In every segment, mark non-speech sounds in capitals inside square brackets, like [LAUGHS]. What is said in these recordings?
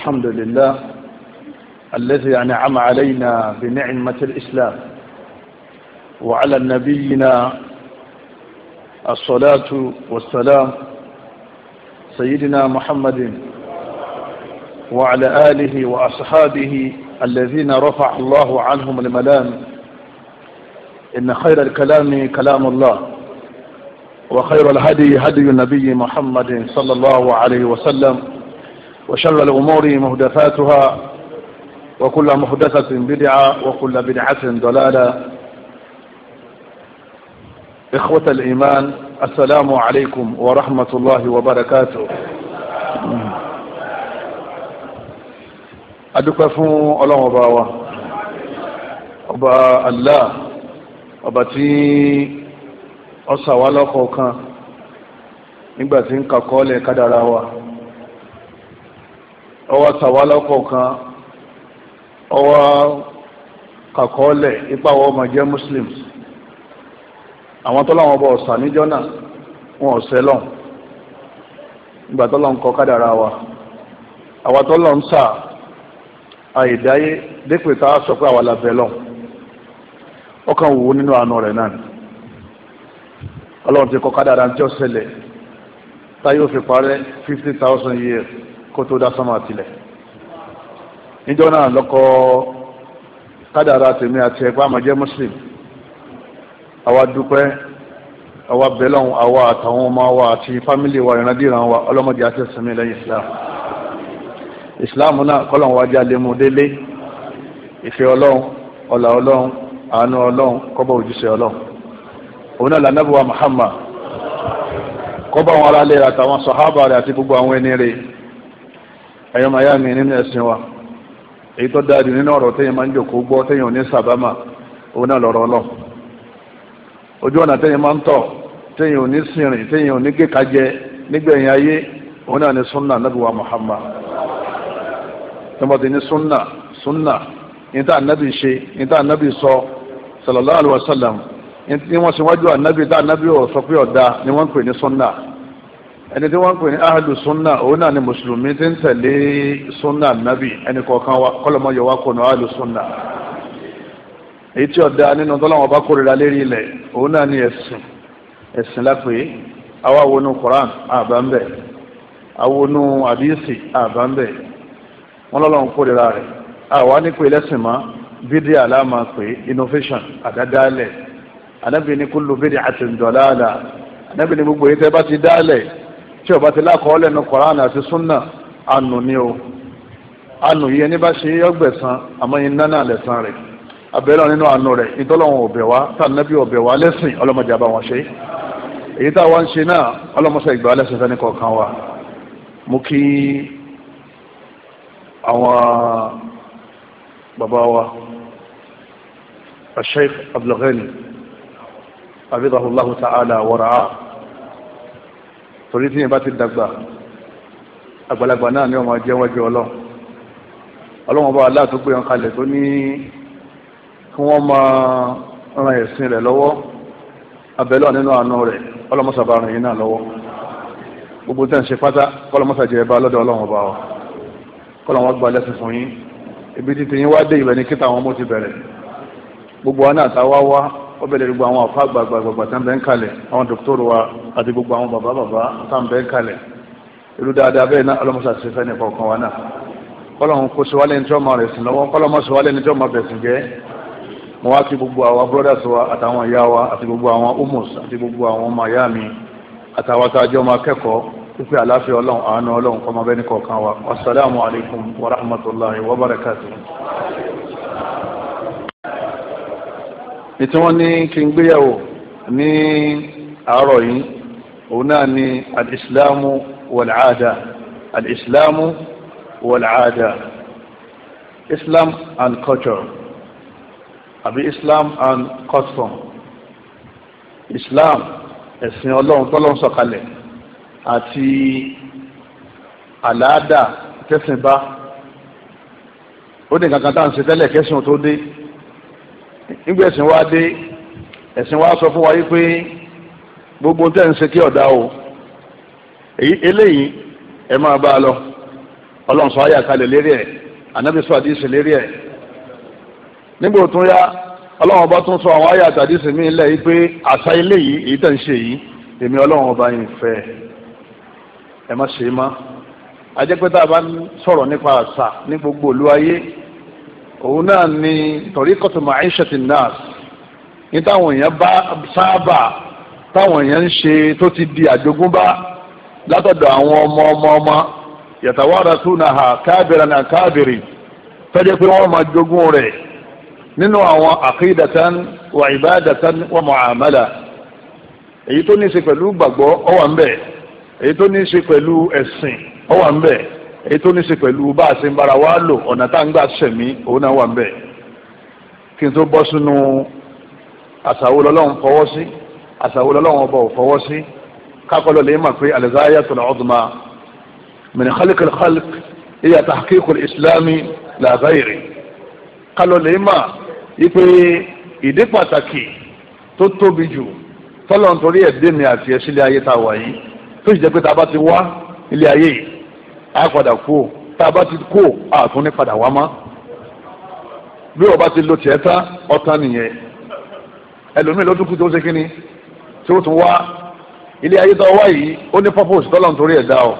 الحمد لله الذي أنعم علينا بنعمة الإسلام وعلى نبينا الصلاة والسلام سيدنا محمد وعلى آله وأصحابه الذين رفع الله عنهم الملام إن خير الكلام كلام الله وخير الهدي هدي النبي محمد صلى الله عليه وسلم وشر الأمور مهدفاتها وكل مهدفة بدعة وكل بدعة دلالة إخوة الإيمان السلام عليكم ورحمة الله وبركاته adúpẹ́ الله ọlọ́run أبا الله ọba allah ọba tí ó ṣà wá lọ́kọ̀ọ̀kan ọwọ́ sàwálọ́kọ̀ kan ọwọ́ ipa ọwọ́ ọmọ jẹ́ muslims àwọn tó láwọn ọba ọ̀sà níjọ́ náà wọn ọ̀sẹ̀ lọ́n ìgbà tó lọ́n kọ́ kádàrá wa àwa tó lọ́n sà àìdáyé dépè tá a sọ pé àwa la bẹ̀ lọ́n ọkàn wò nínú àánú rẹ̀ náà koto da sama tilẹ tilẹ̀ níjọ́ lọkọ kadara tèmi àti muslim àwa dúpẹ́ àwa bẹ́lọ́hún àwa àtàwọn ọmọ wa àti fámìlì wa wa ọlọ́mọdé àti ẹ̀sìnmi lẹ́yìn islam islam náà kọ́lọ́hún wájú alẹ́mu délé ìfẹ́ ọlọ́hún ọ̀là ọlọ́hún àánú ọlọ́hún kọ́bọ̀ òun náà muhammad kọbọ àwọn àtàwọn àti gbogbo ẹ̀yọ́ màyá mi nínú ẹ̀sìn wa èyí tó dáa jù nínú ọ̀rọ̀ téèyàn máa ń jòkó gbọ́ téèyàn ò ní sàbámà òun náà lọ̀rọ̀ náà ní sunna nabi wa Muhammad tọmọdé ní sunna sunna ní tá ànábì ṣe ní tá sọ sallallahu alaihi wasallam ni wọ́n ẹni tí wọ́n ń pè ní ahlu sunna òun náà ni mùsùlùmí ti ń tẹ̀lé sunna nabi ẹni kọ̀ọ̀kan wa yọ wá kọ̀nà ahlu sunna èyí tí ọ̀dà nínú tọ́lọ́wọ́n bá kórira lérí ilẹ̀ òun náà ni ẹ̀sìn ẹ̀sìn lápè àwa wọnú Quran àbá ń bẹ̀ àwọnú àdìsí àbá ń bẹ̀ wọ́n lọ́lọ́run kórira rẹ̀ àwa nípe lẹ́sìn mọ́ bídí àlámà pé innovation àdádálẹ̀ anábìíní kúlù anábìíní gbogbo yìí tẹ́ bá ti dálẹ̀ tí ọba ti lákọọ́lẹ̀ nu koran àti sunna ànú ni o ànú yìí ẹni bá ṣe ọgbẹ̀sán àmọ́ iná náà lẹ̀sán rẹ̀ abẹ́rẹ́ nínú àánú rẹ̀ ìtọ́lọ́wọ̀n ọ̀bẹ̀ wá tànàbí ọ̀bẹ̀ wá lẹ́sìn ọlọ́mọdé àbá wọn ṣe èyí tá a wá ń ṣe náà ọlọ́mọṣẹ́ ìgbà lẹ́sìn fẹ́ni kọ̀ọ̀kan wa mú kí àwọn bàbá wa Sheikh Abdulghani abidahullahu ta'ala wa torí tí yẹn bá ti dàgbà àgbàlagbà náà ni ọmọ jẹ́ wọ́n jẹ́ ọlọ́ ọlọ́wọ́n bá aláàtú gbé wọn kalẹ̀ tó ní kí wọ́n máa ran ẹ̀sìn rẹ̀ lọ́wọ́ abẹ́lọ́ nínú àánú rẹ̀ ọlọ́mọsàbà ràn yín náà lọ́wọ́ gbogbo tẹ́ ń ṣe pátá kọ́lọ́mọsà jẹ́ ẹ̀bá lọ́dọ̀ ọlọ́wọ́n bá wa kọ́lọ́wọ́n gba lẹ́sìn fún yín ibi títí yín wá dé ìbẹ̀ ní kíta àwọn ọmọ ti bẹ̀rẹ̀ gbogbo wa náà ta wá wá ó bẹ̀rẹ̀ gbogbo àwọn àfa gbàgbàgbà tá à ń bẹ́ ń kalẹ̀ àwọn dókítọ́rù wa àti gbogbo àwọn bàbá bàbá tá à ń kalẹ̀ irú dáadáa bẹ́ẹ̀ náà ọlọ́mọṣà ti fẹ́ nípa ọ̀kan wa náà kọ́lọ́hún kó sọ́wálẹ̀ ní tí wọ́n rẹ̀ sìn lọ́wọ́ kọ́lọ́mọ́ sọ́wálẹ̀ ní tí wọ́n máa jẹ́ mo wá kí gbogbo àwa brothers wa àtàwọn ìyá wa àti gbogbo àwọn umus àti gbogbo àwọn ọmọ ìyá mi àtàwọn àtàjọ máa kẹ́kọ̀ọ́ pípẹ́ àláfíà ọlọ́run àánú ọlọ́run kọ́mọ kọ̀ọ̀kan wa wasalaamu alaykum wa rahmatulahi wa barakatuh ètò wọn ní kí n gbéyàwó ní àárọ̀ yìí òun náà ní alìsílámù wàlàádà alìsílámù wàlàádà islam and culture àbí islam and custom islam ẹ̀sìn ọlọ́run tọ́lọ́run sọ̀kalẹ̀ àti àlàádà tẹ̀sìn bá ó ní kankan tá à ń ṣe tẹ́lẹ̀ kẹ́sìn tó dé nígbà ẹ̀sìn wa dé ẹ̀sìn wa sọ fún wa yí pé gbogbo tẹ̀ ń ṣe kí ọ̀dà o èyí eléyìí ẹ máa bá a lọ ọlọ́run sọ ayà kalẹ̀ lérí ẹ̀ ànábì sọ àdìsí lérí ẹ̀ nígbà tún yá ọlọ́run ọba tún sọ àwọn ayà àtàdìsí mi lẹ̀ pé àṣà eléyìí èyí tẹ̀ ń ṣe yìí èmi ọlọ́run ọba yìí fẹ́ ẹ má ṣe é má ajẹ́pẹ́ tá a bá sọ̀rọ̀ nípa àṣà ní gbogbo ìlú ayé òun náà ni tọ̀ríkọ̀tù ma'ishati nas ní táwọn èèyàn bá sábà táwọn èèyàn ń ṣe tó ti di àjogúnbá látọ̀dọ̀ àwọn ọmọ ọmọ ọmọ yatawarasunaha kabiran an kabiri fẹ́jẹ́ pé wọ́n máa jogún rẹ̀ nínú àwọn aqidatan wa ibadatan wa muamala èyí tó ní í ṣe pẹ̀lú gbàgbọ́ ó ń bẹ̀ èyí tó ní í ṣe pẹ̀lú ẹ̀sìn ètò ní ṣe pẹ̀lú bá a ṣe ń bára wa lò ọ̀nà tá à ń gbà sẹ̀mí òun náà wà ń bẹ̀ kí n tó bọ́ sínú àṣàwò lọ́lọ́run fọwọ́ sí àṣàwò lọ́lọ́run ọba ò fọwọ́ sí kákọ́lọ́ lè mà pé alizaya tó lọ́ọ́ dùnmá min khalq al khalq iya tahqiq al islami la ghayri kálọ̀ lè mà ipe ìdí pàtàkì tó tóbi jù tọ́lọ̀ ẹ̀dẹ́mi àti ẹ̀sílẹ̀ ayé tá a tó sì jẹ́ pé tá bá ti wá ilé ayé yìí a padà kú o tá a bá ti kú o a tún ní padà wá mọ́ bí o bá ti lo tiẹ̀ tán ọ̀tán nìyẹn ẹlòmíì ló tún kú tó ṣe kínní tí ó tún wá ilé ayé tó wá yìí ó ní purpose tọ́lọ̀ ń torí ẹ̀ dá o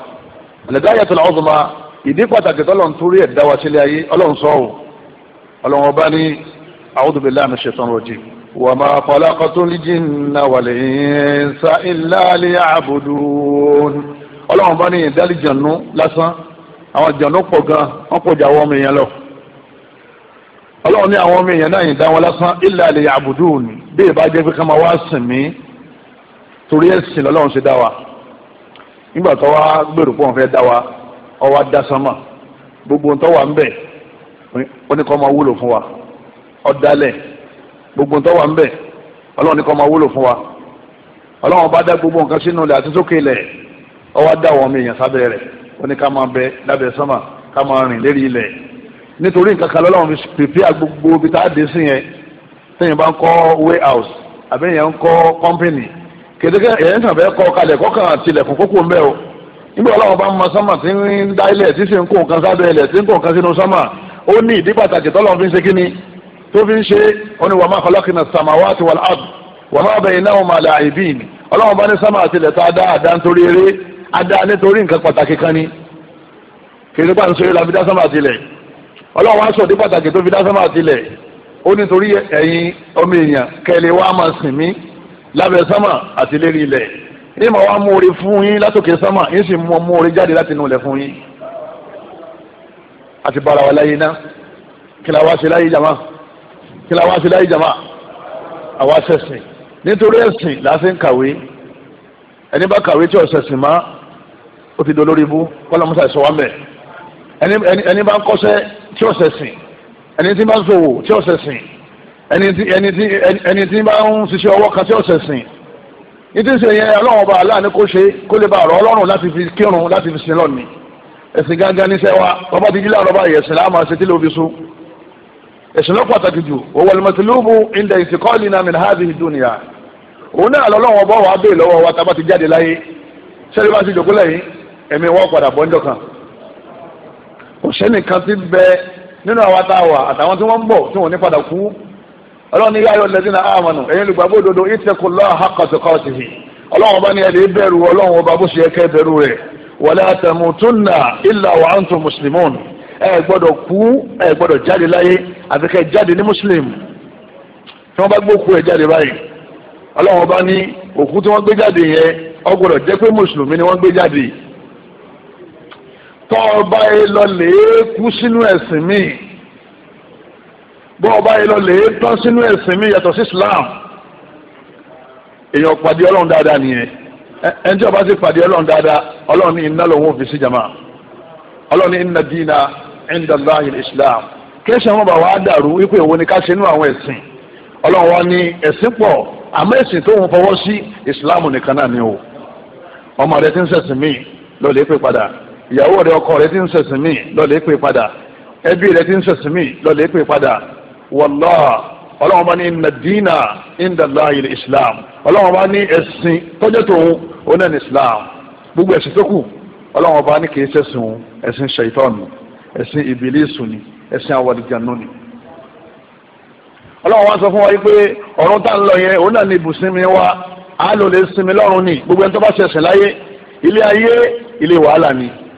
àlẹ́dá yàtọ̀ làwọn tó máa ìdí pàtàkì tọ́lọ̀ ń torí ẹ̀ dá wa sílé ayé ọlọ́run sọ o ọlọ́run ọba ní a'udhu billahi minash shaitanir rajim. wa ma khalaqtul jinna wal insa illa liya'budun ọlọ́run bá ní ìdálí jànú lásán àwọn jànú pọ̀ gan wọ́n pọ̀ ju àwọn ọmọ èèyàn lọ ọlọ́run ní àwọn ọmọ èèyàn náà yìí dá wọn lásán illa liya'budun bí ìbá jẹ́ pé ká máa wá sìn mí torí ẹ̀sìn lọ́lọ́run ṣe dá wa nígbà tó wá gbèrò pọ̀ fẹ́ dá wa ó wá dá sánmà gbogbo tó wà ń bẹ̀ ó ní kó máa wúlò fún wa ó dálẹ̀ gbogbo tó wà ń bẹ̀ ọlọ́run ní kó máa wúlò fún wa ọlọ́run bá dá gbogbo nǹkan sínú ilẹ̀ àti sókè ọwọ́ dá àwọn ọmọ èèyàn sábẹ́ rẹ̀ ó ní ká máa bẹ lábẹ́ sánmà ká máa rìn lérí ilẹ̀ nítorí nǹkan kan lọ́lọ́run fi pèpè àgbogbo ibi tá a dé sí yẹn téèyàn bá ń kọ́ way house àbí èèyàn ń kọ́ company kèdèkè èèyàn kàn fẹ́ kọ́ kalẹ̀ kọ́ kàn tilẹ̀kùn kókó ń bẹ́ o nígbà ọlọ́run bá ń mọ sánmà tí ń dá ilẹ̀ tí sì ń kó nǹkan sábẹ́ ilẹ̀ tí ń kó nǹkan sínú sánmà ó ní ìdí pàtàkì tọ́lọ́run fi ń ṣe kíni tó fi ń ṣe ó ní wàmá khalaqna samawati wal ard wàmá bainahuma la'ibin ọlọ́run bá ní sánmà àti ilẹ̀ tá a dá àdá nítorí eré adá nítorí nǹkan pàtàkì kan ni kìrì pa nsọ la fi dá sánmà tilẹ̀ ọlọ́run wá sọ̀dí pàtàkì tó fi dá sánmà tilẹ̀ ó nítorí ẹ̀yin ọmọ èèyàn kẹ́lẹ́ wa máa sìn mí lábẹ́ sánmà àti lérí ilẹ̀ yìí máa wá mú orí fún yín látòkè sánmà yìí sì mú ọmú orí jáde láti inú ilẹ̀ fún yín àti bára wa láyé náà kí wá sí láyé jàmá kí wá sí láyé jàmá àwa ṣẹ̀sìn nítorí ẹ̀sìn la fi ń kàwé ẹni bá kàwé tí ọ̀sẹ̀sìn máa ó ti dolórí ibú kọ́lá musa sọ wá mẹ́ ẹni ẹni ẹni bá ń kọ́ṣẹ́ tí ó ṣẹ̀sìn ẹni tí bá ń ṣòwò tí ó ṣẹ̀sìn ẹni tí ẹni tí ẹni tí bá ń ṣiṣẹ́ ọwọ́ kan tí ó ṣẹ̀sìn ní tí ń ṣe yẹn ọlọ́run ọba aláàánú kó ṣe kó lè ba ọ̀rọ̀ ọlọ́run láti fi kírun láti fi sin lọ́ọ̀ni ẹ̀sìn gángan níṣẹ́ wa bàbá ti jílẹ̀ ọ̀rọ̀ báyìí ẹ̀sìn láàmú àṣetí ló fi sún ẹ̀sìn ló pàtàkì jù òwò lẹ́mọ̀tìlúbù ilẹ̀ ìsìnkọ́ọ̀lì náà min hadhihi dunya òun náà lọ́lọ́run ọba wa bẹ́ẹ̀ lọ́wọ́ wa tá ti jáde láyé ṣẹ́ni bá ti jòkó lẹ́yìn ẹ̀mí wọ́n padà bọ́njọ́ kan kò sẹ́nìkan ti bẹ nínú àwa tá a wà àtàwọn tí wọ́n ń bọ̀ tí wọ́n ní padà kú ọlọ́run ní yáyọ lẹ́sìn náà àmọ̀nù ẹ̀yin olùgbàgbọ́ òdodo ittaqullaha haqqa tuqatihi ọlọ́run ọba ní ẹ̀dẹ̀ bẹ̀rù ọlọ́run ọba bó ṣe ẹ̀kẹ́ bẹ̀rù rẹ̀ wala tamutunna illa e antum muslimun ẹ gbọ́dọ̀ kú ẹ gbọ́dọ̀ jáde láyé àti kẹ́ jáde ní muslim tí wọ́n bá ẹ jáde báyìí ọlọ́run ọba ní òkú tí wọ́n gbé jáde yẹn jẹ́ tọ́ ọba yìí lọ lè kú sínú ẹ̀sìn mi bọ́ ọba yìí lọ sínú ẹ̀sìn mi yàtọ̀ sí Islam èèyàn pàdé ọlọ́run dáadáa nìyẹn ẹni tí ọba ti pàdé ọlọ́run dáadáa ọlọ́run ní iná lòun ò fi sí jama Islam dàrú wípé òun ni ká ṣe inú àwọn ẹ̀sìn ọlọ́run wa Islam nìkan náà o ọmọ rẹ ti ń míì lọ́ọ́ lè pè ìyàwó rẹ ọkọ rẹ ti ń ṣẹ̀sìn mí lọ́lẹ̀ pè padà ẹbí rẹ ti ń ṣẹ̀sìn mí lọ́lẹ̀ pè padà wàlá ọlọ́wọ́n bá ní nadina indala ilẹ̀ islam ọlọ́wọ́n bá ní ẹ̀sìn tọ́jọ́ tòun ọ̀nà ní islam gbogbo ẹ̀sìn tó kù ọlọ́wọ́n bá ní kì í ṣẹ̀sìn òun ẹ̀sìn ṣèitọ́nù ẹ̀sìn ìbílísù ni ẹ̀sìn àwọ̀dìjànú ni. ọlọ́wọ́n wá sọ fún wa pé ọ̀run tá ń lọ yẹn òun náà ní ibùsinmi wa á lò lè sinmi lọ́run ni gbogbo ẹni tó bá ṣẹ̀sìn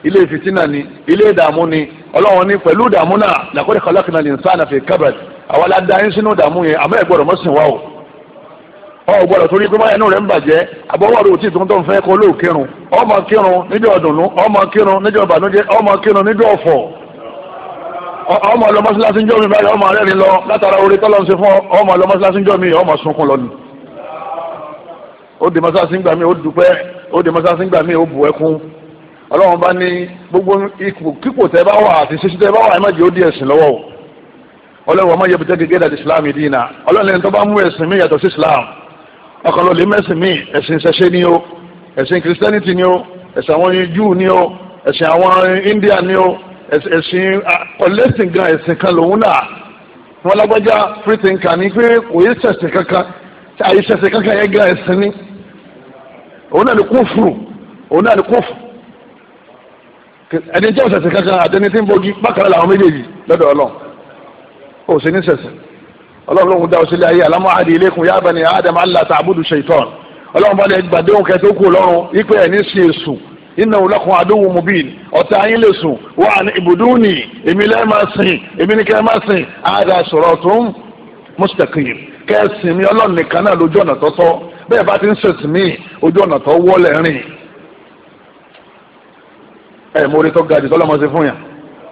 ilé fitina ni ilé ìdààmú ni ọlọ́run ní pẹ̀lú ìdààmú náà làkọ́dẹ̀ kọlákìnà lè nsá ànàfẹ́ kábàd àwọn aládàáyín sínú ìdààmú yẹn àmọ́ ẹ̀ gbọ́dọ̀ mọ́sìn wa o ọ gbọ́dọ̀ torí pé báyà inú rẹ̀ ń bàjẹ́ àbọ̀wọ́ rẹ̀ ò tí tuntun tó ń fẹ́ kó lóò kírun ọmọ kírun níjọ́ ọ̀dùnnú ọmọ kírun níjọ́ ìbànújẹ́ ọmọ kírun níjọ́ ọ̀fọ̀ ọmọ lọ mọ́sálásí ń jọ́ mi báyìí ọmọ rẹ̀ ni lọ látara orí tọ́lọ́ ń ṣe fún ọmọ lọ mọ́sálásí ń jọ́ mi ọmọ sunkún lọ ni ó di mọ́sálásí ń gbà mí ó dúpẹ́ ó di mọ́sálásí ń gbà mí ó bù ẹkún ọlọ́run bá ní gbogbo ipò kíkò tẹ́ bá wà àti ṣíṣí tẹ́ bá wà ẹ ó di ẹ̀sìn lọ́wọ́ o ọlọ́run ọmọ yẹbi tẹ́gẹ́gẹ́ dàdí islam dínà ọlọ́run lẹ́yìn tó bá mú ẹ̀sìn mi yàtọ̀ sí islam ọkàn lọ́ọ́ lè mẹ́sìn mi ẹ̀sìn ṣẹṣẹ ni o ẹ̀sìn christianity ni o ẹ̀sìn àwọn jew ni o ẹ̀sìn àwọn india ni o ẹ̀sìn ọ̀lẹ́sìn gan ẹ̀sìn kan lòun náà wọn lágbájá free thinker ni pé kò yé ṣẹ̀sìn kankan àyè òun náà ni kún òun náà ni kún ẹni tí ọ̀sẹ̀sẹ̀ kankan àtẹni tí ń bọ́jú bákan làwọn méjèèjì lọ́dọ̀ ọlọ́run ó sì ní sẹ̀sẹ̀ ọlọ́run ló ń da òsèlè ayé alámọ́ àdé ilékun yá bani adam allah ta'budu shaitan ọlọ́run bá lè gbàdéhùn kẹtẹ́ ó kú ọlọ́run ipe ẹ̀ ní sí èsù iná olókun adóhùn mubin ọ̀tá ayé lè sùn wà ní ibùdóni èmi lẹ́ẹ̀ máa sìn èmi ní kẹ́ máa sìn ẹ̀ mórí tó ga jù tọ́lọ́mọ sí fún yà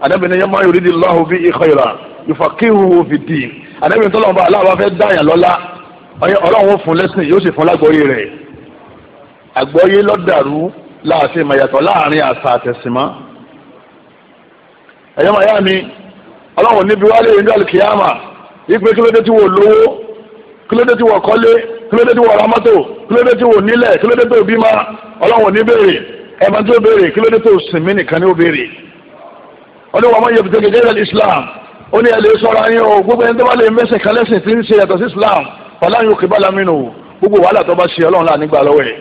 ànábì ní yamma yuridi Allahu fihi khayran yufaqihuhu fi ddin ànábì ní tọ́lọ́mọ bá aláwa fẹ́ dáyà lọ́lá ọlọ́run fún lẹ́sìn yóò sì fún lágbọ́yé rẹ̀ àgbọ́yé lọ́dàrú láàfin mayàtọ̀ láàrin àṣà àtẹ̀sìmọ́ ẹ̀yọ́ màyá mi ọlọ́run níbi wálé ìjọ alìkìyàmà ìpè kílódé tí wò lówó kílódé tí wò kọ́lé kílódé tí wò ra mọ́tò kílódé tí wò nílẹ̀ kílódé tí wò bímọ ọlọ́run ní bèrè ẹ máa tó béèrè kí ló dé tó sinmi nìkan ní ó béèrè ó ní wàá máa yẹ bìtẹ́ gẹ́gẹ́ islam ó ní ẹ̀lẹ́ sọ́ra yín o gbogbo ẹni tó bá lè mẹ́sẹ̀ kan lẹ́sìn tí ń ṣe yàtọ̀ sí islam fàlàyé òkè bá lamínú gbogbo wàhálà tó bá ṣe ọlọ́run láà nígbà lọ́wọ́ ẹ̀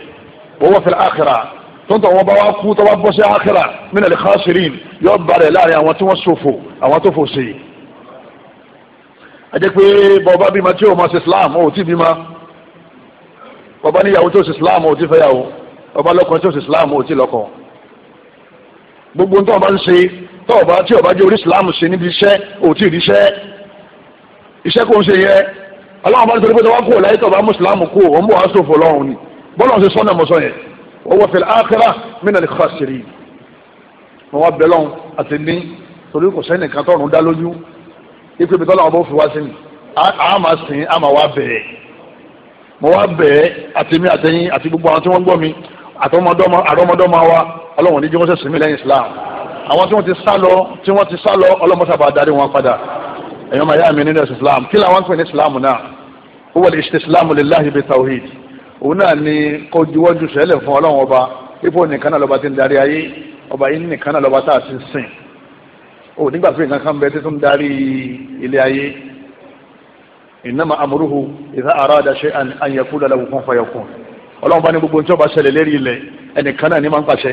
wọ́n fẹ́ àkàrà tontan wọn bá wá kú tó bá bọ́ sí àkàrà min al-khasirin yóò tó ṣe islam ò tí fẹ́ yàwó ọba lọ́kọ tí ó sì islam ò tí lọ́kọ gbogbo tó ọba ń ṣe tó ọba tí ọba jẹ́ orí islam ṣe níbi iṣẹ́ ò tí ì ríṣẹ́ iṣẹ́ kò ń ṣe yẹ aláwọn bá ń sọ pé tó wá kú ọ̀la yìí tó ọba mùsùlùmù kú òun bò wá sófò lọ́hùn ni bọ́lá ṣe sọ́nà mọ́sọ́ yẹn wọ́n wọ́n fẹ́lẹ́ ákẹ́rà mí nàlẹ́ kásìrì wọ́n wá bẹ́ lọ́hùn àti ní torí kò sẹ́ni kan tọ́run dá lójú ipe ibi tọ́lá wọn fi wá sí ni a máa sìn a máa wá bẹ̀ẹ́ mo wá bẹ̀ẹ́ àtẹ̀mí àtẹ̀yìn àti gbogbo àwọn tí wọ́n gbọ́ mi àtọmọdọ́mọ wa ọlọ́run níjẹ́ wọ́n sẹ̀sìn mí lẹ́yìn islam àwọn tí wọ́n ti sá lọ tí wọ́n ti sá lọ ọlọ́mọta bá darí wọn padà ẹ̀yọ́ máa yá mi nínú ẹ̀sìn islam kí làwọn ń pè ní islam náà ó wọlé istislamu lillahi bi tawhid òun náà ni kó juwọ́jú sẹ́lẹ̀ fún ọlọ́run ọba ipò nìkan náà lọ́ba ti ń darí ayé ọba yìí nìkan náà lọ́ba tá a ti sìn ó nígbà pé nǹkan kan bẹ títún darí ilé ayé innama amruhu idha arada shay'an an yakula lahu kun fayakun ọlọ́run bá ní gbogbo tí ó bá ṣẹlẹ̀ lérí ilẹ̀ ẹnìkan náà ní máa ń pàṣẹ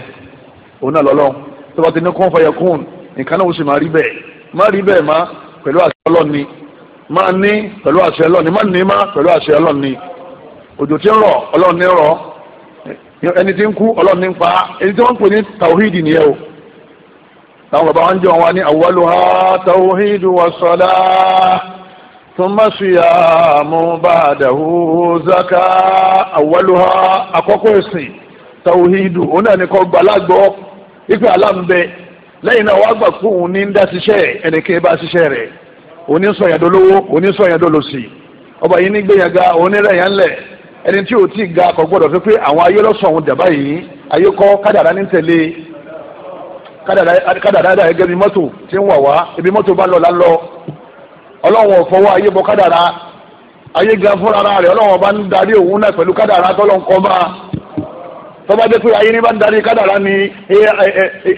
òun náà lọ́lọ́run tó bá ti ní kún fàyà kún nǹkan náà ó sì máa rí bẹ́ẹ̀ má rí bẹ́ẹ̀ má pẹ̀lú àṣẹ ọlọ́run ni má ní pẹ̀lú àṣẹ ọlọ́run ni má ní má pẹ̀lú àṣẹ ọlọ́run ni òjò tí ń rọ̀ ọlọ́run ní rọ̀ ẹni tí ń kú ọlọ́run ní pa ẹni tí wọ́n ń pè ní tàwíìdì nìyẹn o táwọn bàbá wọn jọ wọn ní àwọlùhà tàwíìdì wà sọ́dá ثم صيام بعده زكاة أولها àkọ́kọ́ ẹ̀sìn tawhidu òun náà ni kó gbàlágbọ́ ife aláǹbẹ lẹ́yìn náà wàá gbà fún òun ní ń dá ṣiṣẹ́ ẹnìkan bá ṣiṣẹ́ rẹ̀ òun ní sọ̀yàn dolówó òun ní sọ̀yàn dolòsì ọba yìí ní gbẹ̀yàga òun ní rẹ̀yàn lẹ̀ ẹni tí ò tí ì ga kò gbọ́dọ̀ fi pé àwọn ayé lọ́sọ̀ òun dàbá yìí ayé kọ́ kádàrá ní tẹ̀lé kádàrá dáadáa gẹ́gẹ́ bí tí ń wà wá ibi mọ́tò bá lọ lálọ́ ọlọ́run ọ̀fọwọ́ ayé bọ kádàrá ayé gan fúnra rẹ̀ ọlọ́run ọba ń darí òun náà pẹ̀lú kádàrá tọ́lọ́n kọ́ bá tọ́ba jẹ́ pé ayé ní bá ń darí kádàrá ni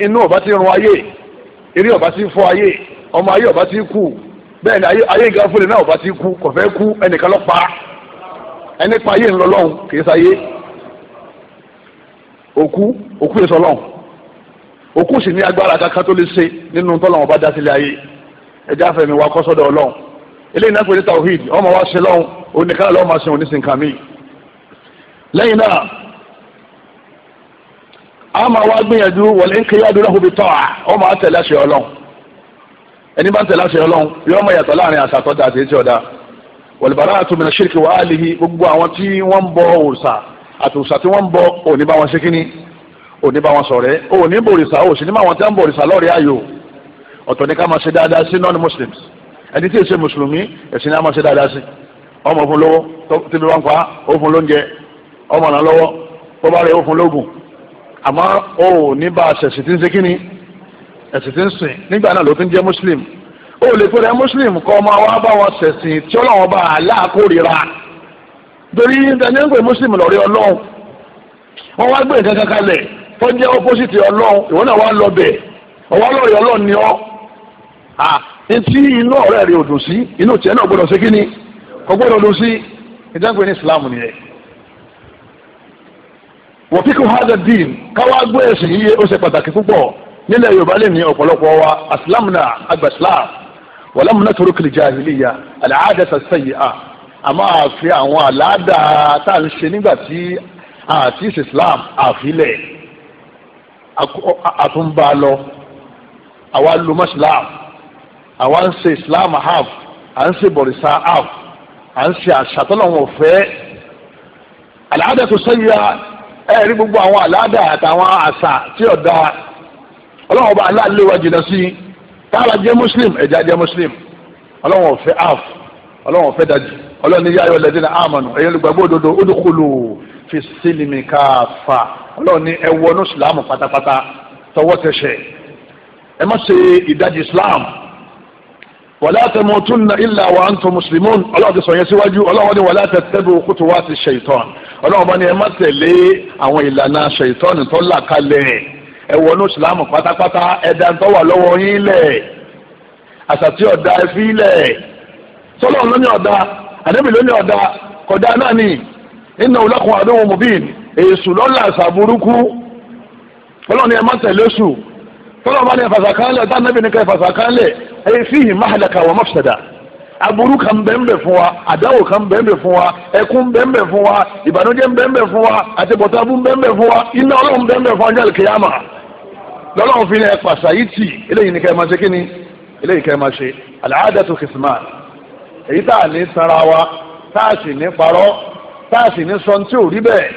inú ọba ti run ayé eré ọba ti fọ́ ayé ọmọ ayé ọba ti kú bẹ́ẹ̀ ni ayé gan fúnra náà ọba ti kú kò fẹ́ kú ẹnìkan ló pa ẹni pa ayé ńlọ lọ́hùn kì í sáyé òkú òkú èso lọ́hùn òkú sì ní agbára kankan tó lè ṣe nínú tọ́lọ́run ọba dá sílẹ̀ ayé ẹjẹ́ àfẹ̀mí wa kọ́ sọ́dọ̀ ọlọ́run eléyìí náà pè ní tawhid ọmọ wa ṣe lọ́hùn oníkàlà lọ́wọ́ máa ṣe òní sìnkà mí. lẹ́yìn náà a máa wá gbìyànjú wọlé ń kéyà dúró hóbi tọ́ a ọmọ àtẹ̀lé àṣẹ ọlọ́run ẹni bá ń tẹ̀lé àṣẹ ọlọ́run yóò mọ ìyàtọ̀ láàrin àṣà àtọ́jà àti ètí ọ̀dà wọ̀lùbárà àtúmìnà ṣírìkì wa alihi gbogbo àwọn tí wọ́n ń bọ òòṣà àtòòṣà tí wọ́n ń bọ òní bá wọn ṣe kínní òní bá wọn ṣọ̀rẹ́ òní bòrìṣà òṣì ní wọn tí wọ́n ń bòrìṣà lọ́ọ̀rẹ́ ayò ọ̀tọ̀ ní ká máa ṣe dáadáa sí non-muslims ẹni tí ì ṣe mùsùlùmí ẹ̀sìn náà máa ṣe dáadáa sí ọmọ òfun lọ́wọ́ tíbi wọn pa òfun lóúnjẹ ọmọ náà lọ́wọ́ tó bá rẹ òfun lóògùn àmọ́ ó ní bá a ṣẹ̀sìn tí ń ṣe kíni ẹ̀sìn tí ń sìn nígbà náà ló fi ń jẹ́ muslim ó lè pé rẹ muslim kọ́ ọmọ wa bá wọn ṣẹ̀sìn tí ọlọ́wọ́n bá a láàkórira torí ẹni ń pè muslim lọ́rí ọlọ́run wọ́n wá gbé nǹkan kankan lẹ̀ tó jẹ́ opposite ọlọ́run ìwọ náà wá lọ bẹ̀ ọwọ́ etí inú ọ̀rẹ́ rẹ̀ ò odunsi sí inú tiẹ̀ náà gbọ́dọ̀ ṣe kí ni kò gbọ́dọ̀ sí ìdáǹgbé ní Islam nìyẹn. wọ́píkù hadha din káwá gbé ẹ̀sìn yíyé ó ṣe pàtàkì púpọ̀ nílẹ̀ Yorùbá lè ní ọ̀pọ̀lọpọ̀ wa na agba Islam wàlámù náà torókè jahiliya àlàáda sàṣẹyì a àmọ́ fi àwọn àlàáda tá à ń ṣe nígbà tí àti Islam àfilẹ̀ lọ àwa àwa ń ṣe islam half à ń ṣe bọ̀rìṣà half à ń ṣe àṣà tọ́lọ́wọ̀n fẹ́ àlàádà tó sẹ́yà ẹ̀ rí gbogbo àwọn àlàádà àtàwọn àṣà tí ò dáa ọlọ́wọ́n bá aláàlẹ́ wa jìnnà sí táàbà jẹ́ muslim ẹ̀já jẹ́ muslim ọlọ́wọ́n fẹ́ half ọlọ́wọ́n fẹ́ dájú ọlọ́wọ́n ní yáyọ lẹ́dí náà àmọ̀nù ẹ̀yẹ́ olùgbàgbọ́ òdodo ó dúkúlù fi sílìmì káfà ọlọ́wọ́n ní islam pátápátá tọwọ́ tẹ̀sẹ̀ ẹ má ṣe ìdajì islam wàlá tamutunna illa wa antum muslimun ọlọ́run ti sọ yẹn síwájú ọlọ́run ni wàlá tattabi'u khutuwati shaytan ọlọ́run bá ní ẹ má tẹ̀lé àwọn ìlànà shaytan tó là kalẹ̀ ẹ wọnú ìsìlámù pátápátá ẹ̀dá tó wà lọ́wọ́ yín lẹ̀ àṣàtì ọ̀dà ẹ̀fí lẹ̀ sọlọ́run ló ní ọ̀dà àdébì ló ní ọ̀dà kọ̀dá náà ni innahu lakum aduwwun ẹ̀yìn fíhìn mahalaka wa mafsada aburú kan bẹ́ẹ̀nbẹ́ fún wa àdáwò kan bẹ́ẹ̀nbẹ́ fún wa ẹkún bẹ́ẹ̀nbẹ́ fún wa ìbànújẹ́ bẹ́ẹ̀nbẹ́ fún wa àtẹ̀bọ̀tàbù bẹ́ẹ̀nbẹ́ fún wa iná ọlọ́run bẹ́ẹ̀nbẹ́ fún ọjọ́ ìkẹyàmà lọ́lọ́run fi ní ẹ pàṣà yìí tì eléyìí ni kẹ́ ẹ máa ṣe kí ni eléyìí kẹ́ ẹ máa ṣe àlàáda tó kìsìmá èyí tá à ní sanra wa tá à sì ní parọ́ tá à sì ní sọ́n tí ò rí bẹ́ẹ̀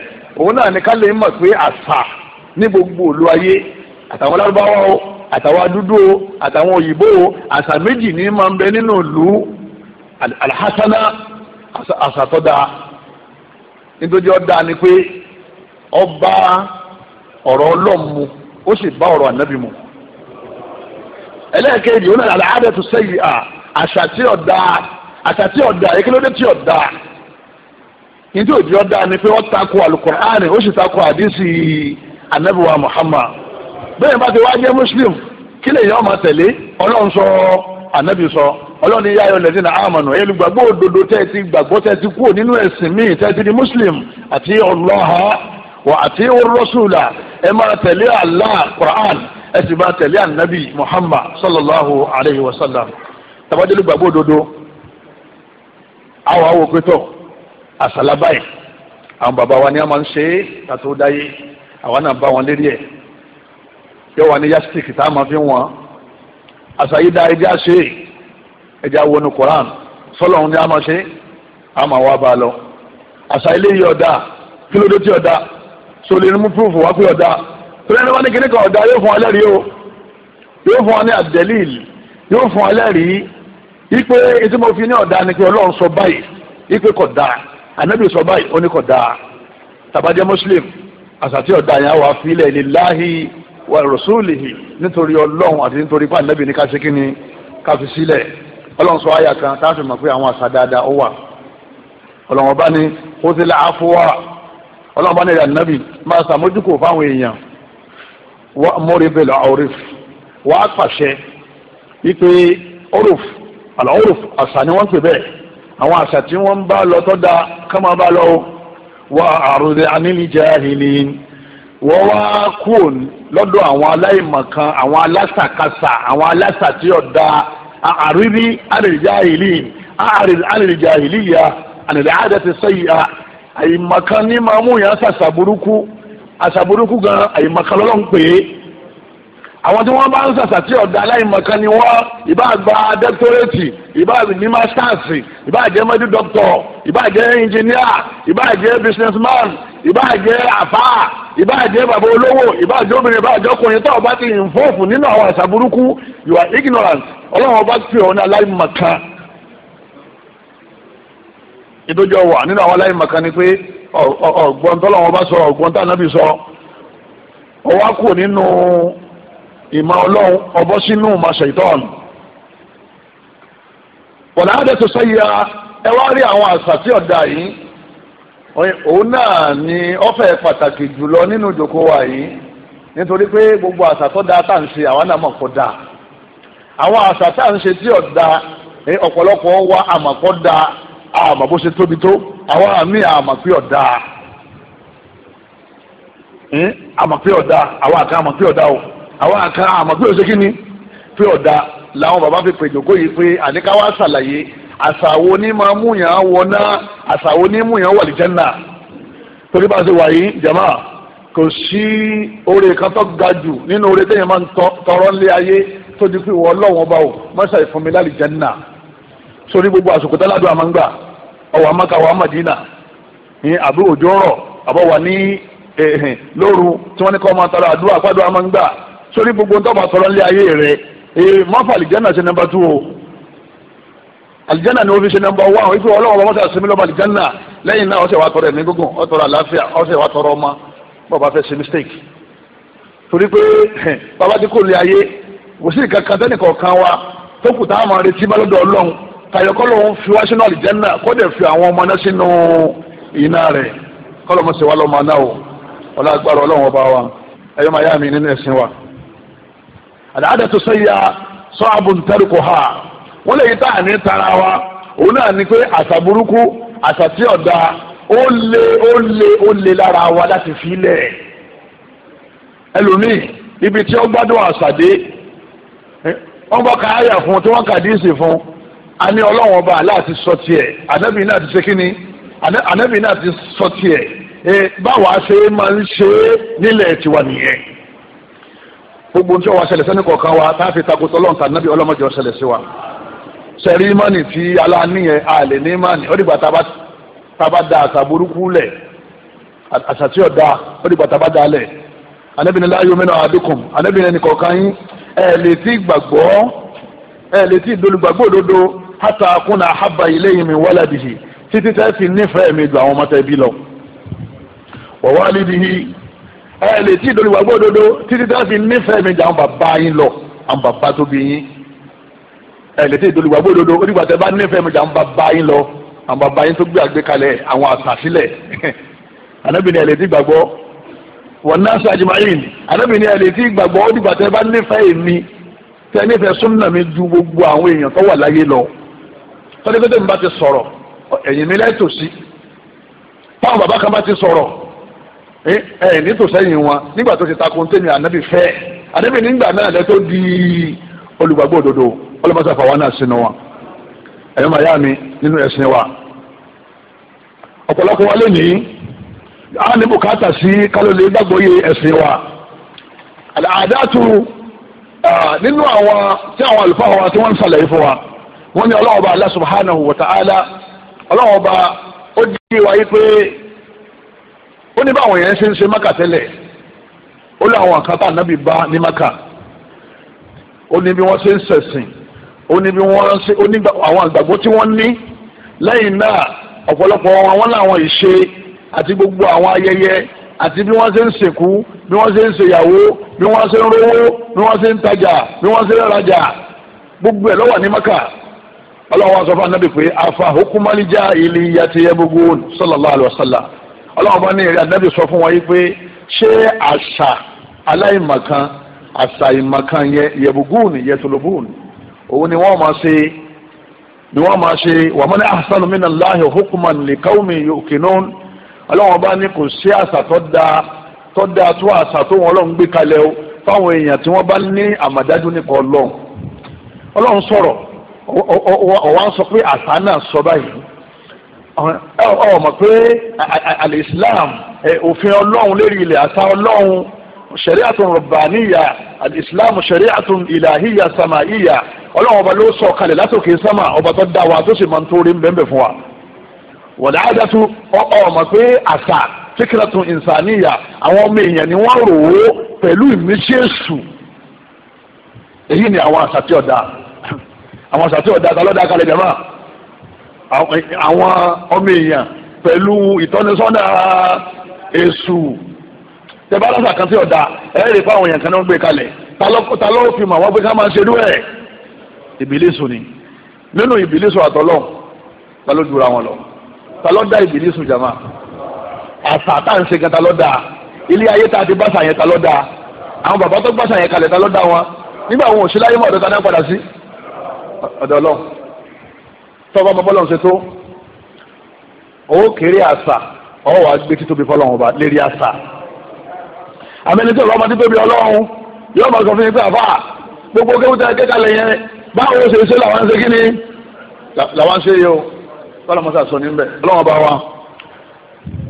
òun náà ni ká lè mọ̀ pé àṣà ní gbogbo òlu ayé àtàwọn lárúbáwá o àtàwọn dúdú o àtàwọn òyìnbó o àṣà méjì ní máa ń bẹ nínú ìlú alhassana àṣà tó dáa nítorí ọ̀dà ni pé ọba ọ̀rọ̀ ọlọ́run mu ó sì bá ọ̀rọ̀ ànábì mu ẹlẹ́ẹ̀kejì ó náà àlàáda tó sẹ́yìn à àṣà tí ọ̀dà àṣà tí ọ̀dà ekele tí ọ̀dà nítorí ọ̀dà ni pé ó takò alukur'ani ó sì takò àdìsí ànábì wa muhammad bẹ́ẹ̀ bá ti wá jẹ́ muslim kí lè yàn máa tẹ̀lé ọlọ́run sọ ànábì sọ ọlọ́run ní yáyọ lẹ́sìn náà àmọ̀nù olùgbàgbọ́ òdodo tẹ́ ti gbàgbọ́ tẹ́ ti kúrò nínú ẹ̀sìn míì tẹ́ ti di muslim àti ọlọ́ha wà àti rọ́ṣùlà ẹ máa tẹ̀lé Allah Quran ẹ sì máa tẹ̀lé ànábì Muhammad sallallahu alayhi wa sallam tàbájọ́ olùgbàgbọ́ òdodo àwọn àwọn òpétọ̀ àṣàlábáyé àwọn bàbá wa ni a máa ń ṣe kàtó dáyé àwa náà bá wọn lérí yóò wà ní yastik tá a máa fi wọn àṣàyídá ẹja ṣe ẹja wọnú koran sọlọ́run ni a máa ṣe a máa wá bá a lọ àṣà ilé yìí ọ̀dà kí ló dé tí ọ̀dà so lè mú púrúfù wá pé ọ̀dà tó lẹ́nu wá ní kíní kan ọ̀dà yóò fún alẹ́rìí o yóò fún wa ní àdẹ́lìl yóò fún alẹ́rìí ipe etí mo fi ní ọ̀dà ni pé ọlọ́run sọ báyìí ipe kò dáa ànábì sọ báyìí ó ní kò dáa tàbádé muslim àṣà tí ọ̀dà yẹn wà fílẹ̀ lillahi wà rọ̀súlìhì nítorí ọlọ́run àti nítorí pa ànábì ní káṣí kínní káfi sílẹ̀ ọlọ́run sọ àyà kan táàfin mọ̀ pé àwọn àṣà dáadáa ó wà ọlọ́run ọba ní ó ti la àfọwà ọlọ́run ọba ní ìrìn ànábì máa ṣàmójúkò fáwọn èèyàn wà mọ́rí bẹ̀lẹ̀ ọ̀rẹ́f wà á pàṣẹ wípé ọ̀rọ̀f àlọ́ ọ̀rọ̀f àṣà ni wọ́n pè bẹ́ẹ̀ àwọn àṣà tí wọ́n bá lọ tọ́ da ká máa bá lọ wà àròdẹ anílì jẹ́ àhìnìyìn wọ́n wá kúrò lọ́dọ̀ àwọn aláìmọ̀kan àwọn alásàkásà àwọn alásà tí ó da àrírí àrèjáìlì àrèjáìlì ya àrèlè àdàtì sẹ́yìn a àyìmọ̀kan ní máa mú yàn sàṣà burúkú àṣà burúkú gan àyìmọ̀kan lọ́lọ́ ń pè é àwọn tí wọ́n bá ń sàṣà tí ó da aláìmọ̀kan ni wọ́n ìbá gba dẹ́kítọ́rẹ́tì ìbá ní masters ìbá jẹ́ mẹ́dí dọ́kítọ̀ ìbá jẹ́ ẹnjìníà ìbá jẹ́ bísínẹ́sìmán ìbáàjẹ́ àfáà ìbáàjẹ́ bàbá olówó ìbáàjẹ́ obìnrin ìbáàjẹ́ ọkùnrin tó o ti ìfóòfù nínú àwọn àṣà burúkú you are ignorant ọlọ́run ọba fi ọ̀hún ní aláìmọ̀kan ìdójọ́ wà nínú àwọn aláìmọ̀kan ni pé ọ̀gbọ́n tọ́lọ́run ọba sọ ọ̀gbọ́n tá ànábì sọ ọwọ́ kù nínú ìmọ̀ ọlọ́run ọbọ̀ sínú ìmọ̀ ṣèitọ́ọ̀nù wọ̀lá àdẹ́tò sẹ́yà ẹ wá rí àwọn àṣà tí ọ̀dà yìí òun náà ni ọ̀fẹ́ pàtàkì jùlọ nínú ìjókòó wa yìí nítorí pé gbogbo àṣà tó dáa tá à ń ṣe àwa náà mọ̀ kó dáa àwọn àṣà tá à ń ṣe tí ò dáa ọ̀pọ̀lọpọ̀ wa àmọ̀ kó dáa àmọ̀ bó ṣe tóbi tó àwọn àmì àmọ̀ pé ò àmọ̀ pé ò dáa àká àmọ̀ pé ò o àwọn àká àmọ̀ pé ò ṣe pé ò làwọn bàbá fi pè jókòó yìí pé àníká wa ṣàlàyé àṣàwò ní máa mú yàn wọná àṣàwò ní mú yàn wà lí Jánnà torí bá a ṣe wà yìí jàmá kò sí oore kan tó ga jù nínú oore téèyàn máa ń tọrọ ńlé ayé tó di pé ìwọ ọlọ́wọ́n bá o mọ́ṣá ìfúnmi lá lí Jánnà sórí gbogbo àsìkò tó ládùn àmàǹgbà ọwọ́ amáka wà á Màdínà ní àbí òjò rọ̀ àbọ̀ wà ní eh, lóru tí wọ́n ní kọ́ máa tọrọ àdúrà pàdùn àmàǹgbà sórí gbogbo ń tọ́ tọrọ ńlé ayé rẹ̀ eh, mọ́fà lí Jánnà ṣe nọ́mbà o alijanna ni o fi ṣe nọ́mbà wa o ife Ọlọ́run ọba mọsa simi lọba alijanna lẹ́yìn náà ọsẹ wa tọrọ ẹ̀mí gígùn ọtọrọ àlàáfíà ọsẹ wa tọrọ ọma bàbá fẹ́ ṣe mistake torí pé [LAUGHS] bàbá ti kò lè ayé kò sí nǹkan kan tẹ́nì kọ̀ọ̀kan wa tó kù tá a máa retí bá lọ́dọ̀ Ọlọ́run tàyọ̀ kọ́ lóun fi wá sínú alijanna kó dẹ̀ fi àwọn ọmọ náà sínú iná rẹ̀ kọ́ lọ́mọ sí wa lọ́mọ náà o ọlá agbára Ọlọ́run ọba wa ẹ̀yọ́ máa yá mi nínú ẹ̀sìn wa àdáadà tó sẹ́yà wọ́n lè yí tá à ní tara wa òun náà ni pé àṣà burúkú àṣà tí ọ̀dà ó lé ó lé ó lé lára wa láti fi lẹ̀ ẹlòmíì ibi tí ó gbádùn àṣà dé wọ́n bá ka àyà fún tí wọ́n kà díìsì fún a ní ọlọ́wọ́n ọba aláàtí sọ tiẹ̀ ànábì náà ti ṣe kí ni ànábì náà ti sọ tiẹ̀ báwa ṣe máa ń ṣe nílẹ̀ tiwa nìyẹn gbogbo tí wọ́n wá sẹ́ni kọ̀ọ̀kan wa tá a fi takò tọ́lọ́ǹtà nábì ọlọ́mọdé ọ̀ṣẹlẹ̀ sí wa sẹ́rí ìmánì tí aláníyẹn àlè ní ìmánì ó dìgbà tá a bá da àṣà burúkú lẹ̀ àṣà tí ò da ó dìgbà tá a bá da lẹ̀ anabini láyò mẹ́nu àdínkù anabini ẹnì kọ̀ọ̀kan yín ẹ̀ lè ti gbàgbọ́ ẹ̀ lè ti dolùgbàgbọ́ òdodo hàtà kúnà àhábà ilé yìí mi wọ́lẹ̀ bìhì títí tẹ́ fi nífẹ̀ẹ́ mi ju àwọn ọmọ tẹ́ lọ. wọ̀wọ́ alidihi ẹ̀ lè ti dolùgbàgbọ́ òdodo títí tẹ́ fi nífẹ̀ẹ́ mi ju àwọn bàbá yín lọ àwọn bàbá tó yín ẹ̀lẹ́tẹ̀ ìdólùwà gbódodo onígbà tẹ bá nífẹ̀ẹ́ mi jà ń bá bá yín lọ àwọn bàbá yín tó gbé àgbékalẹ̀ àwọn àtàsílẹ̀ anábìnrin [LAUGHS] ẹ̀lẹ́tì gbàgbọ́ wọn náà sọ àjùmáyìn anábìnrin ẹ̀lẹ́tì gbàgbọ́ onígbà tẹ bá nífẹ̀ẹ́ mi tẹ nífẹ̀ẹ́ súnmọ́ mi ju gbogbo àwọn èèyàn tó wà láyé lọ tọ́lẹ́gbẹ́tẹ́ mi bá ti sọ̀rọ̀ ẹ̀yìn mi lẹ́tòsí táwọn bàbá kan bá ti sọ̀rọ̀ ẹ̀yìn nítòsẹ́yìn wọn nígbà tó ti takun tèmi ànábì fẹ́ ànábì nígbà náà lẹ́tọ́ di olùgbàgbọ́ òdodo ọlọ́mọṣà fàwọn náà sínú wọn ẹ̀yọ́ màá yá mi nínú ẹ̀sìn wa ọ̀pọ̀lọpọ̀ wa lónìí a ní bùkátà sí kálọ̀lẹ́ gbàgbọ́ yé ẹ̀sìn wa àdáàtú nínú àwọn tí àwọn àlùfáà wa tí wọ́n ń sàlàyé fún wa wọ́n ní ọlọ́wọ́ bá Allah subhanahu wa ta'ala ọlọ́wọ́ bá ó dí wáyé pé ó ní báwọn yẹn ṣe ń ṣe Mákà tẹ́lẹ̀ ó lé àwọn àkàtà nábì bá ní Mákà ó ní bí wọ́n ṣe ń ṣẹ̀sìn ó ní bí wọ́n ṣe ó ní àwọn àgbàgbọ́ tí wọ́n ní lẹ́yìn náà ọ̀pọ̀lọpọ̀ àwọn làwọn ìṣe àti gbogbo àwọn ayẹyẹ àti bí wọ́n ṣe ń sìnkú bí wọ́n ṣe ń ṣèyàwó bí wọ́n ṣe ń rówó bí wọ́n ṣe ń tajà bí wọ́n ṣe ń rajà gbogbo ẹ̀ ló wà ní maka ọlọ́wọ́ sọ fún anábì pé afa hukumalija iliyati yabugun sallallahu alayhi wa sallam ọlọ́wọ́ bá ní ìrìn anábì sọ fún wọn yìí pé ṣé àṣà aláìmọ̀kan àṣàyìmọ̀kan yẹn yẹ̀bùgún yẹtùlùbùn òun ni wọ́n máa ṣe ni wọ́n máa ṣe wa man ahsanu minallahi hukman li qaumin yuqinun ọlọ́wọ́n bá ní kò sí àṣà tó dáa tó dáa tó àṣà tó wọn Ọlọ́run gbé kalẹ̀ o fáwọn èèyàn tí wọ́n bá ní àmàdájú nípa Ọlọ́run Ọlọ́run sọ̀rọ̀ ọ̀wá sọ pé àṣà náà sọ báyìí ọ̀ mọ̀ pé al-Islam òfin Ọlọ́run lérí ilẹ̀ àṣà Ọlọ́run شريعة ربانية الإسلام شريعة إلهية سمائية ọlọ́run ọba ló sọ kalẹ̀ látòkè sámà ọba tó dá wa tó sì máa ń torí bẹ́ẹ̀ fún wa. wọ̀dà àdàtú ọkọ̀ ọmọ pé àṣà fíkìlẹ̀tù ìnsàníyà àwọn ọmọ èèyàn ni wọ́n rò ó pẹ̀lú ìmísí èṣù. èyí ni àwọn àṣà tí ọ̀dà àwọn àṣà tí ọ̀dà ta lọ́dà kalẹ̀ jẹ̀mọ́ àwọn ọmọ èèyàn pẹ̀lú ìtọ́nisọ́nà èṣù tẹ̀bá lọ́sà kan tí ọ̀dà ẹ̀ lè fáwọn èèyàn kan náà gbé kalẹ̀ ta ló fi mà wọ́n pé ká máa ṣe irú ẹ̀ ìbílísù ni nínú ìbílísù àtọ́lọ́ ta ló dúra wọn lọ ta ló dá ìbílísù jàmá àṣà tá à ń ṣe kan ta ló dá ilé ayé tá a ti báṣà yẹn ta ló dá àwọn bàbá tó báṣà yẹn kalẹ̀ ta ló dá wọn nígbà wọn ò sí láyé mọ́ ọ̀dọ̀ ta náà padà sí ọ̀dọ̀ lọ tọ́ba bọ́bọ́lọ́ ṣe tó ó kéré àṣà ọ̀ wá gbé títóbi fọlọ́wọn ọba lérí àṣà àmẹ́ni tó lọ́mọdé tóbi ọlọ́run yóò máa sọ fún yín pé àfà gbogbo kéwútà kékalẹ̀ yẹn báwo ṣe ṣe làwọn ṣe kí ni làwọn ṣe yìí o kọ́lọ́ mọ́sá sọ níbẹ̀ ọlọ́run bá wa.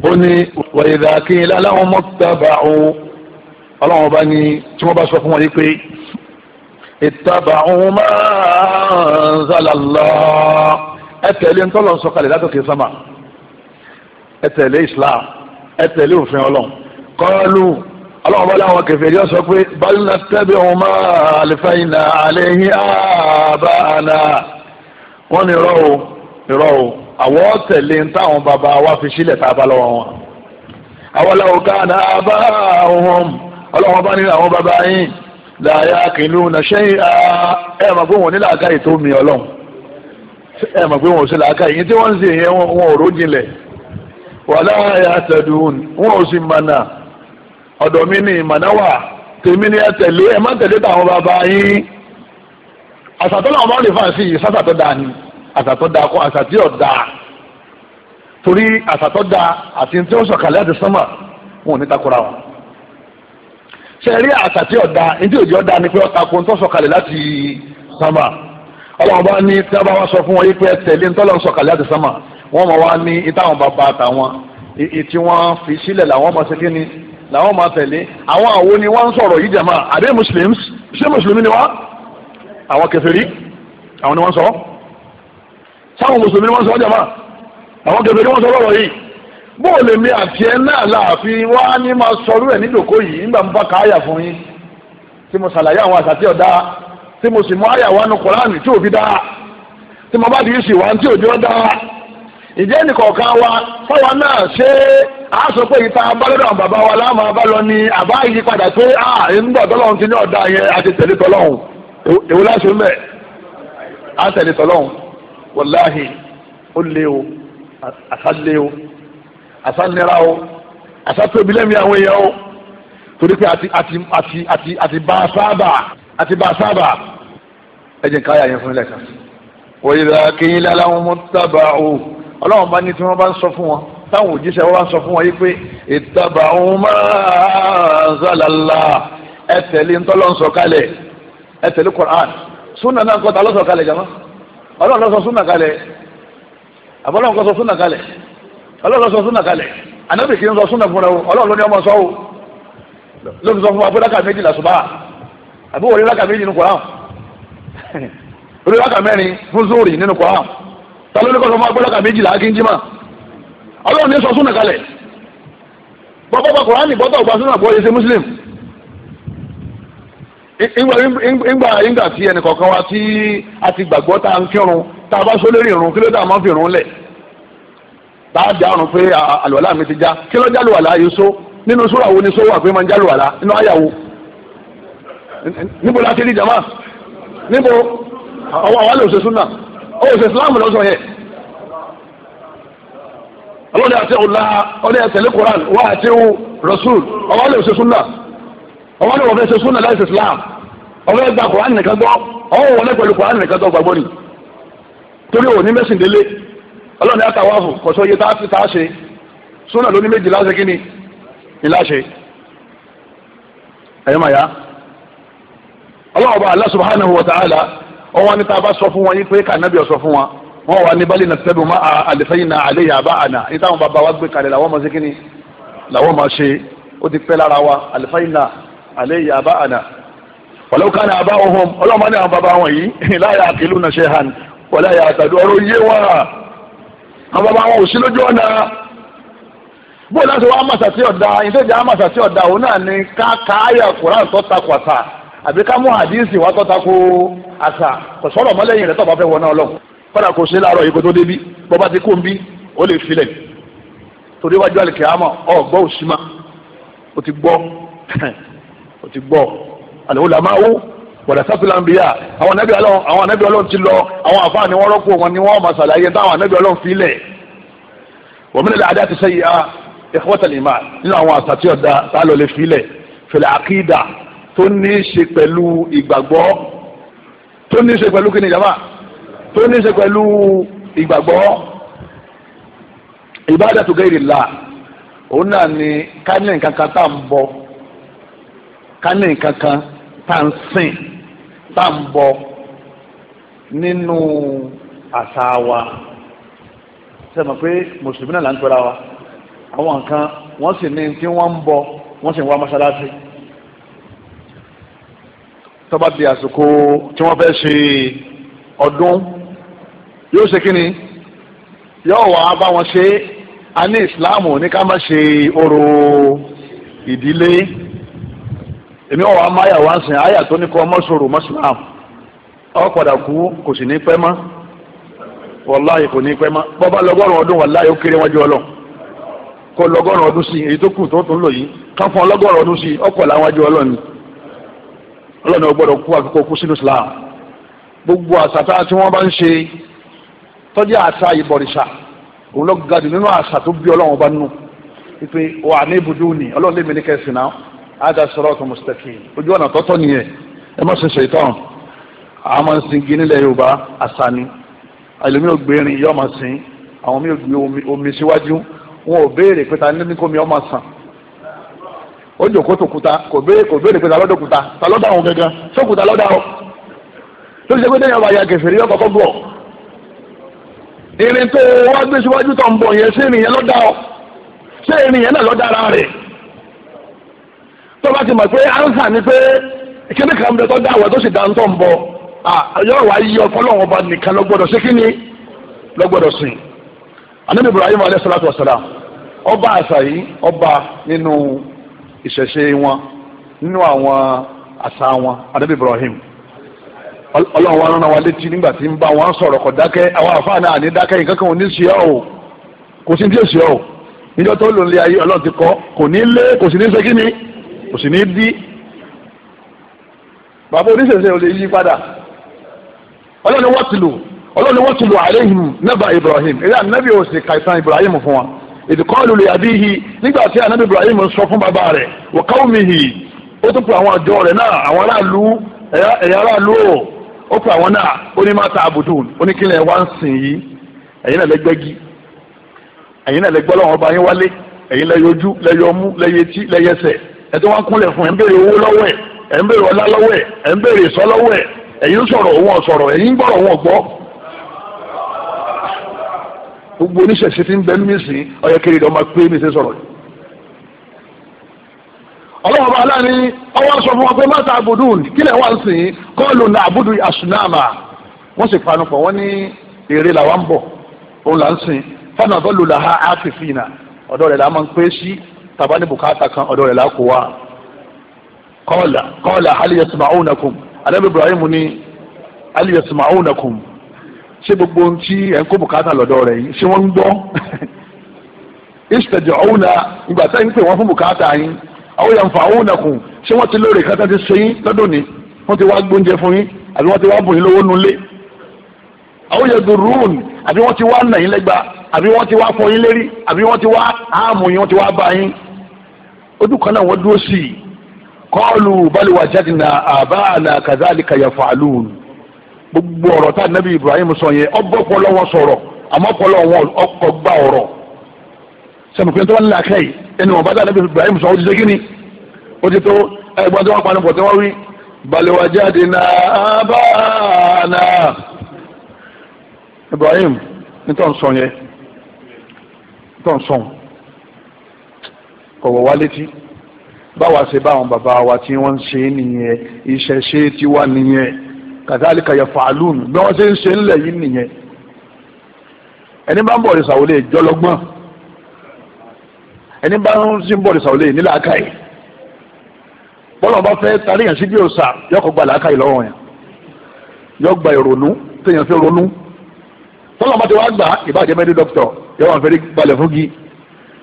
ó ní wàyẹ̀dà kí n láwọn mọ́tàbà o ọlọ́run bá ní tí wọ́n bá sọ fún wọn yìí pé ìtàbàun máa ń zàlàlọ́ ẹ tẹ̀lé ntọ́lọ́ sọ̀kalẹ̀ látòkè sámà ẹ tẹ̀lé Islam ẹ tẹ̀lé òfin ọlọ́run kọ́lù ọlọ́run bá láwọn kèfèrí ó sọ pé balùwẹ̀ tẹ́bi ọ̀hún máa àlìfẹ́yìn náà àlẹ́yìn àbá àná wọ́n ní irọ́ o irọ́ o àwọn tẹ̀lé ń táwọn bàbá wa fi sílẹ̀ tá a bá lọ́wọ́ wọn. àwọn làwọn káàná àbá ọ̀hún ọlọ́run bá ní àwọn bàbá yín làyà kìlú náà ṣẹ́yìn ẹ̀ máa gbé wọn nílà àgá ètò mi ọlọ́run ẹ mọ̀ pé wọn sí làákà yìí tí wọ́n ń ṣe yẹn wọn ò rójinlẹ̀ wàlá àyà àtẹ̀dùn wọn ò sì mànà ọ̀dọ̀ mi ni ìmọ̀náwà tèmi ni ẹ tẹ̀lé ẹ má tẹ̀lé tàwọn bàbá yín àṣàtọ́ làwọn bá lè fà sí ìsásàtọ́ dáa ni àṣàtọ́ dáa kọ́ àṣàtí ọ̀dà torí àṣàtọ́ dáa àti tí wọ́n sọ̀kalẹ̀ àti sánmà wọn ò ní takora wọn. ṣe rí àṣàtí ọ̀dà ètí òjò ọ̀dà ni pé ọ̀tako ń tọ́ sọ̀kalẹ̀ láti sánmà ọlọ́run bá ní tí wọ́n bá wá sọ fún wọn yí pé tẹ̀lé ń tọ́lọ́ sọ̀kalẹ̀ àti sánmà wọ́n mọ̀ wá ní ìtàwọn bàbá àtàwọn ètí wọ́n fi sílẹ̀ làwọn mọ̀ sí kí ni làwọn máa tẹ̀lé àwọn àwo ni wọ́n ń sọ̀rọ̀ yìí jàmá àdé muslims ṣé mùsùlùmí ni wá àwọn kèfèrí àwọn ni wọ́n sọ sáwọn mùsùlùmí ni wọ́n sọ jàmá àwọn kèfèrí wọ́n sọ lọ́rọ̀ yìí bóòlù mi àti ẹ náà láàfin wá ní máa sọrú ẹ̀ nídòkó yìí nígbà mo bá káyà fún yín tí mo ṣàlàyé àwọn àṣà tí ò dáa tí mo sì mú àyà wa nu kọ́láàmì tí ò fi dáa tí mo bá di ìsìn wa tí òjò dáa ìjẹ́ nìkọ̀ọ̀kan wa fáwa náà ṣé a sọ pé ìta balẹ̀dọ̀ àwọn bàbá wa láwọn abá lọ ni àbá ìyípadà pé a ńgbà tọ́lọ́hún ti ní ọ̀dà yẹn àti tẹ̀lé tọ́lọ́hún èwo láṣẹ mẹ́ a tẹ̀lé tọ́lọ́hún wàláhì ó lé o àṣà lé o àṣà nira o àṣà tóbi lẹ́mìí àwọn èèyàn o torí pé àti àti àti àti àti bá a sábà àti bá a sábà ẹ jẹ́ káyà yẹn fún ilẹ̀ kan. wọ́n yìí kí n lálẹ́ àwọn ọmọ o ọlọ́run bá ní tí wọ́n bá ń sọ fún wọn táwọn òjíṣẹ́ wọn bá ń sọ fún wọn yìí pé ìtàbà òun máa ń sàlàlà ẹ tẹ̀lé ntọ́lọ́n sọ̀kalẹ̀ ẹ tẹ̀lé Qur'an súnà náà kọ́ta lọ́sọ̀ kalẹ̀ jama ọlọ́run lọ́sọ̀ súnà kalẹ̀ àbọ̀lọ́run kọ́sọ̀ súnà kalẹ̀ ọlọ́run lọ́sọ̀ súnà kalẹ̀ ànábì kì í sọ súnà fúnra o ọlọ́run ní ọmọ sọ o ló fi sọ fún wa pé rákà méjì làṣùbà àbí wòlé rákà méjì nínú Qur'an wòlé [LAUGHS] rákà mẹ́rin fún zóòrì nínú Qur'an tàbí olùkọ́ sọ fún agbọ́dọ̀ kà méjìlá kí n jí mà ọlọ́run ní sọ súnà kalẹ̀ bọ́kọ́ bá kùránì bọ́tọ̀ ọ̀gbà súnà bọ́ yẹsẹ̀ muslim ìgbà ìgbà tí ẹnì kọ̀ọ̀kan wa tí a ti gbàgbọ́ tá a ń kírun tá a bá sọ lórí irun kí ló dé a máa fi irun lẹ̀ tá a dá ọ̀run pé àlùwàlá mi ti já kí ló jálù àlá yìí só nínú sóra wo ni só wà pé máa ń jálù àlá nínú àyàwó níbo la ti rí jama níbo àwọn àwọn àlè òṣèṣúná ó oh, ṣe islam lọ́sọ yẹn ọlọ́dẹ àti ọ̀la ọdẹ ẹ̀tẹ̀lé koran wà àti rasul ọwọ́ lè ṣe súnà ọwọ́ lè wọ́n fẹ́ ṣe súnà láì ṣe islam ọwọ́ gba koran nìkan gbọ́ ọwọ́ wọlé pẹ̀lú koran nìkan gbọ́ gbàgbọ́ ni torí òní mẹ́sìn délé ọlọ́dẹ àtàwáfù kọ̀ṣọ́ iye tá a ṣe súnà lóní méjì láṣẹ kí ni ìláṣẹ ẹ̀yọ́ màá yá ọlọ́ọ̀bà Allah subhanahu wa ta'ala wọn wá ní tá a bá sọ fún wọn yín pé kànábì ọ̀ sọ fún wọn wọn wà ní bali nàtẹ́bù má àlẹ́fẹ́yìn náà àlẹ́ yà bá àná ní táwọn bàbá wa gbé kalẹ̀ làwọn máa ṣe kíni làwọn máa ṣe ó ti pẹ́ lára wa àlẹ́fẹ́yìn náà àlẹ́ yà bá àná wàlẹ́ òkà náà bá ohun ọlọ́mọ ní àwọn bàbá wọn yìí láyà àkìlú náà ṣe hàn wàlẹ́ àyà àtàdù ọ̀rọ̀ yé wa àwọn bàbá wọn ò sí lójú ọ̀nà bóyá láti wá àmàṣà sí ọ̀dà ìṣèjà àmàṣà sí àbí ká mú àdíìsì wá tọ́ta kó àṣà kò sọ̀rọ̀ mọ́lẹ́yìn rẹ̀ tó bá fẹ́ wọ náà lọ kódà kò ṣe láàárọ̀ yìí kó tó débí bó bá ti kó ń bí ó lè filẹ̀ torí wájú àlèkè àmọ́ ọ gbọ́ òṣìmá ó ti gbọ́ ó ti gbọ́ àlèwò làmáwó wọ̀dà sátúlà ń bíyà àwọn anábì ọlọ́run àwọn anábì ọlọ́run ti lọ àwọn àfáà ni wọ́n rọ́pò wọn ni wọ́n máa ṣàlàyé táwọn anábì ọlọ́run fi lẹ̀ wọ́n mílẹ̀ àdá ti sẹ́yìn a ẹ̀kọ́ tẹ̀lé mà nínú àwọn àṣà tí ọ̀dà tá a lọ lè fi lẹ̀ fẹ̀lẹ̀ àkídà tó ní í ṣe pẹ̀lú ìgbàgbọ́ tó ní í ṣe pẹ̀lú kíni ìjàmbá tó ní í ṣe pẹ̀lú ìgbàgbọ́ ìbádàtu gairillah òun náà ni ká ní nǹkan kan tá à ń bọ ká ní nǹkan kan tá à ń sìn tá à ń bọ nínú àṣà wa sẹ́mi pé mùsùlùmí náà là ń pera wa àwọn kan wọ́n sì ní tí wọ́n ń bọ wọ́n sì ń wá mọ́ṣáláṣí tọ́ba di àsìkò tí wọ́n fẹ́ ṣe ọdún yóò ṣe kí ni yóò wá bá wọn ṣe a ní ìsìláàmù ní ká má ṣe orò ìdílé èmi ọ̀wá máyà wá sìn àyà tó ní kọ́ mọ́sòrò mọ́sùlám ọ padà kú kò sì ní pẹ́ mọ́ wàláyé kò ní pẹ́ mọ́ bọ́bá lọ́gọ́rùn ọdún wàláyé ó kéré wájú ọlọ kó lọ́gọ́rùn ọdún sí èyí tó kù tó tún lò yìí ká fún ọdún sí ọkọ̀ làwọn wájú ọlọ ni ọlọ́run ò gbọ́dọ̀ kú àkókò kú sínú islam gbogbo àṣà tí wọ́n bá ń ṣe tọ́jú àṣà ìbọ̀rìṣà òun lọ gàdù nínú àṣà tó bí ọlọ́run bá nù pípé wà ní ibùdó ni ọlọ́run lè mẹ́lẹ́kẹ́ sí náà ada siratu mustaqim ojú ọ̀nà tọ́tọ́ nìyẹn ẹ má ṣe ṣètọ́n àwọn máa ń sin igi nílẹ̀ yorùbá àṣà ni àìlèmí ògbérin yóò máa sin àwọn mí ògbé omi síwájú wọn ò béèrè pé ta ní kómi ọmọ sàn o jòkó tó kuta kò béèrè kò béèrè pé ta kuta ta lọdọ àwọn gangan tó kuta lọdọ àwọn tó ti ṣe pé téèyàn bá ya kẹfẹ́ rí ọkọ̀ kọ́ irin tó wá gbé síwájú tó ń bọ̀ yẹn sí ìrìn yẹn lọ́dọ̀ ọ ṣé náà ara tó bá ti pé ansa ni pé kan bẹ tó dá àwọn tó sì dá ń wá yí ọba nìkan kíni anabi Ibrahim ọba àṣà ọba nínú ìṣẹ̀ṣe wọn nínú àwọn àṣà wọn anabi ibrahim ọlọ́run wa rán wa létí nígbà tí ń bá wọn sọ̀rọ̀ kọ̀ dákẹ́ àwọn àfáà náà ní dákẹ́ nǹkan kan ò ṣe ọ́ o kò sí ní ṣe ọ́ níjọ́ kò ní lé ní ṣe kí kò sí ní bàbá ò lè yí padà ọlọ́run wọ́n ti lò ọlọ́run wọ́n ti lò nàbà ibrahim fún wa. ìdíkọ́ọ̀lù lè àdíhì nígbà tí anabi ibrahim sọ fún bàbá rẹ̀ wa qawmihi ó tún pè àwọn àjọ rẹ̀ náà àwọn aráàlú ẹ̀yà aráàlú ò ó pè àwọn náà ó ní máta àbùdùn wá ń sìn yìí náà lẹ́gbẹ́gi náà lọ́wọ́ ọba yín wálé ẹ̀yin lẹ́yọjú lẹ́yọmú lẹ́yẹtí lẹ́yẹsẹ̀ ẹ̀ wá kúnlẹ̀ fún ẹ̀ ń owó gbogbo oníṣẹ̀ṣe ti ń bẹ́ẹ̀ mí sìn ọ̀yẹ́ kiri ọmọ pé mi ti sọ̀rọ̀ yìí. ọlọ́wọ́ bá aláàní ọwọ́ sọ fún wa pé mọ́tà àbùdùn kílẹ̀ wà ń sìn kọ́ọ̀lù nà àbùdùn àsùnàmà wọ́n sì panu pọ̀ wọ́n ní èrè làwọn ń bọ̀ òun là ń sìn fana bọ́ọ̀lù là á àfìfìnà ọ̀dọ́ rẹ̀ là máa ń pé sí tàbá ní bùkátà kan ọ̀dọ́ rẹ̀ là kó wa kọ́ọ̀là kọ́ọ̀là aliyasma'unakum alẹ́ ibrahim ni aliyasma'unakum ṣé gbogbo ohun tí ẹ̀ ń kó bùkátà lọ́dọ̀ rẹ̀ yìí ṣé wọ́n ń gbọ́ ìṣèjọ ọ̀húnà ìgbà tẹ́ ń pè wọ́n fún bùkátà yín àwọn yàn fà ọ̀húnà kù ṣé wọ́n ti lóore kátà ti ṣe yín lọ́dún ni wọ́n ti wá gbóúnjẹ fún yín àbí wọ́n ti wá bùn yín lówó nulẹ̀ àwọn yàn dùn rúùn àbí wọ́n ti wá nà yín lẹ́gba àbí wọ́n ti wá fọ yín lérí àbí wọ́n ti wá áàmù yín wọ́n ti wá bá yín ojú kan náà wọ́n dúró sí i kọ́ọ̀lù balùwà jáde na àbá àlà kàzálì kàyàfà gbogbo ọ̀rọ̀ tá nàbí Ibrahim sọ yẹn ọgbọ́pọlọ wọn sọ̀rọ̀ àmọ́ ọpọlọ wọn ọkọ̀ gbà ọ̀rọ̀ sẹ́mukẹ́ tó wà nílẹ̀ akẹ́ yìí ẹni wọn bá dá nàbí Ibrahim sọ ó ti ṣe kí ni ó ti tó ẹgbọ́n tó wọn panu pọ̀ tí wọ́n wí balùwà náà bá náà Ibrahim nítorí wọn sọ yẹn nítorí wọn sọ kọ̀wọ̀ wá létí báwa ṣe bá àwọn bàbá wa tí wọ́n ń ṣe nìyẹn ìṣẹ̀ṣe tiwa nìyẹn kàtàlíkà yẹ fàálùn bí wọ́n ṣe ń ṣe ńlẹ̀ yìí nìyẹn ẹni bá ń bọ̀ ọ̀rẹ́sà wọlé jọlọgbọ́n ẹni bá ń sin bọ̀ ọ̀rẹ́sà wọlé nílẹ̀ àkàyè bọ́lá wọn bá fẹ́ taríyàn sí bí òòsà yọkọ̀ gba làákàyè lọ́wọ́ yẹn yọ gba ìrònú téèyàn fẹ́ ronú tọ́lá bá ti wá gbà ìbáàjẹ́ mẹ́rin dókítọ̀ yọ wọn fẹ́ẹ́ balẹ̀ fún gi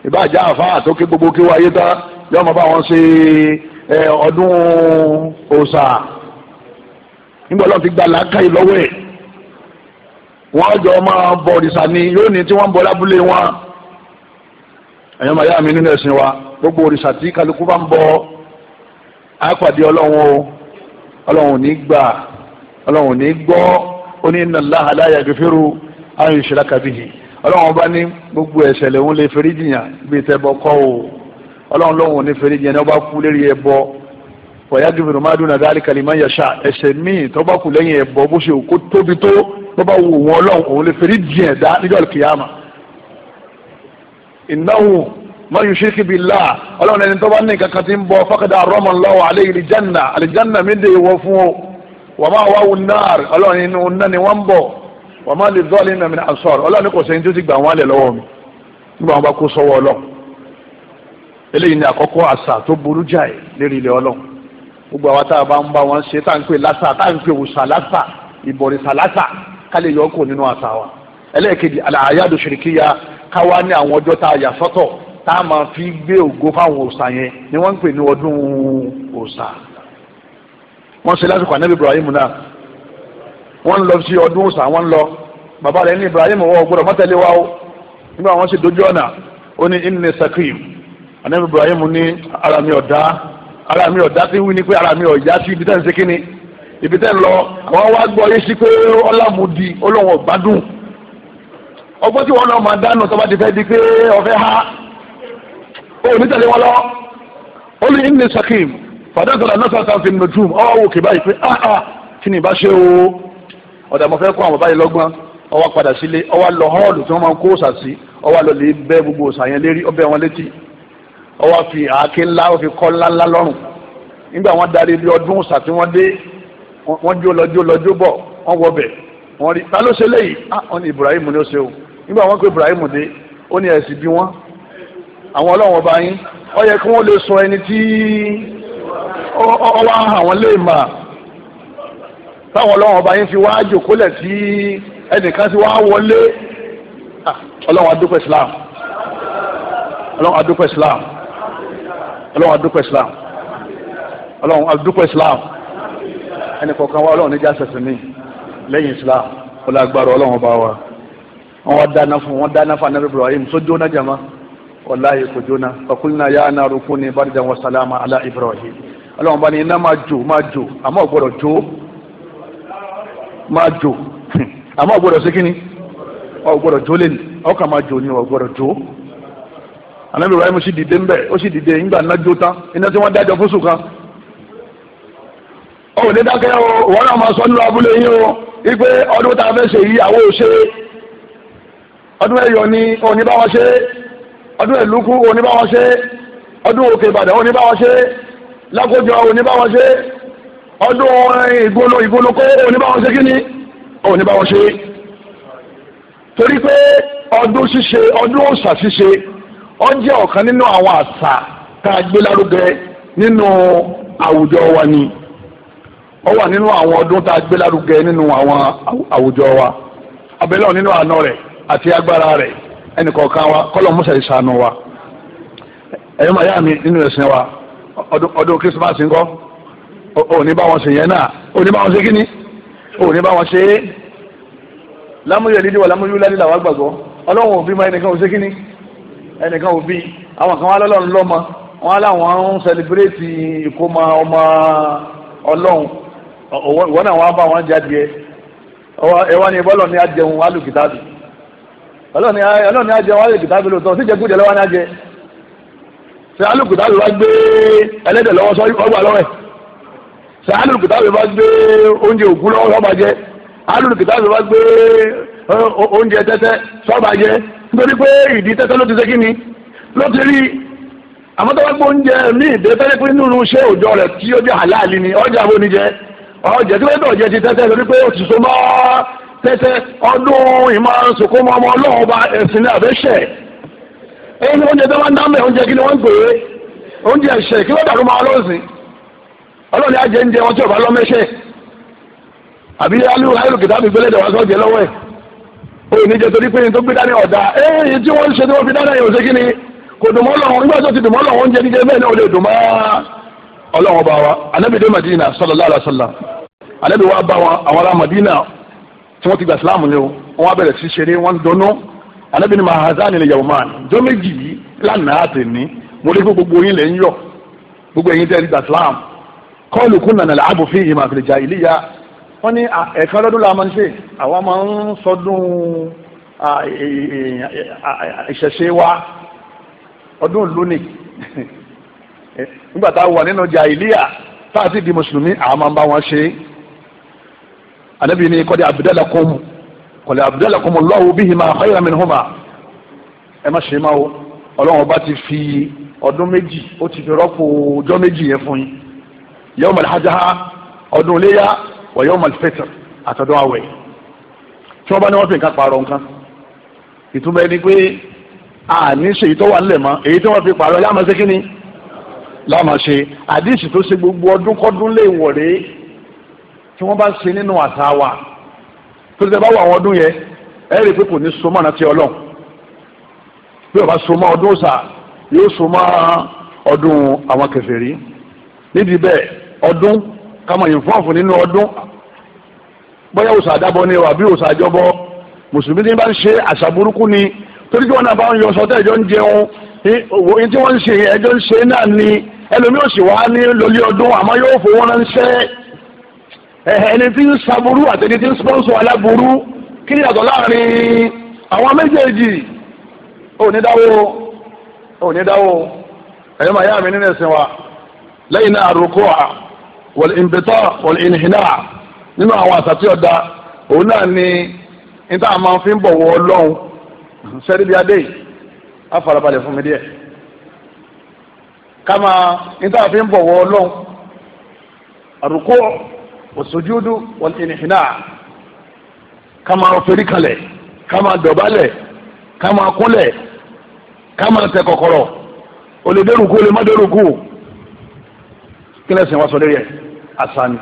ìbáàjẹ́ àfáà tó gbogbo kí wáyé tá yọ wọn bá wọn ṣe ọdún òòsà nígbà ọlọ́run ti gba làákàyè lọ́wọ́ ẹ̀ wọ́n jọ máa bọ òrìṣà ni yóò ní tí wọ́n ń bọ lábúlé wọn ẹ̀yọ́ màá yá mi nínú ẹ̀sìn wa gbogbo òrìṣà tí kálukú bá ń bọ àpàdé ọlọ́run o ọlọ́run ò ní gbà ọlọ́run ò ní gbọ́ ó ní inna Allaha la yaghfiru an yushraka bihi ọlọ́run bá ní gbogbo ẹ̀ṣẹ̀ lẹ́hún lè fẹ́rí jìyàn bíi tẹ́ bọ́ kọ́ o ọlọ́run lọ́hùn ò ní fẹ́rí jìyàn ní ọba kú lérí ẹ bọ́ wọ̀yá gbèrò má dúnà dáálì kalimá yasa ẹsẹ̀ míì tọ́ba kù lẹ́yìn ẹ̀bọ bó ṣe kó tóbi tó tọ́ba wò wọ́n ọlọ́run òun lè fèrè diẹ̀ dá níjọ́ kìyàmà. ìnáwó má yù ṣírkì bí là ọlọ́run ẹni tọ́ba ní kankan ti ń bọ fọ́kàdà rọ́mọ̀ lọ́wọ́ alẹ́ ìlìjánà àlìjánà mi dè wọ fún o wà má wà wù ọlọ́run inú náà ni wọ́n bọ̀ wà má lè zọ́ọ̀lì nàmi àṣọr ọlọ́run kò gbogbo àwọn tá a bá ń bá wọn ṣe tá à pè lásà tá à pè òòṣà lásà ìbọ̀rìṣà lásà ká lè yọ ọkọ̀ nínú àṣà wa ẹlẹ́ẹ̀kejì àyàdò ṣèríkìyà ká wá ní àwọn ọjọ́ tá a yà sọ́tọ̀ tá a máa fi gbé ògo fáwọn òòṣà yẹn ni wọ́n ń pè ní ọdún òòṣà wọ́n ṣe lásìkò ànábì Ibrahim náà wọ́n ń lọ sí ọdún òòṣà wọ́n ń lọ bàbá rẹ̀ ní Ibrahim wọ́n gbọ́dọ̀ mọ́tẹ́lẹ́ wa o nígbà wọn ṣe dojú ọ̀nà ó ní inni sakim ànábì Ibrahim ní ara mi ọ̀dá ara mi ọ̀dá tí ń wí ni pé ara mi ọ̀yá sí ibi tẹ́ ń ṣe kínni ibi tẹ́ ń lọ àwọn wá gbọ́ yé sí pé ọlámùdí olóhùn ọ̀gbádùn ọgbọ́n tí wọ́n náà máa dánù tó bá ti fẹ́ di pé ọ̀fẹ́ ha ó ní tẹ̀lé wọn lọ ó ní ní sakim fàdákàlà náà sàkà fi nùjúm ọwọ́ wò kì báyìí pé ah ah kí ni ìbá ṣe o ọ̀dà mo fẹ́ kó àwọn báyìí lọ́gbọ́n ọwọ́ padà sílé ọwọ́ lọ họ́ọ̀lù tí wọ́n máa ń kó òòsà sí ọwọ́ lọ lè bẹ́ gbogbo òòsà yẹn lérí ọbẹ̀ wọn létí ọwọ́ fi àáké ńlá ó fi kọ́ ńlá ńlá lọ́rùn nígbà wọ́n darí ilé ọdún sàtí wọ́n dé wọ́n jó lọ́jọ́ lọ́jọ́ bọ̀ wọ́n wọ bẹ̀ wọ́n rí ta ló ṣe léyìí ah wọ́n ní Ibrahim ni ó ṣe o nígbà wọ́n pé Ibrahim dé ó ní ẹ̀sìn bí wọ́n àwọn ọlọ́run ọba yín ó yẹ kí wọ́n lè sọ ẹni tí ọwọ́ àwọn lè mà táwọn ọlọ́run ọba yín fi wá jòkólẹ̀ sí ẹnìkan sí wá wọlé ah, ọlọ́run adúpẹ́ Islam ọlọ́run adúpẹ́ Islam ọlọ́run adúpẹ́ islam ọlọ́run adúpẹ́ islam ẹnì kọ̀ọ̀kan wa ọlọ́run níjà sẹ̀sìn mi lẹ́yìn islam ọlọ́gbàrọ̀ ọlọ́run ọba wa wọn wá dáná fún wọn dáná fún anabi ibrahim tó jóná jama wàláyé kò jóná ọkùnrin náà yá ana rúkú ní bàdìjà wọn sàlámà alá ibrahim ọlọ́run bá ní iná máa jò máa jò àmọ́ ọ̀gbọ́dọ̀ jó máa jò àmọ́ ọ̀gbọ́dọ̀ sí kíni ọ̀gbọ́dọ̀ jó lé ní ọkàn máa jò ní ọ̀gbọ́dọ̀ jó anabi ibrahim sì dìde ńbẹ ó sì dìde ńgbà nájó tán iná tí wọ́n dájọ́ fóṣù kan ó lè dákẹ́ o wọ́n náà máa sọ nínú abúlé yín o wípé ọdún tá a fẹ́ ṣe yìí àwọn ò ṣe ọdún ẹ̀yọ̀ ni òní bá wọn ṣe ọdún ẹ̀lúkú òní bá wọn ṣe ọdún òkè ìbàdàn òní bá wọn ṣe lákòjọ òní bá wọn ṣe ọdún ìgbólo ìgbólo kó òní bá wọn ṣe kí ni òní bá wọn ṣe torí pé ọdún ṣíṣe ọdún òṣà ṣíṣe ó jẹ́ ọ̀kan nínú àwọn àṣà tá a gbé lárugẹ nínú àwùjọ wa ni ó wà nínú àwọn ọdún tá a gbé lárugẹ nínú àwọn àwùjọ wa abẹ́lẹ́ ọ̀ nínú àna rẹ̀ àti agbára rẹ̀ ẹnìkọ̀ọ̀kan wa kọ́lọ̀ musa ìsànù wa ẹ̀yọ́ màá yá mi nínú ẹ̀sìn wa ọdún kírísímàsì ńkọ́ òní bá wọn ṣe yẹn náà òní bá wọn ṣe kíni òní bá wọn ṣe é lámúyẹ̀ lídìí wà lámúyẹ̀ lídìí làwọn gbàgbọ́ ọlọ́run òbí máa ẹnìkan ò ṣe kíni ẹnìkan òbí àwọn kan wá lọ́lọ́run lọ́mọ wọn láwọn ń sẹlẹbírẹ́tì ìkómọ ọmọ ọlọ́run ìwọ náà wọn bá wọn jáde ẹ ẹ wá ní bọ́lọ̀ ní ajẹun alùkìtàbí ọlọ́run ní ajẹun alùkìtàbí lóòótọ́ síjẹ kújẹ lọ́wọ́ ní ajẹ ṣe alùkìtàbí wá gbé ẹlẹ́dẹ̀ lọ́wọ́ sọ ọgbà lọ́wọ́ ẹ̀ ṣe alùkìtàbí wá gbé oúnjẹ òkú lọ́wọ́ sọ́ba jẹ alùkìtàbí wá gbé oúnjẹ tẹ́tẹ́ sọ́ba jẹ nítorí pé ìdí tẹ́tẹ́ ló ti ṣe kí ni ló ti rí àmọ́ tó bá gbó oúnjẹ ní ìdè tẹ́lẹ̀ pé nínú iṣẹ́ rẹ̀ tí ó jẹ́ àláàlì ni ọjà bó ni jẹ ọjà tí ó ti tẹ́tẹ́ ọba ẹ̀sìn ní àbẹ́ṣẹ̀ èyí ni oúnjẹ tó máa ń dá mẹ́ oúnjẹ kí ni wọ́n ń pè é oúnjẹ ẹ̀ṣẹ̀ kí wọ́n dàrú ó ní jẹ torí pé ní tó gbé dání ọ̀dà ẹ̀yìn tí wọ́n ń ṣe tí wọ́n fi dáná yẹn ò ṣe kí ni kò dùnmọ́ lọ́wọ́ nígbà tó ti dùnmọ́ lọ́wọ́ oúnjẹ jíjẹ bẹ́ẹ̀ náà ó lè dùnmọ́ ọlọ́wọ́ bá wa anábì Madina sallallahu alaihi wasallam wa bá wọn àwọn ará Madina tí wọ́n ti gba Islam ni o wọ́n á bẹ̀rẹ̀ sí wọ́n dọ́nú anábì ni mahazan ni yawman jọ méjì yìí lánàá tèmi mo lè fún gbogbo yín lẹ́yìn wọ́n ní ẹ̀kan lọ́dún la máa ń ṣe àwa máa ń sọdún ìṣẹ̀ṣe wa ọdún ìlú [LAUGHS] nígbà tá a wà nínú jàìlíà tá a sì di mùsùlùmí àwa máa ń bá wọn ṣe anabi ni kọ́dí abdalakum kọ́dí abdalakum Allahu bihima khayran minhuma ẹ má ṣe máa wo ọlọ́run ọba ti fi ọdún méjì ó ti fi rọ́pò ọjọ́ méjì yẹn fún yín yawm al ọdún iléyà wọ̀yọ́ malfẹ́tà àtọ̀dọ̀ àwẹ̀ tí wọ́n bá ní wọ́n fi nǹkan pààrọ̀ nǹkan ìtumọ̀ ẹni pé a ní ṣe èyí tó wà nílẹ̀ mọ́ èyí tí wọ́n fi pààrọ̀ láàmú ṣe kíni láàmú ṣe àdìsí tó ṣe gbogbo ọdún kọ́dún lè wọ̀rẹ́ tí wọ́n bá ṣe nínú àṣà wa tó ti bá wà àwọn ọdún yẹn ẹ rí i pé kò ní so mọ́ àti ọlọ́run bí ọba so mọ́ ọdún ṣà yóò so mọ́ ọdún àwọn kèfèrí nídìí bẹ́ẹ̀ ọdún kama ìfọ́ọ̀fù nínú ọdún bóyá òsà àdábọ ni wàbí òsà àjọbọ mùsùlùmí ní bá ń ṣe àṣà burúkú ni torí tí wọn náà bá ń yọ sọtẹ ẹjọ ń jẹun ohun tí wọn ń ṣe ẹjọ ń ṣe náà ni ẹlòmíì òsì wá ní lórí ọdún àmọ́ yóò fowó ránṣẹ́ ẹni tí ń saburú àti ẹni tí ń sponsor aláburú kí ni yàtọ̀ láàrin àwọn méjèèjì onídáwó onídáwó ẹ̀yọ́ màá yá mi nínú ẹ̀sìn wa lẹ́yìn náà àrùkọ́ à. wọ̀lìǹbẹ̀tọ̀ wọ̀lìǹhìnà nínú àwọn àṣà tí ọ̀dà òun náà ni níta máa fi ń bọ̀ wọ ọlọ́run sẹ́rí bíi adé yìí á fi ń bọ̀ wọ ọlọ́run àrùkọ́ òṣòjúdú wọ̀lìǹhìnà ká máa fẹ́rí kalẹ̀ àṣà ni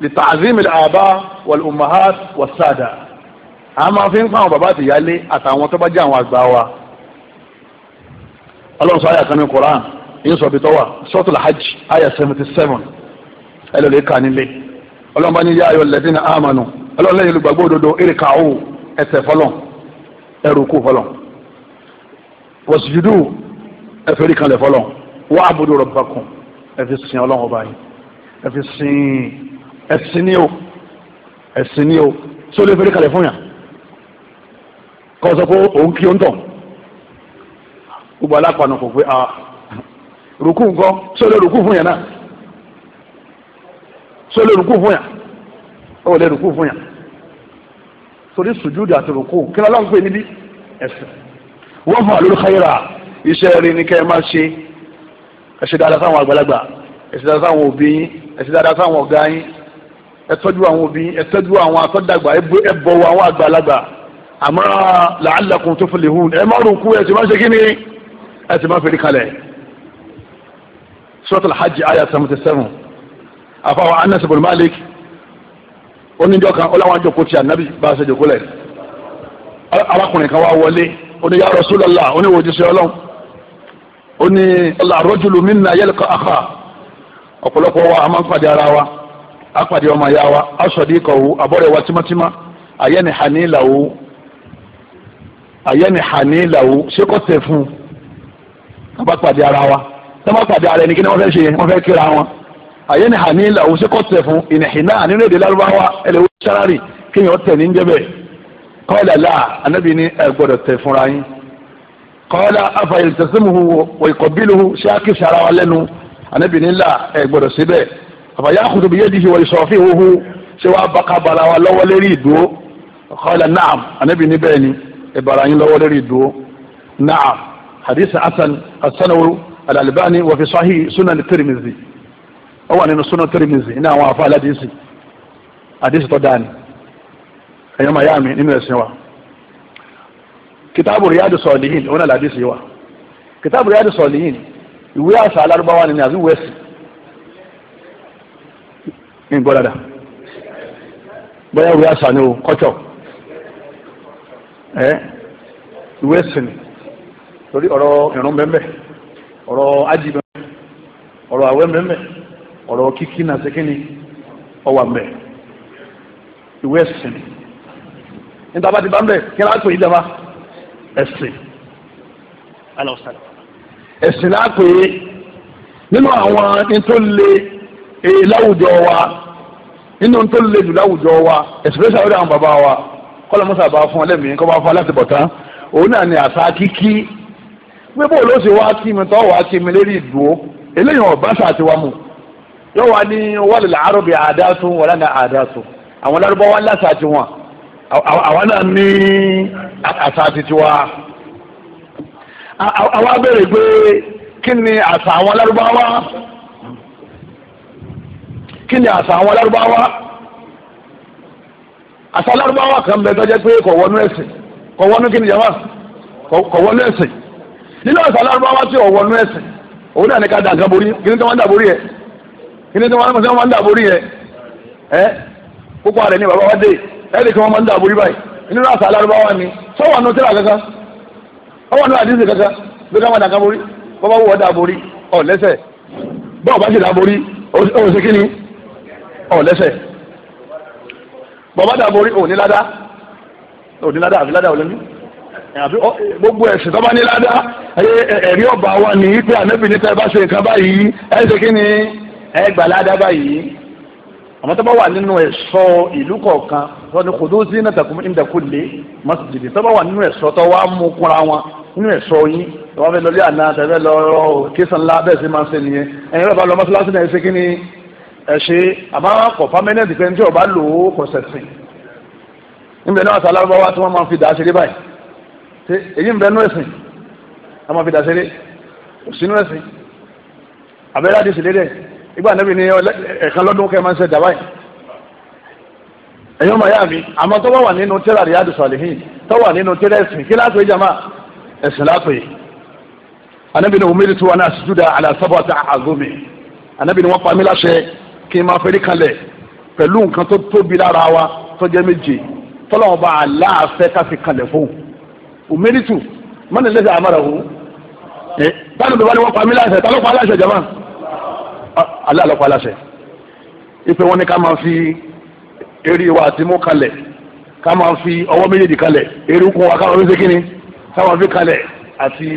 litaazim al-aba wal-ummahat was-sada a máa fi ń pa àwọn bàbá àti ìyáálé àtàwọn tó bá jẹ́ àwọn àgbà wa ọlọ́run sọ àyà kan ní koran yín sọ bitọ́ wa sọ́tùlá hajj àyà seventy seven ẹ lọ́ọ́ lè kà nílé ọlọ́run bá ní yá ayọ̀ lẹ́dínà àmànù ọlọ́run lẹ́yìn olùgbàgbọ́ òdodo erika o ẹsẹ̀ fọlọ́n ẹrù kú fọlọ́n wọ́sùjúdù ẹ̀fẹ́rí kanlẹ̀ fọlọ́n wọ́n àbúdó rabbakum ẹ fi sin ọlọ́run ọba yìí ẹ fi sin ẹ̀sìn ni o ẹ̀sìn ni o tí ó lè fẹ́rẹ́ kalẹ̀ fún yà kọ́ sọ pé òun kí o ń tọ̀ gbogbo alápàánù kò pé a rùkú nǹkan tí ó lè rùkú fún yà náà tí ó lè rùkú fún yà ó lè rùkú fún yà torí sùjúdì àti rùkú kí ló lọ́n pè níbi ẹ̀sìn wọ́n fún àlùkò káyìrà iṣẹ́ rẹ̀ ní kẹ́ ẹ máa ṣe ẹ ṣe dáadáa sáwọn àgbàlagbà ẹ ṣe dáadáa sáwọn òbí yín ẹ ṣe dáadáa sáwọn ọ̀gá yín ẹ tọ́jú àwọn òbí yín ẹ tọ́jú àwọn àtọ́dàgbà ẹ bọ̀wọ̀ àwọn àgbàlagbà àmọ́ la'allakum tuflihun ẹ má ròkú ẹ sì má ṣe kíni ẹ sì má fèrè kalẹ̀ suratul hajj ayah seventy seven àfàwọn anas ibn malik oníjọ kan ọlọ́wọ́n àjọkò tí anabi bá a ṣe jòkó lẹ̀ arákùnrin kan wá wọlé oníyàrá rasulullah oníwòjúṣe ọlọ́run ó ní arọ́jùlù mi nà yẹlẹkọ àkà ọ̀pọ̀lọpọ̀ wa a máa ń pàdé ara wa a pàdé ọmọ ya wa a sọ̀dí kọ̀wù àbọ̀rẹ̀ wa tímátímá àyẹ́ni hàní làwù àyẹ́ni hàní làwù ṣé kò tẹ̀ fún un bá pàdé ara wa tẹ́ bá pàdé ara ẹni kí ni wọ́n fẹ́ ṣe wọ́n fẹ́ kíra wọn àyẹ́ni hàní làwù ṣé kò tẹ̀ fún ìnìhìnà nínú èdè lárúbáwá ẹlẹ́wọ́ sárárì kéèyàn tẹ̀ ní jẹ́bẹ̀ kọ́ kọ́lá afayil tẹ̀símuhu wẹ̀kọ̀bíluhu ṣáàkì sara wa lẹ́nu anabi nílà ẹ̀ gbọ́dọ̀ síbẹ̀ àfàyà àkùtù bìyẹ́ dìhì wẹ̀ sọ̀fì huhu ṣé wàá baka bara wa lọ́wọ́ lérí ìdúró kọ́lá naam anabi ní bẹ́ẹ̀ ni ẹ̀ yín lọ́wọ́ lérí ìdúró naam hadith hasan hasanawu alalibani wàfi sahih sunan tirimizi ó wà nínú sunan tirimizi iná àwọn afa aládìsí àdìsí tó dáa ẹ̀yọ́ mayami nínú ẹ̀sìn wa kìtàbù riyadu sọ̀lìyìn òun náà làdísì wa kìtàbù riyadu sọ̀lìyìn ìwé àṣà alárúbáwá ni àbí wẹ́sì ní gbọ́dọ̀dà bóyá ìwé àṣà ni o kọ́tọ̀ ẹ ìwé sìn torí ọ̀rọ̀ ìrún mẹ́mẹ́ ọ̀rọ̀ ájì mẹ́mẹ́ ọ̀rọ̀ àwẹ̀ mẹ́mẹ́ ọ̀rọ̀ kíkí náà ṣe kíni ọwà mẹ́ ìwé sìn níta bá ti bá ń bẹ̀ kí n á pè é jẹba ẹ̀sìn alọ́sàn ẹ̀sìn lápè nínú àwọn tó le e, láwùjọ wa nínú tó le jù láwùjọ wa especially àwọn bàbá wa kọ́lọ́ mọ́sá bá fún ọlẹ́mìí kọ́ bá fún aláti bọ̀tán òun náà ni àṣà kíkí pé bó ló ṣe wá kí mi tọ́ wá kí mi lérí ìdúró eléyìí ọ̀bá ṣàtiwá mu yóò wá ní wọ́n lè làárọ̀ bí àdá tún wọ́n lánàá àdá tún àwọn lárúbáwá ńlá ṣàtiwọ̀n àwa náà ní àṣà titiwa àwa béèrè pé kí ni àṣà àwọn alárúbáwá kí ni àṣà àwọn alárúbáwá àṣà alárúbáwá kan bẹ tó jẹ́ pé kò wọnú ẹ̀sìn kò wọnú kí ni jama kò wọnú ẹ̀sìn nínú àṣà alárúbáwá tí ò wọnú ẹ̀sìn òun náà ní ká dàgbà borí kí ni tí wọ́n ń dàborí ẹ̀ kí ni tí wọ́n ń dàborí ẹ̀ ẹ́ púpọ̀ rẹ̀ ni bàbá wa dé ẹnì kan wọn máa ń dààbò rí báyìí nínú àṣà alárúbáwá ni sọ́wọ́n nù tíra kankan ọwọ́n nù àdínsì kankan bí káwọn dàkan borí bọ́bá wọ́ dààbò rí ọ̀ lẹ́sẹ̀ bọ́ọ̀ bá sì dààbò rí òun sì kíni ọ̀ lẹ́sẹ̀ bọ́ọ̀bá dààbò rí òun ní ládá òun ní ládá àfi ládá òun ní àfi gbogbo ẹ̀sìn tó bá ní ládá ẹ̀rí ọ̀bà wa ní pé ànábì ní tẹ́ bá ṣe nǹkan báyìí ẹ̀ ṣe kíni ẹ̀ gbà ládá báyìí àmọ́ tó bá wà nínú ẹ̀ṣọ́ ìlú kọ̀ọ̀kan tó ní kò tó sí náà tàkùn ní ìdàkúlé mọ́sídìdì tó bá wà nínú ẹ̀ṣọ́ tó wà mú kúnra wọn nínú ẹ̀ṣọ́ yín tó bá fẹ́ lọ lé àná tẹ̀fẹ́ lọ kéṣàn ńlá bẹ́ẹ̀ sí máa ń ṣe nìyẹn ẹ̀yin bá lọ mọ́sálásí náà ṣe kí ni ẹ̀ṣẹ́ àmọ́ kò pámẹ́nẹ́tì pé ní tí o bá lò ó kò sẹ̀sìn níbẹ̀ náà sàlá bá wá tí wọ́n máa fi dà ṣeré báyìí èyí ń bẹ nú ẹ̀sìn wọ́n máa fi dà ṣeré òsínú ìgbà ànábì ni ẹ̀kan lọ́dún kẹ́ máa ń ṣe dàbá yìí ẹ̀yọ́ màyá mi àmọ́ tó wà wà nínú tírà Riyadu Salihin tó wà nínú tírà ẹ̀sìn kí láàpẹ̀ jama ẹ̀sìn láàpẹ̀ ànábì ni omi tu ana sujuda ala sabata azumi ànábì ni wọ́n pa mí láṣẹ kí n máa fẹ́rí kalẹ̀ pẹ̀lú nǹkan tó tóbi lára wa tó méje tọ́lọ́wọ́n bá aláàfẹ́ ká fi fún omi tu mọ́ni lẹ́sẹ̀ àmàrà wò ẹ̀ báyìí ló bá pa mí láṣẹ tọ́lọ́pàá láṣẹ jama aláàlọ́pàá aláṣẹ ipe wọn ni ká máa fi eré wa àti mú kalẹ̀ ká máa fi ọwọ́ méjèèjì kalẹ̀ erékùn wa ká máa fi ṣe kíni ká máa fi kalẹ̀ àti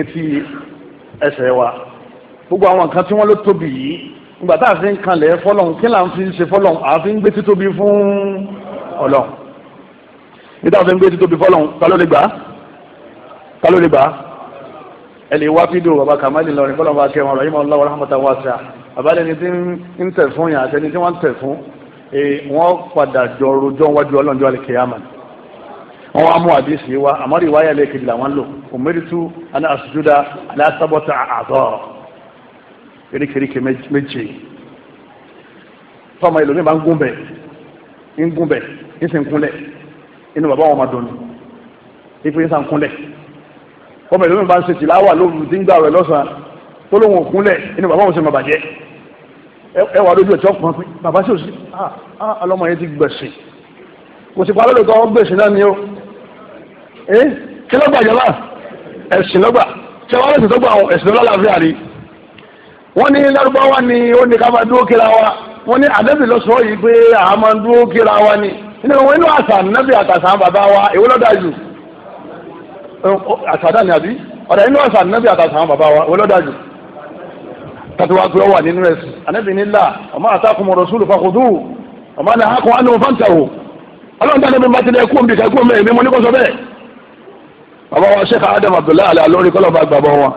etí ẹsẹ̀ wa gbogbo àwọn nǹkan tí wọ́n ló tóbi yìí ìgbà tá a fi ń kalẹ̀ fọlọ́n kí là ń fi ṣe fọlọ́n àfi ń gbé títóbi fún ọlọ́n nígbà tá a fi ń gbé títóbi fọlọ́n ta ló lè gbà ta ló lè gbà ẹ lè wá fídíò bàbá kàmáàlì lọrin bọ́lá bá kẹ́ wọn rọ̀ yìí mọ̀ lọ́wọ́ rahmata wa sa àbálẹ̀ ni tí ń tẹ̀ fún yàn àtẹni tí wọ́n ń tẹ̀ fún wọ́n padà jọ rojọ́ wájú ọlọ́njọ́ alikiyama wọ́n wá mú àdìsí wa àmọ́ rí wáyà lẹ́ẹ̀kejì làwọn lò omeritu ana asujuda alasabọta àtọ́ erékeréke méje fọmọ ìlú mi máa ń gún bẹ́ẹ̀ ń gún bẹ́ẹ̀ ń sì ń kúnlẹ̀ inú bàbá wọn máa dùn ní ipò yín sàn kúnlẹ̀ ọmọ ìlú mi bá ń ṣe tìláwà lóru tí ń gbà rẹ̀ lọ́sàn-án tó lóun òkúnlẹ̀ inú bàbá òun ṣe máa bàjẹ́ ẹ wà lójú ẹ̀ tí wọ́n pọn pé bàbá sì ò sí ọlọ́mọ yẹn ti gbẹ̀sìn kò sì parọ́ lóòótọ́ wọ́n gbèsè náà ni ó ẹ́ kí lọ́gbà ìjọba ẹ̀sìn lọ́gbà tí wọ́n lẹ́sìn lọ́gbà ẹ̀sìn lọ́láàfíà rí wọ́n ní lárúbáwá ni ó ní ká máa dúró kíra wa wọ́n ní àdẹ́bì lọ́sọ̀ọ́ yìí pé àá máa dúró kíra wa ni nínú wọn inú àṣà nábì àtàṣà bàbá wa èwo lọ́dà jù àṣàdá ni àbí ọ̀dà inú àṣà ànábì àtàṣà àwọn bàbá wa olódàjù kàtiwá pé ó wà nínú ẹ̀sìn ànábì nílà ọmọ àtàkùn rasulu fàkùdù ọmọ àná àkùn àná òfàǹtà o ọlọ́run tàbí bá ti dẹ kú omi kẹ́kú omi èmi mo ní kó bàbá wa sheikh adam abdullahi ala lórí kọlọba gbàgbọ́ wọn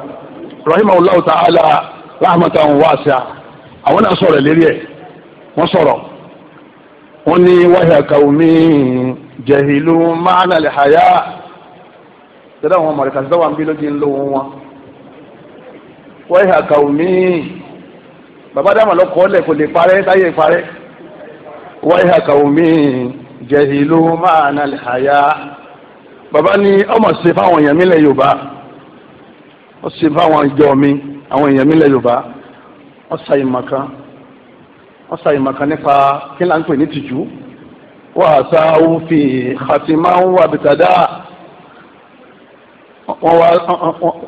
rahimahullahu ta'ala rahmatan wasi'a àwọn náà sọ̀rọ̀ lérí ẹ̀ wọ́n sọ̀rọ̀ wọ́n ní wáyà kàwé mi jahilu ma'na tẹ́lẹ̀ àwọn mọ̀lẹ́kà sí dáwà ń bí lójú ń lówó wọn. wọ́n yà kà omi bàbá dáhùn lọ kọ́ ọ́ lẹ̀ kò lè parẹ́ táyé parẹ́. wọ́n yà kà omi jẹ̀hìlú máa nà lè àyà. bàbá ní ọmọ ṣe fáwọn èèyàn mi lẹ̀ Yorùbá ó ṣe fáwọn ìjọ mi àwọn èèyàn mi lẹ̀ Yorùbá ó ṣàyè màkàn ó ṣàyè màkàn nípa kí là ń pè ní tìjú wàá fi xatimáwó àbìtàdá wọ́n wá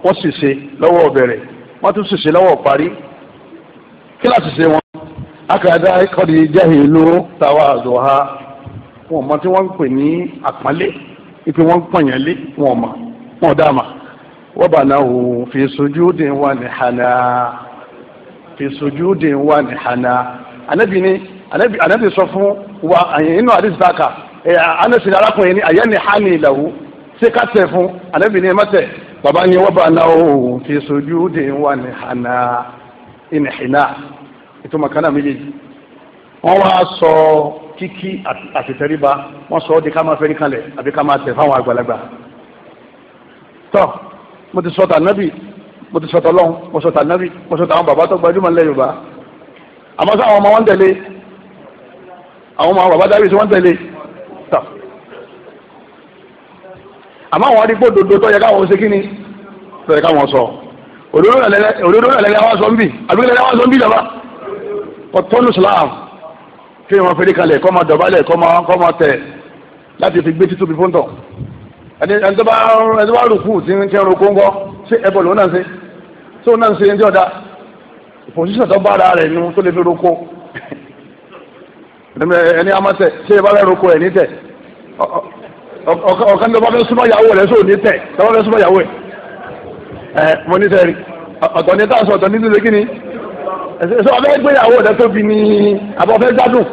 wọ́n sì ṣe lọ́wọ́ ọ̀bẹ̀rẹ̀ wọ́n tún sì ṣe lọ́wọ́ parí kí láti ṣe wọn. akadá kọ́ni jáde ló tàwa àzọ̀ ha wọn mọ tí wọ́n ń pè ní àpọ́nlé ipe wọ́n ń pọ̀nyàn lé wọn mọ̀ wọn dá mà. wọ́n bá náà wò fi sujudin wà ní hànà fi sujudin wà ní hànà. anabi ni anabi sọ fún wa àyìn inú àdìsí ta kà ẹ anasi arákùnrin ni àyẹ́ni hànì ìlàwó ṣé ká tẹ̀ fún ànábì ní ẹ má tẹ̀ bàbá ni wọ́n bá ná òun fi sojú dé wà ní hànà ìnìhìnà ìtumọ̀ kan náà méjèèjì wọ́n wá sọ kíkí àtìtẹríba wọ́n sọ ọ́ di ká máa fẹ́ níkàlẹ̀ àbí ká máa tẹ̀ fáwọn àgbàlagbà tọ́ mo ti sọ tànábì mo ti sọ tọlọ́n mo sọ tànábì mo sọ tàwọn bàbá tó gbajúmọ̀ nílẹ̀ Yorùbá àmọ́ sáwọn ọmọ wọn tẹ̀lé àwọn ọmọ bàbá dábìsí wọn tẹ̀lé àmọ́ àwọn adigun òdodo tó yẹ káwọn ṣe kí ni tó yẹ káwọn sọ òdodo lẹ́lẹ́ wá sọ ń bì àbí lẹ́lẹ́ wá sọ ń bì jọba ọ̀tọ́nù Islam kí wọ́n fẹ́rí kalẹ̀ kọ́ máa dọ̀bálẹ̀ kọ́ máa kọ́ máa tẹ̀ láti fi gbé títúbi fún tọ̀ ẹni tó bá ẹni tó bá rùkú tí ń kẹrù kóńgọ́ ṣé ẹbọ lòun náà ṣe tó náà ṣe ń tí ọ̀dà pòṣíṣàn tó bá rẹ̀ nu tó lè fi roko [LAUGHS] ẹni amásẹ̀ ṣé ẹ bá rẹ̀ roko ẹ̀ ní tẹ̀ ọ̀kan tó bá fẹ́ súnmọ́ ìyàwó rẹ̀ sóò ní tẹ̀ tó bá fẹ́ súnmọ́ ìyàwó ẹ̀ mo ní sẹ́rí ọ̀tọ̀ ní táàsì ọ̀tọ̀ ní dídé kíni ẹ̀sẹ̀ sọ ọ̀fẹ́ gbé ìyàwó rẹ̀ tóbi ní abọ́fẹ́ gbádùn.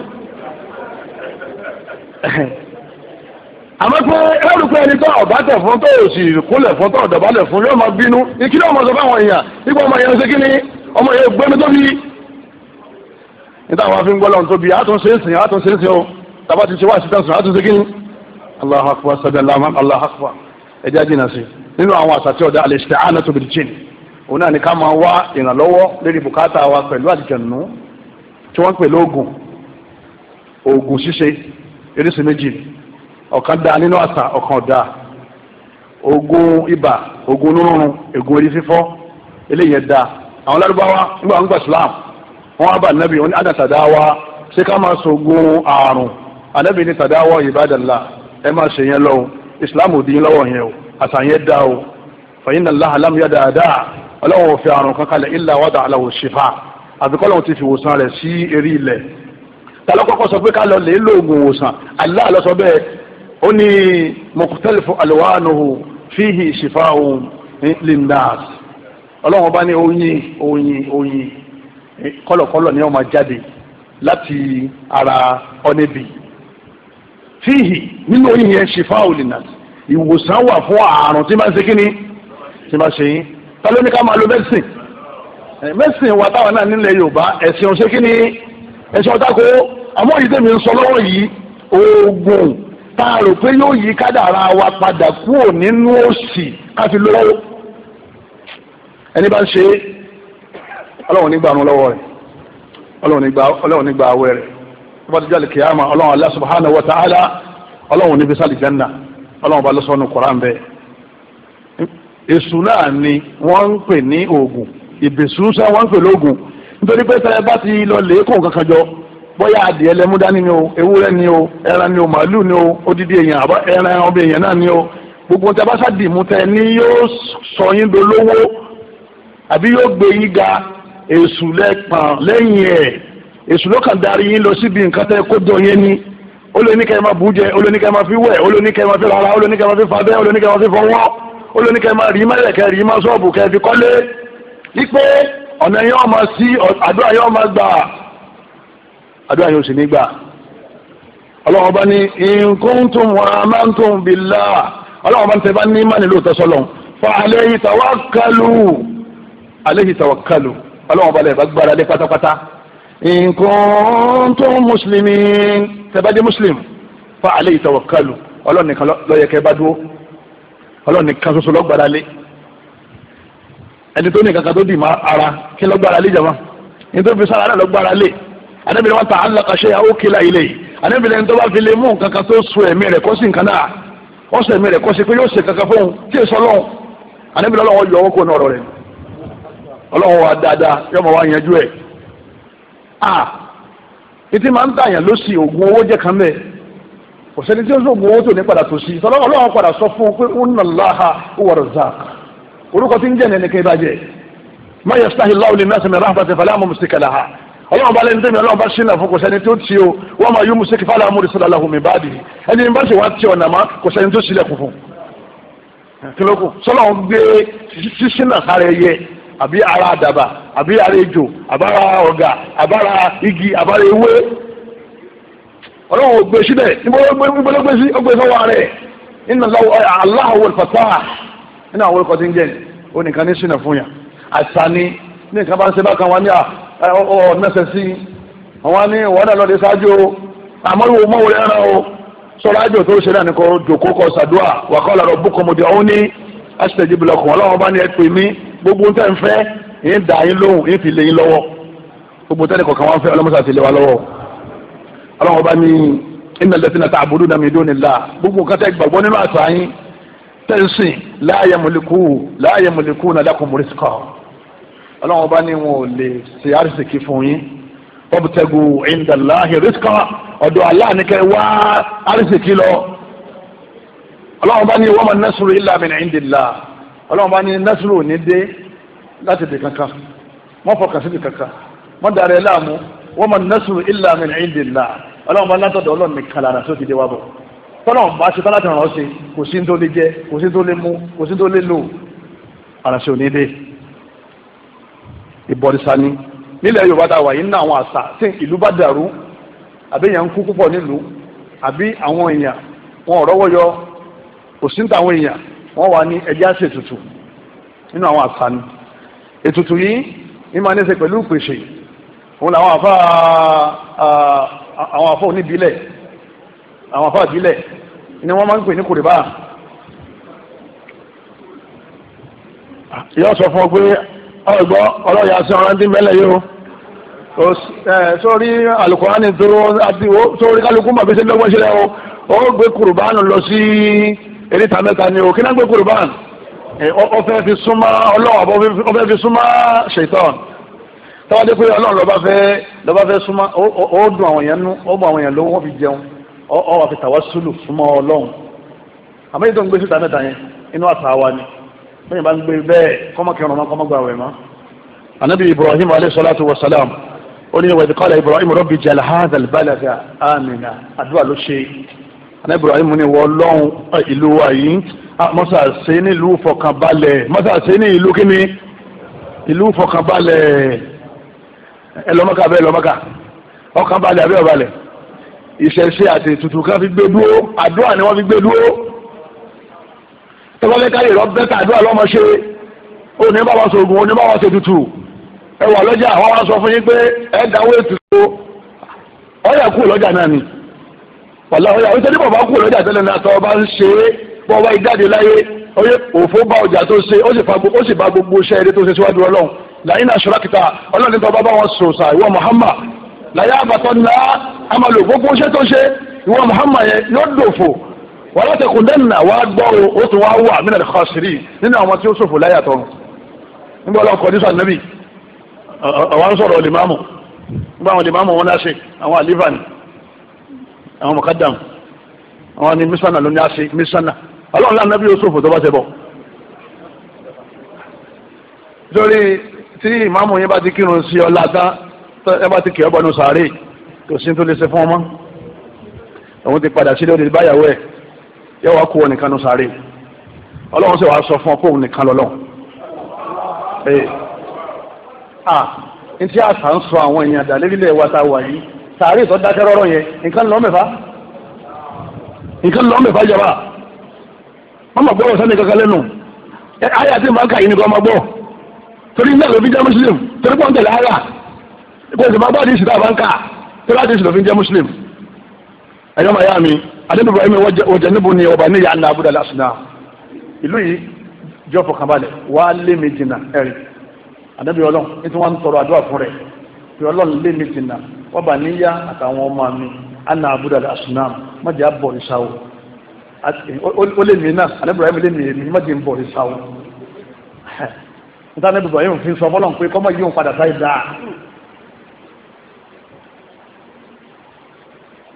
[LAUGHS] àmọ́ pé ẹrù pé ẹni tó ọ̀bá tẹ̀ fún tó òsì kúnlẹ̀ fún tó ọ̀dọ̀bálẹ̀ fún yóò máa bínú ìkíni ọmọ sọ fáwọn èèyàn ipò ọmọ yẹn ṣe kíni ọmọ yẹn gbẹ́mi tóbi níta àwọn afi ń gbọ́ lọ́n tóbi àtúnṣe ń sìn àtúnṣe ń sìn o tàbá ti ṣe wá sí tẹ̀sán àtúnṣe kíni. الله أكبر sadallahi الله Allahu الله أكبر àjìnà sí nínú àwọn àṣàtì ọ̀dà al-isti'anatu bil-jinn òun náà ni ká máa wá ìrànlọ́wọ́ lérí bùkátà wa pẹ̀lú àdìjẹ̀nù tí wọ́n ń pè lóògùn oògùn ṣíṣe eréṣin méjì ọ̀kan dáa nínú àṣà ọ̀kan ọ̀dà oògùn ibà oògùn onírúurú oògùn orí fífọ́ eléyìí ẹ̀dá àwọn lárúbáwá nígbà wọn gba Islam wọn wá bá nàbì wọn ní àdàtàdáwá ṣé ká máa sọ oògùn àrùn ànàbì ní tàdáwá ìbádàlá ẹ máa ṣe yẹn lọ́wọ́ islam ò dín lọ́wọ́ yẹn o àtàyẹn dá o fàyín náà láhàlámù yá dáadáa ọlọ́wọ́n fi àrùn kan kalẹ̀ ilà wàdà aláwọ̀ ṣèfà àbíkọ́ lọ́wọ́ ti fi wòsàn rẹ̀ sí eré ilẹ̀ talọ́kọ́kọ́ sọ pé ká lọ lè lo oògùn wòsàn Allah ló sọ bẹ́ẹ̀ ó ní mọ̀kútẹ́lifù àlùwánuhu fíhì ṣèfà òun lindas ọlọ́wọ́n bá ní oyin oyin oyin kọ́lọ̀kọ́lọ̀ ni wọ́n máa jáde láti ara ọ̀nẹ́bì fíhì nínú oyin yẹn ṣèfà òlìnà ìwòsàn wà fún àrùn tí máa ń ṣe kí ni tí máa ṣe yín ta ló ní ká máa lo mẹ́sìn mẹ́sìn wa táwọn náà nílẹ̀ yorùbá ẹ̀sìn ọ̀ṣẹ́ kí ni ẹ̀sìn ọ̀tá kó àmọ́ yìí tèmi ń sọ lọ́wọ́ yìí oògùn tá a rò pé yóò yí kádàrá wa padà kúrò nínú òṣì ká fi lọ́wọ́ ẹni bá ń ṣe ọlọ́run nígbà ọ̀run lọ́wọ́ rẹ̀ ọlọ́run nígbà awẹ́ rẹ̀ tó bá ti jáde kìyàmà ọlọ́run Allah subhanahu wa ta'ala ọlọ́run níbi sáà lìjánná ọlọ́run bá lọ́sọ̀ọ́nù kọ́ra ń bẹ́ẹ̀. èṣù ni wọ́n ń pè ní oògùn ìbèsù sá wọ́n ń pè nítorí pé sẹ́yìn bá ti lọ kankan jọ bóyá adìẹ dání ni o ewúrẹ́ ni o ẹran ni o màálù ni o odidi èèyàn àbá ẹran ọbẹ̀ èèyàn náà ni o gbogbo tẹ bá tẹ yóò sọ yín dolówó àbí yóò gbé yín ga èṣù ló kàn darí yín lọ síbi nǹkan tẹ́ kó jọ yẹn ni ó lè ní kẹ́ ẹ máa bù jẹ ó lè ní kẹ́ ẹ máa fi wẹ̀ ó lè ní kẹ́ ẹ máa fi rara ó lè ní kẹ́ ẹ máa fi fabẹ́ ó lè ní kẹ́ ẹ máa fi fọwọ́ ó lè ẹ máa rí mẹ́lẹ̀ kẹ́ rí má sọ́ọ̀bù kẹ́ fi kọ́lé wípé ọ̀nà yẹn ọmọ sí àdúrà yẹn ọmọ gbà àdúrà yẹn ò sì ní gbà ọlọ́wọ́n bá ní nkúntùn amántùn bìlá ọlọ́wọ́n bá ní tẹ́bá ní má nílò tẹ́sọ́lọ́ fa alayhi tawakkalu alayhi tawakkalu ọlọ́wọ́n bá lẹ́ẹ̀ bá gbára lé pátápátá in kuntum muslimin tẹ́bàdé muslim fa alayhi tawakkalu ọlọ́run nìkan lọ́yẹ kẹ́ bá dúró ọlọ́run nìkan ṣoṣo lọ́gbàdá lé ẹni tó ní kankan tó dì má ara kí lọ́gbàdá lé jama ẹni tó fi sára rẹ̀ lọ́gbàdá lé anábìrin wọn ta alaka ṣe àwọn òkèlà ilé yìí anábìrin ẹni tó bá fi lè mú kankan tó so ẹ̀mí rẹ̀ kọ́sí nǹkan náà wọ́n sọ ẹ̀mí rẹ̀ kọ́sí pé yóò ṣe kankan fóun tí èso lọ́hùn anábìrin ọlọ́run yọ ọwọ́ kó náà ọ̀rọ̀ rẹ̀ ọlọ́run wa dáadáa yọ ah ètí máa ń tàyàn ló sì oògùn owó jẹ́ kan mẹ́ẹ̀ kò sẹ́ni tí ó sóògùn owó tó ní padà tó sí tọ́lọ́wọ́ ọlọ́run padà sọ fún un pé ó nà láha ó wọ̀rọ̀ zak orúkọ tí ń jẹ́ nìkan ìbàjẹ́ má yẹ sáhì láwù lè mẹ́sàn-án mẹ́ràn àti fàlẹ́ àmọ́ mùsíkà láha ọlọ́run bá lẹ́ni tẹ́mi ọlọ́run bá ṣínà fún kò sẹ́ni tó ti o wọ́n máa yú mùsíkì fàlẹ́ àmúrí sọ̀rọ̀ aláhùn mi bá dì ẹni bá ṣe wá ti ọ̀nà má kò sẹ́ni tó sílẹ̀ kún fún kílókù sọlọ́run àbí ara àdàbà àbí ara ejò àbára ọ̀gà àbára igi àbára ewé ọlọ́run gbé síbẹ̀ sí sọ́wọ́ rẹ̀ nínú aláwọ̀ nínú àwọn olùkọ́ tí ń jẹ́ ní fún yà àṣà ni ní nǹkan bá ń ṣe bákan wá ní sí ní lọ́dẹ ṣáájú o àjò asitajib lakum ọlọ́wọ́n bá ní ẹ pè mí gbogbo tẹ́ ń fẹ́ ń dà yín lóhùn ń fi lè yín lọ́wọ́ gbogbo tẹ́ ní kọ̀ọ̀kan wọn fẹ́ ọlọ́mọṣà fi lè wa lọ́wọ́ ọlọ́wọ́n bá ní innal ladhina ta'buduna min dunillah gbogbo nǹkan tẹ́ gbàgbọ́ nínú àṣà yín tẹ́ ń sìn la yamliku la yamlikuna lakum rizqa ọlọ́wọ́n bá ní wọn ò lè ṣe àrísìkì fún yín wabtagu indallahi rizqa ọ̀dọ̀ Allah ní ọlọ́run bá ní wa man nasru illa min indillah ọlọ́run bá ní nasru ní dé láti dè kankan wọ́n fọkàn síbi kankan wọ́n darí ẹ̀ láàmú wa man nasru illa min indillah ọlọ́run bá látọ̀dọ̀ ọlọ́run nìkan lára tó ti dé wá bọ̀ tọ́lọ́run bá ṣe tán láti ràn ọ́ sí kò sí tó jẹ kò sí tó mú kò sí tó lè lò àràṣẹ ò ní dé ìbọ̀rìṣà ni nílẹ̀ yorùbá tá wà yìí ní àwọn àṣà tí ìlú bá dàrú àbí èèyàn ń kú púpọ̀ nílùú àbí àwọn èèyàn wọn ò rọ́wọ́ yọ òsín táwọn èèyàn wọ́n wà ní ẹjẹ́ àṣẹ ètùtù nínú àwọn àṣà ni ètùtù yìí ní máa ní ṣe pẹ̀lú ìpèsè òun làwọn àfa àwọn àfa oníbílẹ̀ àwọn àfa àbílẹ̀ ni wọ́n máa ń pè ní kùrìbá yóò sọ fún ọ pé ọgbọ́ ọlọ́yà sí ọ̀rọ̀ ndí mẹ́lẹ̀ yìí o sórí alukurani tó àti sórí kálukú màbí sí lọ́gbọ́n sílẹ̀ o ó gbé kùrùbánu lọ sí eréta mẹ́ta ni o kí náà gbé kurban ọfẹ́ fi súnmọ́ ọlọ́wọ́ bọ́ ọfẹ́ fi súnmọ́ ṣètọ́n tọ́wádé pé ọlọ́run lọ́ba fẹ́ lọ́ba fẹ́ súnmọ́ ó dùn àwọn èèyàn nú ó mọ àwọn èèyàn lówó wọ́n fi jẹun ọ wà fi tàwa sùlù súnmọ́ ọlọ́run àmọ́ èyí tó ń gbé síta mẹ́ta yẹn inú àṣà wa ni bẹ́ẹ̀ bá ń gbé bẹ́ẹ̀ kọ́mọkẹrùn ọmọ kọ́mọgbà wẹ̀ mọ́. anabi ibrahim alayhi salatu wa salam ó ní ibrahim rabbi jal hadha amina àdúrà anabi ibrahim ni wọ lọ́hùn ìlú wa yìí mọ́sá ṣe ní ìlú fọkànbalẹ̀ mọ́sá ṣe ní ìlú kíni ìlú fọkànbalẹ̀ ẹlọ́mọ́ka abẹ́ ẹlọ́mọ́ka ọkànbalẹ̀ abẹ́ ọ̀balẹ̀ ìṣẹ̀ṣe àti ètùtù kan fi gbé dúró àdúrà ni wọ́n fi gbé dúró tọ́lá lẹ́ka ìrọ̀ bẹ́tà àdúrà lọ́mọ ṣe ó ní bá wọn sògùn ó ní bá wọn ṣe tutù ẹ wà lọ́jà wọ́n wá sọ fún yín pé ẹ dáwọ́ ètùtù ọ̀yà kú lọ́jà náà ni wàlá ọ̀yà ó tẹ́lẹ̀ bàbá kú lọ́jà tẹ́lẹ̀ náà tọ́ ọba ń ṣe é bọ́ ọba ìjáde láyé oyè òfó bá ọjà tó ṣe ó sì bá gbogbo iṣẹ́ eré tó ṣe síwájú ọlọ́run làyín náà ṣọlá kìtà ọlọ́run tó bá bá wọn sòsà ìwọ Muhammad làyà àbàtọ́ ńlá amalo gbogbo iṣẹ́ tó ṣe ìwọ Muhammad yẹn yóò dòfò wàlá tẹkùn dẹ́nà wá gbọ́ o ó tún wá wà mí nàdí kọ́sìrì nínú àwọn tí ó ṣòfò láyà tọ́ nígbà ọlọ́run kọ́ nísà níbi àwọn sọ̀rọ̀ lè máàmù nígbà àwọn lè máàmù wọn láṣẹ àwọn àlífà ni àwọn mọ̀kádàm àwọn ni mísánà ló ní àṣẹ mísánà ọlọ́run láàánú bí Yusuf tó bá ṣe bọ̀. torí tí ìmáàmù yín bá ti kírun sí ọ látá ẹ bá ti kì ọ́ bọ́ nù sàárè kò sí tó lè ṣe fún ọmọ òun ti padà sílé òde báyàwó ẹ̀ yóò wá kú ọ nìkan nù sàárè ọlọ́run sì wàá sọ fún ọ kó òun nìkan lọ́lọ́ ntí àṣà ń sọ àwọn èèyàn dà lérílẹ̀ wa tá wà yìí sàárè tó dákẹ́ rọ́rọ́ yẹn nǹkan lọ́ mẹ́fà nǹkan lọ́ mẹ́fà jọba wọ́n mọ̀ gbọ́dọ̀ sani kankan lẹ́nu ayé àti màkà yìí nìkan máa gbọ́ torí náà ló jẹ́ muslim torí pọ́ńtà lára kò sì máa gbọ́ àdìsí tá a bá ń kà torí àdìsí ló jẹ́ muslim ẹ̀yọ́ màá yá mi adébíbọ̀ ẹ̀mí wọ́jẹ̀ níbo ni ọba níyà ńlá abúlé lásìlá ìlú yìí jọ́ fọkànbalẹ̀ wá lé mi jìnnà ẹ̀rì adébíyọ̀ ọlọ́run ní tí wọ́n ń tọrọ àdúrà fún rẹ̀ ọlọ́run lé mi jìnnà wọ́n bà níyà àtàwọn ọmọ mi anna abudu al-asnam májà bọ̀ ìṣàwò ó lè mí náà alẹ́bùrọ̀ yẹn lè mí èmi májà ń bọ̀ ìṣàwò nítorí alẹ́bùrọ̀ yẹn fi sọ fọlọ́n pé kọ́mọ yóò padà sáyé dáa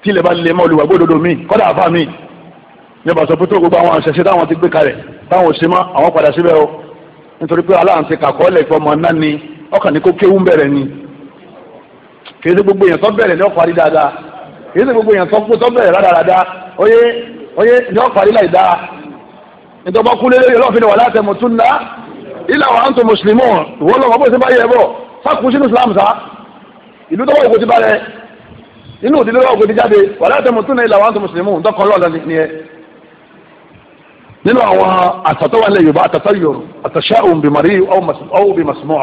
tí ilẹ̀ bá lè mọ olùwàgbọ́dodo mi kọ́dà àfa mi ní ọba sọ pé tó gbogbo àwọn àṣẹṣe táwọn ti gbé kalẹ̀ táwọn ò ṣe mọ́ àwọn padà síbẹ̀ o nítorí pé aláǹtí kàkọ́ lẹ̀ fọmọ náà ni ọkàn ní kó kéwú bẹ̀rẹ̀ ni kì í ṣe gbogbo èèyàn tó bẹ̀rẹ̀ ní ọ̀pọ̀ àdí dáadáa kì í ṣe gbogbo èèyàn tó kú tó bẹ̀rẹ̀ rádaràda oyé oyé ní ọ̀pọ̀ àdí láì dáa nítorí ọkú lé lórí ọlọ́ọ̀fin wà láti ẹ̀mọ̀ tún ná ilà wà á ń tó mùsùlùmí wọ́n lọ́wọ́ bó ṣe bá yẹ bọ̀ fákùú sínú Islam sá ìlú tó wọ́n ti bá rẹ inú òdìlé wọ́n kò ti jáde wà láti ẹ̀mọ̀ tún ná ilà wà á ń tó mùsùlùmí ni ẹ nínú àwọn àtọ̀tọ̀ wà lẹ̀ Yorùbá àtọ̀tọ̀ Yorùbá àtọ̀ṣẹ́ òun bìmọ̀rí ọ̀hún bìmọ̀sùmọ́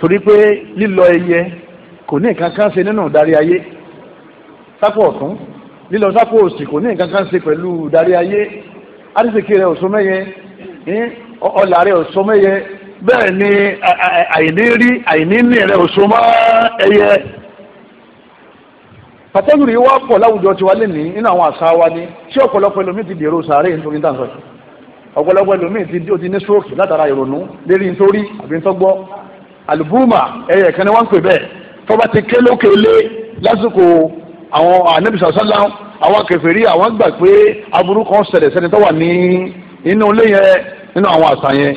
torí pé lílọ ẹyẹ kò ní nǹkan kan ṣe nínú ìdarí ayé sápò ọ̀tún lílọ sápò òsì kò ní nǹkan kan ṣe pẹ̀lú ìdarí ayé àdìsíkì rẹ̀ òṣó mẹ́yẹ ọ̀là rẹ̀ òṣó mẹ́yẹ bẹ́ẹ̀ ni àìní rí àìní ní rẹ̀ òṣó mọ́ ẹyẹ pàtẹ́gùrì wa pọ̀ láwùjọ tiwa lẹ́nìí nínú àwọn àṣà wa ni tí ọ̀pọ̀lọpọ̀ ẹlòmíì ti dèrò sàárè nítorí dáńsọ̀ ọ̀pọ̀lọpọ̀ ẹlòmíì ti ní stroke látara ìrònú lérí nítorí àbí ntọ́gbọ́ Alubuma, ẹyẹ kan ni wọ́n ń pè bẹ́ẹ̀ tọ́ba ti ké lókè lé lásìkò àwọn ànábìsà àwọn kèfèrí àwọn gbà pé aburú kan ṣẹlẹ̀ tó wà ní inú ilé yẹn nínú àwọn àṣà yẹn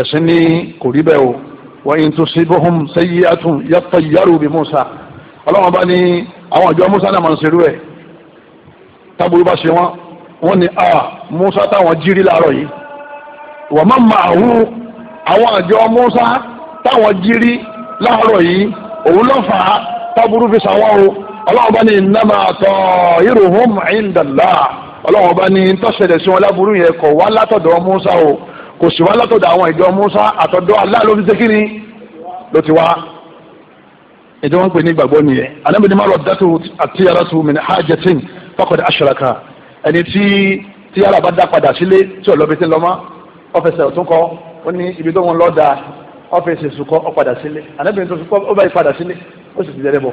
ẹ̀sìn ni kò rí bẹ́ẹ̀ o wọ́n yìí tún sí hum sẹ́yìn àtún yàtọ̀ yàrá bí Musa ọlọ́wọ́n bá ní àwọn ìjọ Musa náà máa ń ṣerú ẹ̀ tábùrú bá ṣe wọ́n wọ́n ní a Musa táwọn jírí láàárọ̀ yìí wọ́n máa hu àwọn àjọ Musa táwọn jírí láàárọ̀ yìí òun ló fà á táburú fi sàwọn o ọlọ́wọ́n bá ní innama ta'iruhum indallah ọlọ́wọ́n bá ní tọ́sẹ̀lẹ̀ sí wọn láburú yẹn kọ̀ wá látọ̀dọ̀ Musa o kò sì wá látọ̀dọ̀ àwọn ìjọ Musa àtọ̀dọ̀ Allah ló fi ṣe kíni ló ti wá ìdí wọn pè ní gbàgbọ́ nìyẹn anábìíní má lọ dátù àti yàrá tu min hajjatin faqad ashraka ẹni tí tí tí ọ́fíìsì sùkọ́ ó padà sílé ànábìrin tó sùkọ́ ó bá yí padà sílé ó sì ti dẹ́rẹ́ bọ̀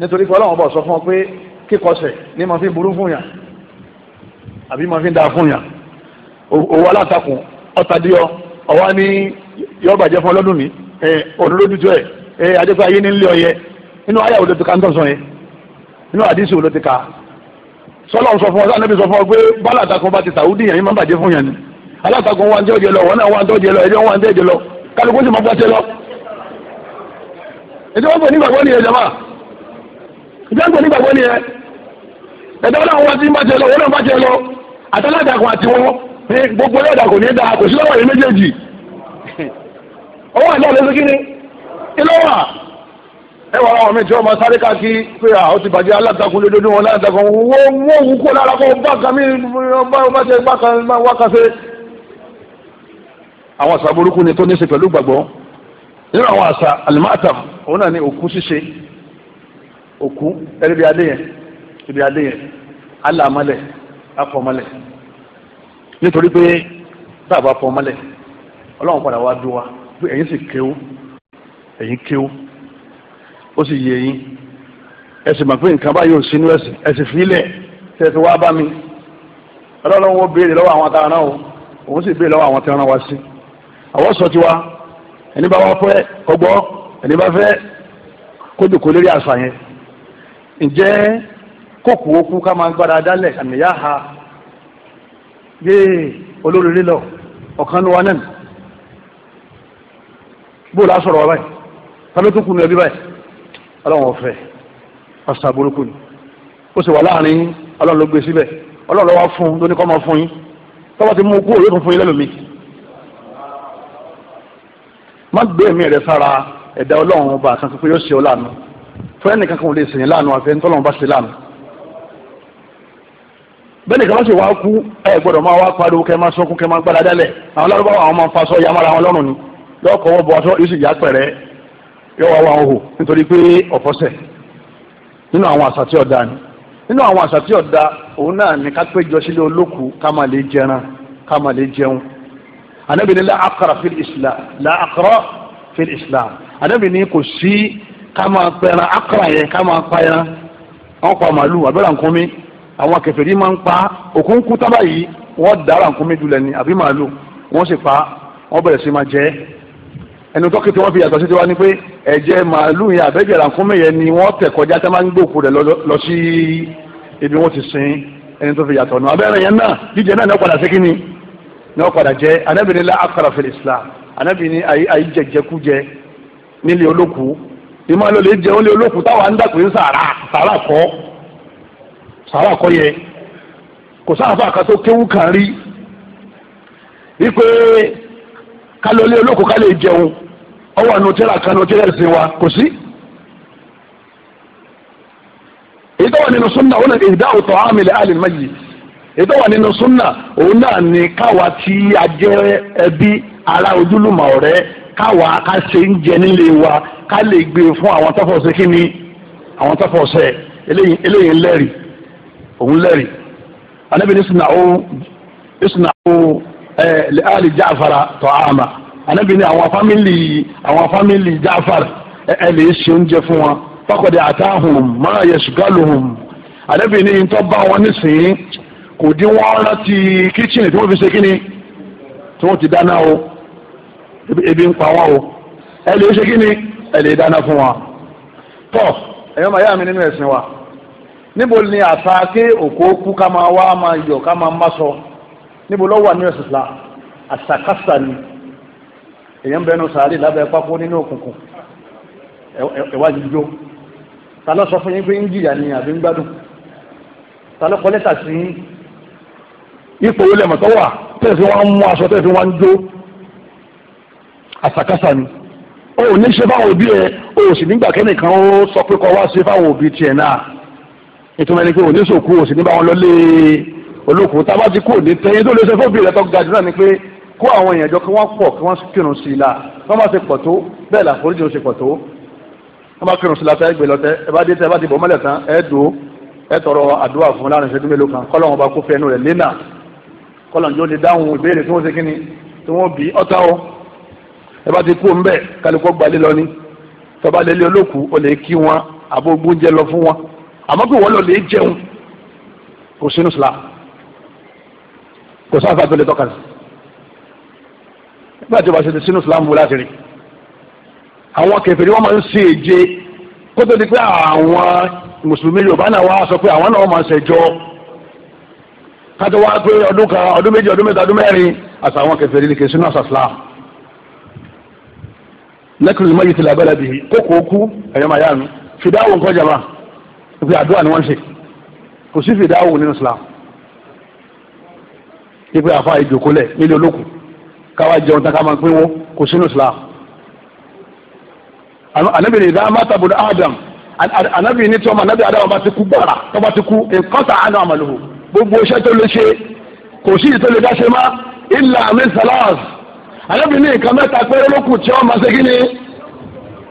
nítorí pé ọlọ́run bọ̀ sọ fún ọ pé kíkọsẹ̀ ní ma fi burú fún yàn àbí ma fi da fún yàn owó alátakùn ọ̀tàdíọ́ ọ̀wá ní yọ bàjẹ́ fún ọlọ́dún mi ẹ òdòdójútó ẹ ẹ adékọ́ ayé ní nílé ọyẹ inú ayé òdòdó ti ń tọ̀sán yẹn inú àdísì òdòdó ti ka sọ fún ọ sọ sọ fún ọ pé bọ́lá alátakò wa ń tẹ́ ọ̀jẹ̀ lọ wọn náà wa ń tẹ́ ọ̀jẹ̀ lọ ẹ̀jẹ̀ wa ń tẹ́ ọ̀jẹ̀ lọ kálukú sì máa bọ́ tẹ́ lọ. ètò wọn pè ní gbàgbọ́ nìyẹn jama ìjọba ń pè ní gbàgbọ́ nìyẹn ẹ̀dá ọlọ́run wa ti ń bá tẹ́ lọ wọn náà bá tẹ́ lọ àtàládàkọ àti wọn gbogbo ẹ̀dá kò ní í da kò sí lọ́wọ́ yìí méjèèjì [LAUGHS] ọwọ́ àjọ lọ́sọ kí ni ilé wà ẹ wà láwọn mi tí wọ́n máa sáré káàkiri pé à ti bàjẹ́ alátakùn lójoojúmọ́ alátakùn wọ́n wọ́n wù kó lára kó bá kan bá kan wá àwọn àṣà burúkú ni tó ní í ṣe pẹ̀lú gbàgbọ́ nínú àwọn àṣà alimatam òun náà ni òkú ṣíṣe òkú ẹni bí adé yẹn ibi adé yẹn alamọlẹ afọmọlẹ nítorí pé tá a bá fọmọlẹ ọlọ́run padà wá dúwa pé ẹ̀yin sì kéwú ẹ̀yin kéwú ó sì yé yín ẹ sì mọ̀ pé nǹkan báyìí ò sínú ẹ̀sìn ẹ̀sìn fílẹ̀ tẹ̀ fi wá bá mi ọlọ́run wo béèrè lọ́wọ́ àwọn tá a o òun sì béèrè lọ́wọ́ àwọn tí wọ́n rán wa sí. Si àwọn sọ tiwa ẹni bá wá fẹ́ kọgbọ́ ẹni bá fẹ́ kójú kò lérí àṣà yẹn ǹjẹ́ kókò okú ká máa gbára dálẹ̀ àníyá ha yéè olórí lílọ ọ̀kan ló wá náà bó la sọ̀rọ̀ wa báyìí tàbí tó kùnú ẹbí báyìí ọlọ́run ọ̀fẹ́ ọ̀sà burúkú ni ó sì wà láàrin ọlọ́run ló gbé síbẹ̀ ọlọ́run ló wá fún un ló kọ́ máa fún yín tọ́wọ́ ti mú kú òye tó fún yín lẹ́lòmíì má gbé ẹ̀mí rẹ sára ẹ̀dá ọlọ́run ọba kan pé yóò ṣe ọ lánàá fún ẹnìkan kan ò lè sèyìn lánàá àfẹ́ ntọ́lọ́run bá ṣe lánàá. bẹ́ẹ̀ni kan bá ṣe wàá kú ẹ gbọ́dọ̀ máa wá pariwo kẹ́ máa sọkún kẹ́ máa gbára dálẹ̀ àwọn lárúbáwá àwọn máa ń faṣọ ya mara wọn lọ́rùn ni yóò kọ́wọ́ bọ aṣọ yóò sì yá pẹ̀rẹ́ yóò wá wá wọn hò nítorí pé ọ̀fọ́sẹ̀ nínú àwọn àṣà anabi ni laakara fil islam laakara fil islam anabi ni kò sí kama pẹran akara yẹn kama pẹran wọn pa màlúù abẹ́rẹ́ nkúmi àwọn kèfèrí máa ń pa òkúńkú tábà yìí wọ́n dára nkúmi dulẹ̀ ni àbí màlúù wọ́n sì pa wọ́n bẹ̀rẹ̀ sí máa jẹ́ ẹnu tọ́kì tí wọ́n fi yàtọ̀ sí tiwa ni pé ẹ̀jẹ̀ màlúù yẹn àbẹ́jẹ̀ nkúmi yẹn ni wọ́n tẹ̀ kọjá tí wọ́n máa ń gbòkú rẹ̀ lọ sí ibi wọ́n ti sin ẹni tó fi yàtọ̀ nù abẹ́rẹ́ yẹn náà jíjẹ náà ní ọ ní wọn padà jẹ anabi ni la akara fil islam anabi ni ayi ayi jẹjẹkujẹ nílé olóku ìmọ̀ ló lè jẹun lé olóku táwa ń dàpé sàrà sàrà kọ́ sàrà kọ́ yẹ kò sáfà kan tó kéwú rí wípé kálọ̀ jẹun kan wa kò sí. èyí tó wà nínú súnmọ́ ìdáhùn tó lẹ́hàlì ètò wà nínú súnà òun náà ni káwa tí a jẹ́ ẹbí ará ojúlùmọ̀ ọ̀rẹ́ káwa ká ṣe ń jẹ nílé wa ká lè gbé e fún àwọn tó fọṣẹ kí ni àwọn tó fọṣẹ eléyìí lẹ́rì òun lẹ́rì anabi ní sinna ó ó ẹ lè àlè jáfara tọ́ àmà anabi ní àwọn fámìlì àwọn fámìlì jáfara ẹ lè ṣe oúnjẹ fún wọn fakọ̀dé àtàhùn máa yẹ ṣùgbọ́n lòun anabi ní ntọ́ bá wọn nísìnyí. kò dín wọ́n rántí kíchìnì tí wọ́n fi ṣe kíni tí wọ́n ti dáná o ebi ń pa wọ́n o ẹ lè ṣe kíni ẹ lè dáná fún wa. tọ́ ẹ̀yọ́ màá yá mi nínú ẹ̀sìn wa níbo ni àṣà ké òkú kú ká máa wá máa yọ ká máa má sọ níbo lọ́wọ́ wà nínú ẹ̀sìn Islam àṣàkáṣà ni èèyàn bẹnu sàárè lábẹ́ pákó nínú òkùnkùn ẹ̀wájú jó ta ló sọ fún yín pé ń jìyà ni àbí ń gbádùn ta ló kọ́ lẹ́tà sí yín ipò wo lẹ́mọ̀ tó wà tẹ̀sí wọn mú aṣọ tẹ̀sí wọn jó àsàkásà ni o ò ní ṣe fáwọn òbí ẹ o ò sì nígbà kẹ́nìkan ó sọ pé kó wá ṣe fáwọn òbí tiẹ̀ náà ìtumọ̀ ẹni pé òní sòkú òsì ní bá wọn lọlé olókùn tá a bá ti kú òní tẹ́yìn tó lè ṣe fóbi rẹ̀ tó ga jù náà ni pé kó àwọn èèyàn jọ kí wọ́n pọ̀ kí wọ́n kírun sí i la wọ́n bá ṣe pọ̀ tó bẹ́ẹ̀ là foríjì ó ṣe pọ̀ tó wọ́n bá kírun sí i la tẹ́ gbé lọ́tẹ́ ẹ bá dé tẹ́ ẹ bá ti bọ̀ mọ́lẹ̀ tán ẹ dùn ẹ tọrọ àdúrà fún láàrin ìṣẹ́jú kan kọ́lọ́wọ́n bá kó fẹ́nu rẹ̀ léna kọ́lọ̀ yóò lè dáhùn ìbéèrè tí wọ́n ṣe kíni tí wọ́n bí ọ̀tá o ẹ bá ti kú ńbẹ kálukọ́ gbalẹ̀ lọ ni tọ́ba lélẹ̀ olóòkú ó lè kí wọn àbó gbóúnjẹ lọ fún wọn àmọ́ kí wọ́n lọ lè jẹun kò sínú islam kò sáfà tó lè tọ́ka sí nígbà tí o bá ṣe ti sínú islam wò láti rí àwọn kèfèrí wọn máa ń ṣe èje kó tó pé àwọn mùsùlùmí yorùbá náà wá sọ pé àwọn náà máa ń ṣẹjọ́ kájọ wá pé ọdún kan ọdún méjì ọdún mẹ́ta ọdún mẹ́rin àṣà àwọn kẹfẹ́ líle kẹsínú àṣà Islam lẹ́kùnrin mọ́yì ti làbẹ́lẹ̀ bìí kókò ókú ẹ̀yọ́mọ̀ ayá nu fìdáwò nǹkan jàmá ìpè àdúrà ni wọ́n ṣe kò sí fìdáwò nínú Islam ìpè àfa ìjòkólẹ̀ nílé olókùn káwá jẹun tán ká máa pínwó kò sínú Islam anabi ni idan mata bu adam anabi ni tí ọmọ anabi adam ọba ti kú gbára ọba ti kú nkọta anu amaluhu gbogbo iṣẹ́ tó lè ṣe kò sí ìtò lè dáṣe má ilà mi salas arábìnrin nǹkan mẹ́ta pé olókùn tí wọ́n máa ṣe kí ni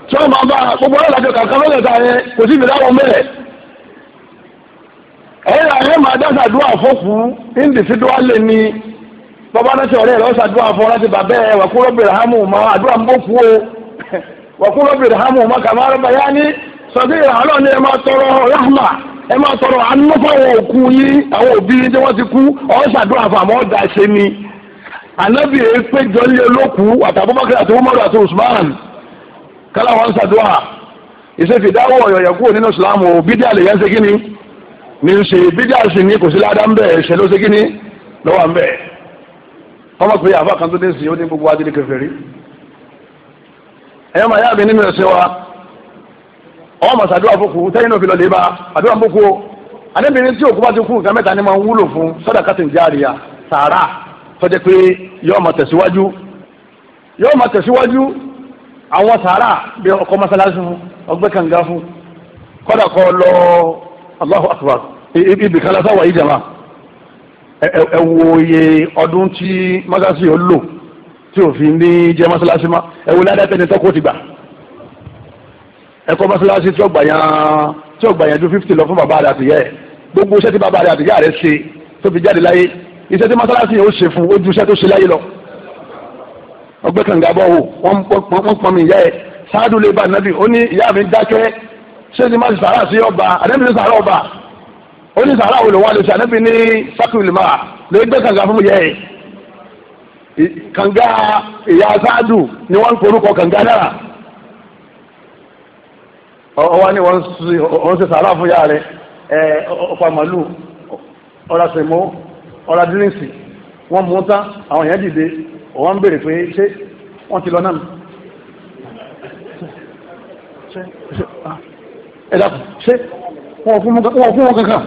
tí wọ́n máa bá gbogbo ọlọ́dàjọ kankan mẹ́tẹ̀ẹ̀ta yẹn kò sí ìdílé àwọn mẹ́rẹ̀ ẹ̀yìn àyẹ̀ máa dáṣà dúà fọ́kù ìndìsí dúà lè ní bàbá náà ṣe ọ̀rẹ́ rẹ̀ ọ̀ṣà dúà fọ́ láti bàbẹ́ ẹ̀ wàkúrọ̀ bèrè hàmù mọ́ àdúrà ń bó kú o wàkúrọ̀ bèrè hàmù ẹ máa sọ̀rọ̀ àánú fáwọn òkú yín àwọn òbí yín tí wọ́n ti kú ọ̀hún ṣàdúrà fún àmọ́ ọ̀dà ṣe ni ànábì èyí péjọ lé olókùú àtàbọ̀bọ̀kẹ́ àti wọ́mọ́rọ̀ àti Usman kálá wọn ṣàdúrà ìṣèfìdáwọ̀ ọ̀yọ̀yọ̀ kúrò nínú Islam ò bídíà lè yẹn ṣe kíni ní ń ṣe bídíà sì ní kò sí ládàá ń bẹ̀ ẹ̀ṣẹ̀ ló ṣe kíni lọ́wọ́ ń bẹ̀ ọmọ pé àbá kan tó dé sí ó ní gbogbo adé kèfèrí ẹ̀yọ́ màá yá mi nínú ẹ̀sìn wa ọwọ́ mọ̀ sàdúrà fúnkù tẹ́yìn náà fi lọ lè bá àdúrà fúnkù o àdébìnrin tí òkú bá ti kú nǹkan mẹ́ta ni máa ń wúlò fún sọ́dà kátìn jáàríà sàárà tọ́jẹ́ pé yọ́ọ́ máa tẹ̀síwájú yọ́ọ́ máa tẹ̀síwájú àwọn sàárà bí ọkọ̀ mọ́sálásí fún ọgbẹ́ kànga fún kọ́dà kọ́ lọ Allahu Akbar ibi kan lásán wà yìí jàmá ẹ wo iye ọdún tí mọ́sálásí yóò lò tí òfin ní jẹ́ mọ́sálásí má ẹ ládàá tẹ́ni ẹ̀kọ́ mọ́ṣáláṣí tí ọgbà yẹn tí ọgbà yẹn ju fifty lọ fún bàbá rẹ̀ àtìyẹ́ ẹ̀ gbogbo iṣẹ́ tí bàbá rẹ̀ àtìyẹ́ rẹ̀ ṣe tó fi jáde láyé iṣẹ́ tí mọ́ṣáláṣí yẹn ó ṣe fún ó ju iṣẹ́ tó ṣe láyé lọ. ọgbẹ́ kànga bọ́ wò wọ́n pọn mi ìyá ẹ̀ sáádù lè ba nàbì ó ní ìyá mi dákẹ́ ṣé ti máa sàrà sí ọba àdébì ní sàrà ọba ó ní sàrà òòlù wa lè ṣe àdébì ní sákìlìmà lè gbẹ́ kànga fún ìyá ẹ̀ kànga ìyá sáádù ni wọ́n ń ọwọ́ ni wọ́n ṣe sàrà fún yàrá rẹ̀ ọ̀pá màlúù ọ̀rá sèmó ọ̀rá dírínsì wọ́n mú tán àwọn èèyàn dìde wọ́n ń béèrè pé ṣé wọ́n ti lọ náà ẹ̀dá ṣé ah, wọ́n fún wọn kankan wọ́n fún wọn kankan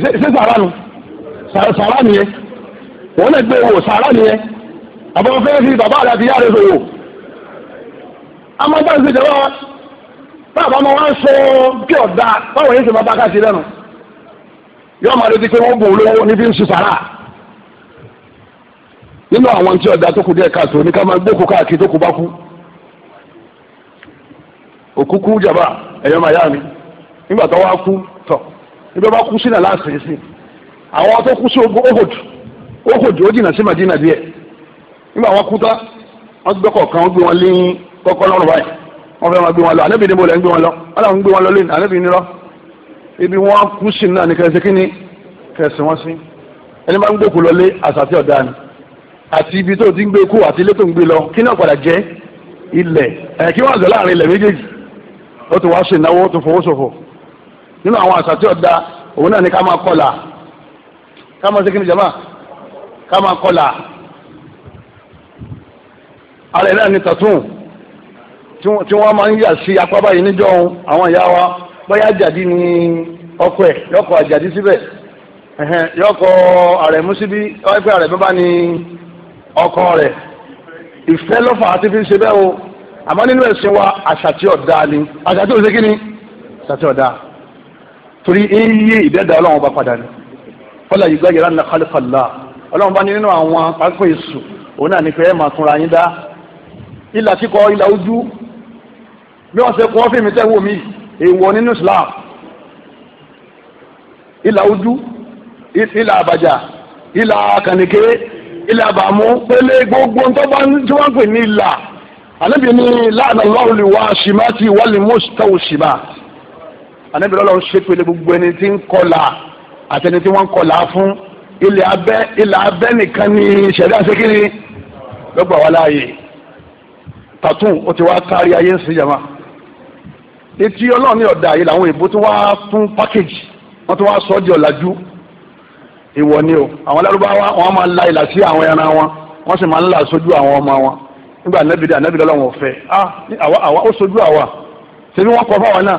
ṣé sàrà nu sàrà nìyẹn wọ́n lè gbé owó sàrà nìyẹn àbọ̀ fẹ́ẹ́ fi bàbá àti ìyá rẹ̀ sọ̀rọ̀ amọ́tà ń sèjọba wa báàbá ọmọ wa ń sọ bí báwo ni sèjọba bá káàkiri lẹ́nu yóò máa retí pé bụ bò lówó níbi ń nínú àwọn tí ọ̀dà tó kù díẹ̀ káàtó ní ká máa káàkiri tó kù bá kú òkúkú yá mi nígbà tó wá kú níbi ọba kú sínú sí àwọn tó kú sí ó jìnnà sí Madina nígbà wọn kú tá kọ́kọ́ lọ́rùn báyìí wọ́n fẹ́ máa gbé wọn lọ ànábì níbo lẹ́ ń gbé wọn lọ aláwọn ń gbé wọn lọ lónìí ànábì nírọ́ ibi wọn kú sí náà ní kẹsẹ̀ kínní kẹsẹ̀ wọn sí ẹni bá ń gbé kú lọlé àsàtì ọ̀dà ni àti ibi tó ti ń gbé kú àti ilé tó ń gbé lọ kí náà padà jẹ́ ilẹ̀ ẹ̀ kí wọ́n zọ láàrin ilẹ̀ méjèèjì ó ti wá ṣe ìnáwó tó fowó ṣòfò nínú àwọn àsàtì ọ̀dà òun náà ni ká máa kọlà ká máa ṣe kí ni jama ká máa kọlà alẹ́ náà ni tàtún tí wọ́n máa ń yà sí apá báyìí níjọ́ òun àwọn ìyá wa bóyá àjàdí ni ọkọ ẹ̀ yọkọ àjàdí síbẹ̀ yọkọ àrẹ̀mú síbí ọ̀ẹ́pẹ́ àrẹ̀mú bá ní ọkọ rẹ̀ ìfẹ́ lọ́fà àti fi ń ṣe bẹ́ẹ̀ o àmọ́ nínú ẹ̀sìn wa àṣà ọ̀dà ni àṣà tí ò ṣe kí ni àṣà tí ọ̀dà torí eyín ìdẹ́dà ọlọ́run bá padà ni kọ́lá yìí gbẹ́yẹ̀rẹ́ ní kálífàlá ọlọ́run bá ní nínú àwọn pápẹ́ èṣù òun náà ní pé ẹ máa túnra yín dá ìlà kíkọ ìlà ojú bí wọ́n ṣe kún ọ́ fíìmù tẹ́wọ́ mi èèwọ̀ nínú Islam ilà ojú ilà àbàjá ilà kànìké ilà àbàmú pélé gbogbo ntọ́ba tí wọ́n ń pè ní ilà ànábì ní láàánú lọ́rùn lè wá ṣìmá tí wọ́n lè mú ṣìmá ànábì lọ́rùn ṣe pélé gbogbo ẹni tí ń kọlà àti ẹni tí wọ́n ń kọlà fún ilẹ̀ abẹ́ ilẹ̀ abẹ́ nìkan ni ṣẹ̀dá ṣẹ́kìrì lọ́gbà wà láàyè tàtún ó ti wá kárí ayé ń sìn etí ọlọ́run ní ọ̀dà yìí làwọn èèbó tó wá fún pákéjì wọ́n tó wá sọ ọ́ di ọ̀làjú ìwọ ni o àwọn alárúbáwá wọn máa la ìlà sí àwọn ẹran wọn wọ́n sì máa ń là sójú àwọn ọmọ wọn nígbà anábì dé anábì lọ́wọ́ fẹ́ ah àwa àwa ó sojú àwa ṣebí wọ́n kọ fáwọn náà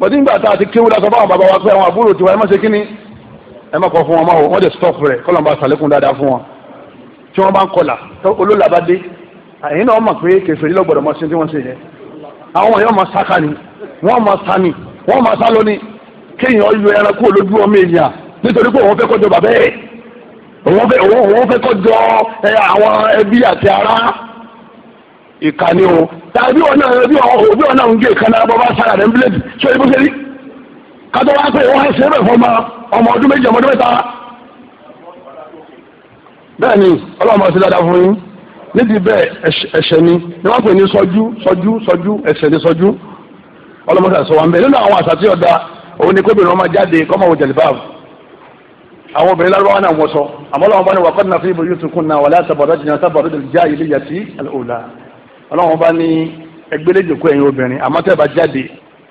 bọ́dí nígbà tá a ti kéwú lásán fáwọn bàbá wa pé àwọn àbúrò tiwa ẹ má ṣe kíni ẹ má kọ fún wọn mọ́ o wọ́n jẹ́ stop rẹ̀ kọ́ lọ́nba sàlékún dáadáa fún wọn tí wọ́n bá ń kọlà olólàbádé àyìn náà mọ̀ pé kèfèrí lọ́gbọ̀dọ̀ mọ́ sí tí wọ́n ṣe yẹn àwọn yóò máa sáka ni wọ́n máa sá ni wọ́n máa sá lónìí kéèyàn yọ ẹranko lójú ọmọ nítorí pé òun fẹ́ kọjọ bàbá ẹ̀ òun fẹ́ òun fẹ́ kọjọ àwọn ẹbí àti ará ìkànnì o tàbí wọn náà ẹbí òbí wọn náà ń gé ìkànnì bàbá sára rẹ̀ ń ibi nídìí bẹ́ẹ̀ ẹ̀ṣẹ̀ ni ni wọ́n pè ní sọ́jú sọ́jú sọ́jú ẹ̀ṣẹ̀ ni sọ́jú ọlọ́mọdé àṣọ wa ń nínú àwọn àṣà tí ọ̀dà òun ni kóbìnrin wọn máa jáde kọ́ máa wọ jẹ̀lìbáàbù àwọn obìnrin lárúbáwá náà wọ́n sọ àmọ́ ọlọ́wọ́n bá ní wàkọ́ náà fi ibò yóò tukùn náà wà látàbọ̀ lọ́jìnà sábàdó lè já ilé yàtí àlòlá ọlọ́wọ́n bá ní ẹgbẹ́lẹ́jọkọ ẹ̀yin obìnrin àmọ́ tẹ́ ẹ bá jáde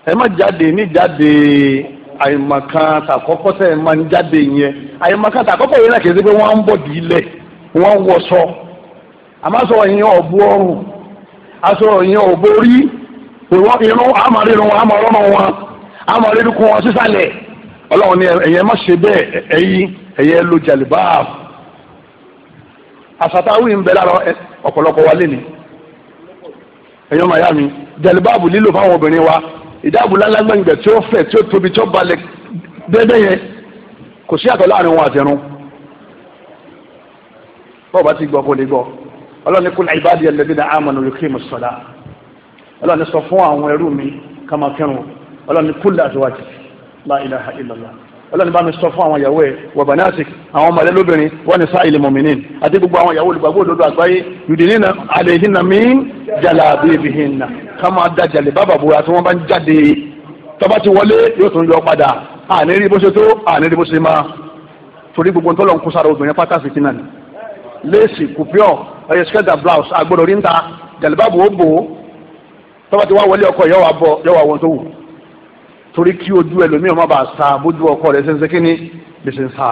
ẹ má jáde ní jáde àyèmọ̀kan tàkọ́kọ́ tẹ́ ẹ má ń jáde yẹn àyèmọ̀kan tàkọ́kọ́ yẹn náà kì í ṣe pé wọ́n á ń bọ̀ dì wọ́n á wọṣọ àmásọ ìyẹn ọ̀bù ọrùn aṣọ ìyẹn ọ̀bù orí irun àmàlérun wọn àmàlọ́nà wọn àmàlérúkún wọn sísàlẹ̀ ọlọ́run ní ẹ̀yẹ má ṣe bẹ́ẹ̀ ẹ̀yí ẹ̀yẹ lo jàlùbáàbù àṣàtàwí ń bẹ lára ọ̀pọ̀lọpọ̀ wa lé ni ẹ̀yọ́ màyá mi jàlùbáàbù lílò fáwọn obìnrin wa ìdáàbò lálágbẹ̀ngbẹ̀ tí ó fẹ̀ tí ó tóbi tí ó balẹ̀ dẹ́dẹ́ yẹn kò sí àtọ̀ láàrin wọn àtẹrun bọ́ọ̀ bá ti gbọ́ kó lè gbọ́ ọlọ́ni kúlẹ̀ ìbádìí ẹlẹ́bí náà àmọ̀nà olùkí mùsọ̀lá ọlọ́ni sọ fún àwọn ẹrú mi kama kírun ọlọ́ni kúlẹ̀ àtiwájú la ilaha illallah ọlọ́ni bá mi sọ fún àwọn ìyàwó ẹ̀ wa banatik àwọn ọmọ ẹlẹ́lóbìnrin wọ́n ní sáà ilẹ̀ mọ̀mìnín àti gbogbo àwọn ìyàwó olùgbàgbọ́ òdodo àgbáyé yudinina alayhinna min jalabibihinna ká máa da jàlè bábà bora tí wọ́n bá ń jáde tọ́ba ti wọlé yóò tún yọ padà àní rí bó ṣe tó àní rí bó ṣe máa torí gbogbo ntọ́lọ́ ń kó sára obìnrin pátá fìtínà ni léèsì kùpíọ̀ ọyẹ skirt blouse agbọ́dọ̀ rí nta jàlíbáàbù ó bò ó tọ́ba ti wá wọlé ọkọ yọ wà bọ yọ wà wọn tó wù torí kí ojú ẹlòmíì ọmọ bá sa bójú ọkọ rẹ ṣẹṣẹ kí ni lè ṣe ń sa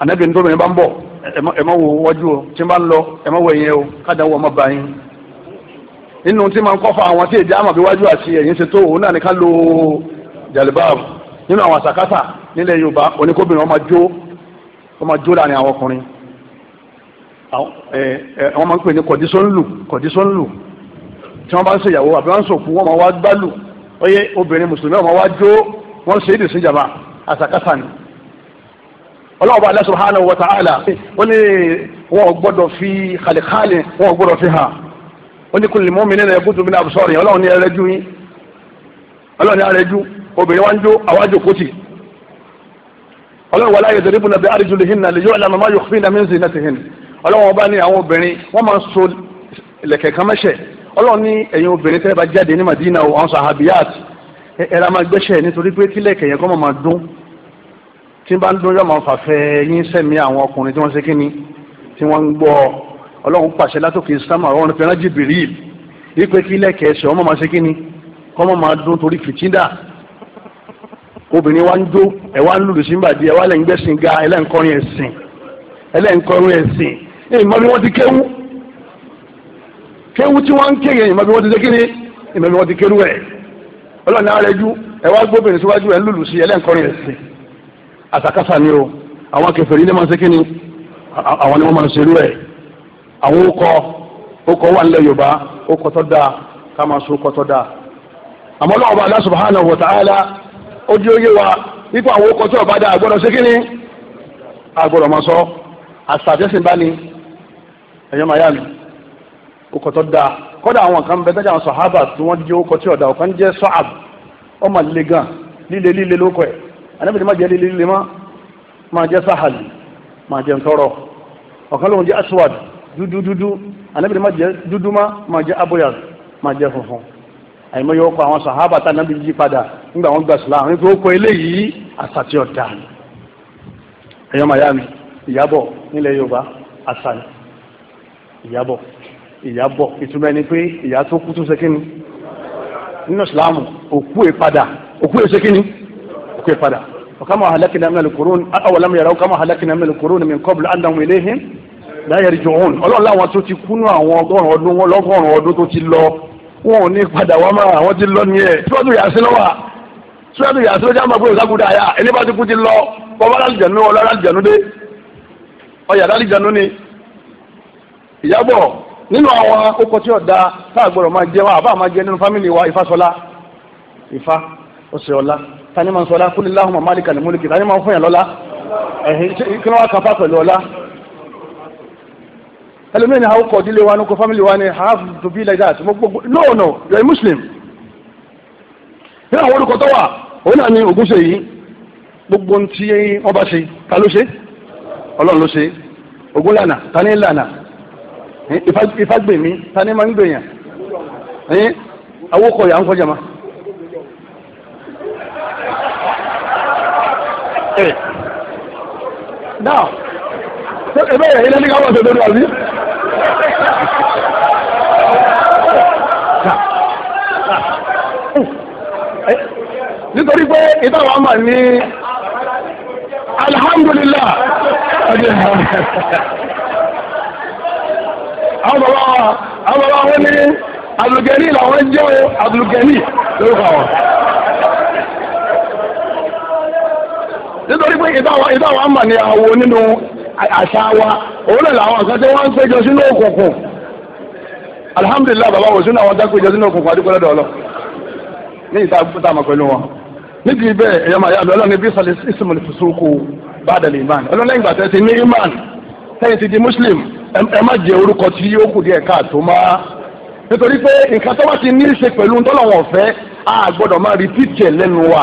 anabi nítorí bá ń bọ ẹ má wo wájú o tí n bá ń lọ ẹ wo ẹ̀yìn o kájà wo ọmọ bá yín nínú tí máa ń kọ́ àwọn tí èdè àmọ̀ wájú àti ẹ̀yìn ṣe tó òun náà ní ká lo jàlíbáàbù nínú àwọn àṣàkáṣà nílẹ̀ Yorùbá oníkóbìnrin ọmọ jó ọmọ jó láàrin àwọn ọkùnrin àwọn máa ń pè ní kọ̀dísọ́nlù kọ̀dísọ́nlù tí wọ́n bá ń ṣèyàwó àbí wọ́n ń sòkú wọ́n máa wá gbálù oyè obìnrin mùsùlùmí wọ́n wá jó wọ́n ṣe é dì sí jàmbá àṣàkáṣà ni ọlọ́ọ̀bá Allah subhanahu wa ta'ala ó ní wọn gbọ́dọ̀ fi kàlíkàlì wọn gbọ́dọ̀ fi hàn ó ní kulli mu'minina yaghuddu min absarihim ọlọ́run ní ẹrẹ́jú yín ọlọ́run ní obìnrin wa ń jó àwájò kùtì ọlọ́wọ́n bá ní àwọn obìnrin wọ́n máa ń so lẹ̀kẹ̀ kan mẹ́sẹ̀ ọlọ́run ní ẹ̀yin obìnrin tẹ́lẹ̀ bá jáde ní Madina o àwọn sahabiyat ẹ̀rọ máa gbẹ́sẹ̀ nítorí pé tí lẹ̀kẹ̀ yẹn kọ́ máa dún tí bá ń dún yọ̀ máa fàfẹ́ yín sẹ́mi àwọn ọkùnrin tí wọ́n ṣe kíni tí wọ́n ń gbọ́ ọlọ́run pàṣẹ látòkè sámà ọ̀run fẹ́ràn Jibril wípé kí lẹ̀kẹ̀ ẹsẹ̀ ọmọ ẹ̀sìn ìmọ̀ bí wọ́n ti kéwú kéwú tí wọ́n ń kéye ìmọ̀ bí wọ́n ti dé kíni ìmọ̀ bí wọ́n ti kéwú ẹ̀ ọlọ́run náà rẹ̀ ẹ wá gbóbìnrin síwájú ẹ̀ ń lùlù sí ẹlẹ́nkọrin ẹ̀ sí ni o àwọn kèfèrí ní máa ń ṣe kíni àwọn ni wọ́n máa ń ṣerú ẹ̀ àwọn ó ẹ̀yọ́ màyà mi okò tó dáa kọ́dà àwọn kan bẹ tẹ́jà àwọn sọ̀hábà tí wọ́n jẹ́ okò tí ọ̀dà ọ̀kan jẹ́ sọ́àb ọmọ líle gan líle líle lóko ẹ̀ ma má jẹ́ líle líle má má jẹ́ sahali má jẹ́ ntọ́rọ ọ̀kan lóun jẹ́ aswad dúdú dúdú jẹ́ dúdú jẹ́ jẹ́ funfun àyìnbó àwọn tá yí padà wọn gba ẹ̀yọ́ ìyàbọ̀ ìyàbọ̀ ìtumọ̀ ẹni pé ìyá tó kú tó ṣe kíni nínú ìsìlámù òkú ìpadà òkú ìṣe kíni òkú ìpadà ọ̀kàmọ̀ àhàlákìnà mẹ́lẹ̀ kòrónì àwọ̀lámù yàrá ọ̀kàmọ̀ àhàlákìnà mẹ́lẹ̀ kòrónì mi kọ́bùlù àdàmù iléhìn láyẹ̀rì jọ̀hún ọlọ́run láwọn tó ti kú nú àwọn ọgọ́rùn ọdún wọn lọ́gọ́rùn ọdún tó ti lọ wọn ò ní padà wá máa àwọn ti lọ nìyẹn tíwájú yàtí lọ́wà tíwájú yàtí lọ́jà máa gbé òsàkúdà yá ẹni bá ti kú ti lọ bọ́bá lálìjẹ̀nu ọlọ́run lálìjẹ̀nu dé ọyà lálìjẹ̀nu ni ìyábọ̀ nínú àwọn okọ̀ tí ọ̀dà tá a gbọ́dọ̀ máa jẹ́ wa àbá máa jẹ́ nínú wa ifa ìfà ọ̀sẹ̀ ọ̀la tani máa ń sọlá kúlẹ̀ láhùnmá málìkà ní múlìkì tani máa ń fún yàn lọ́la ẹ̀hìn kí wọ́n wá kàfá pẹ̀lú ọ̀la ni àwọn kọ̀ ìdílé wa ní fámìlì wa have to be like that mo gbogbo no no you are a muslim nínú àwọn olùkọ́ tó wà òun náà ni yìí gbogbo wọ́n ìfagbèmí eh, tani máa ń gbèyàn ẹ̀yìn eh, awókọ̀ yà ń kọjá ma. Eh. now ebe yẹ ilé nígbà wọn tẹ̀lé wàlú. nítorí pé ìtawà mà ní alhamdulillah. àwọn bàbá wọn abdulgani làwọn jẹ́ abdulgani lórúkọ nítorí pé ni àwo nínú àṣà wa òun náà làwọn àkàtà wọn ń péjọ sínú òkùnkùn Alhamdulilah baba sínú àwọn sínú òkùnkùn lọ́dọ̀ ọlọ ní pẹ̀lú wọn níbi bí ìsìnmọ̀lẹ̀ bá ti ní sẹ́yìn ti di muslim ẹ má jẹ orúkọ tí ó kù díẹ̀ káàtó má. nítorí pé nǹkan tó bá ti ní í ṣe pẹ̀lú ntọ́lọ́wọ̀n ọ̀fẹ́ a gbọ́dọ̀ máa repeat ẹ̀ lẹ́nu wa.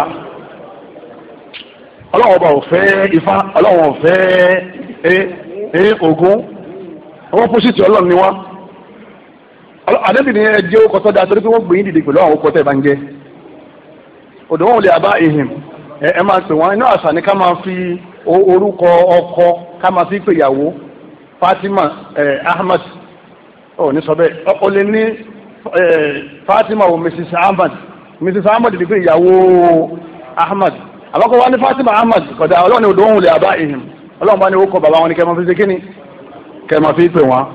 ọlọ́wọ́n bá ọ̀fẹ́ ifá ọlọ́wọ́n ọ̀fẹ́ ẹ ẹ ogun àwọn pósìtì ọlọ́run ni wá. àdébìnrin ẹ jẹ́ orúkọ tó dáa torí pé wọ́n gbìyìn dìde pẹ̀lú àwọn orúkọ tẹ̀ bá ń jẹ́. òdò wọn ò lè àbá ihim ẹ máa pè wọn inú àṣà ni ká máa fi orúkọ ọkọ ká máa fi pè ìyàwó Fatima eh, Ahmad ò ní sọ bẹ́ẹ̀ ó lè ní Fatima o Mrs Ahmad Mrs Ahmad ni pé ìyàwó Ahmad àbákọ́ wa ní Fatima Ahmad kọ̀dà ọlọ́run ni odò òun lè àbá ìhìn ọlọ́run bá ní orúkọ bàbá wọn ni kẹ́mọ́ fi ṣe kíni kẹ́mọ́ fi pè wọ́n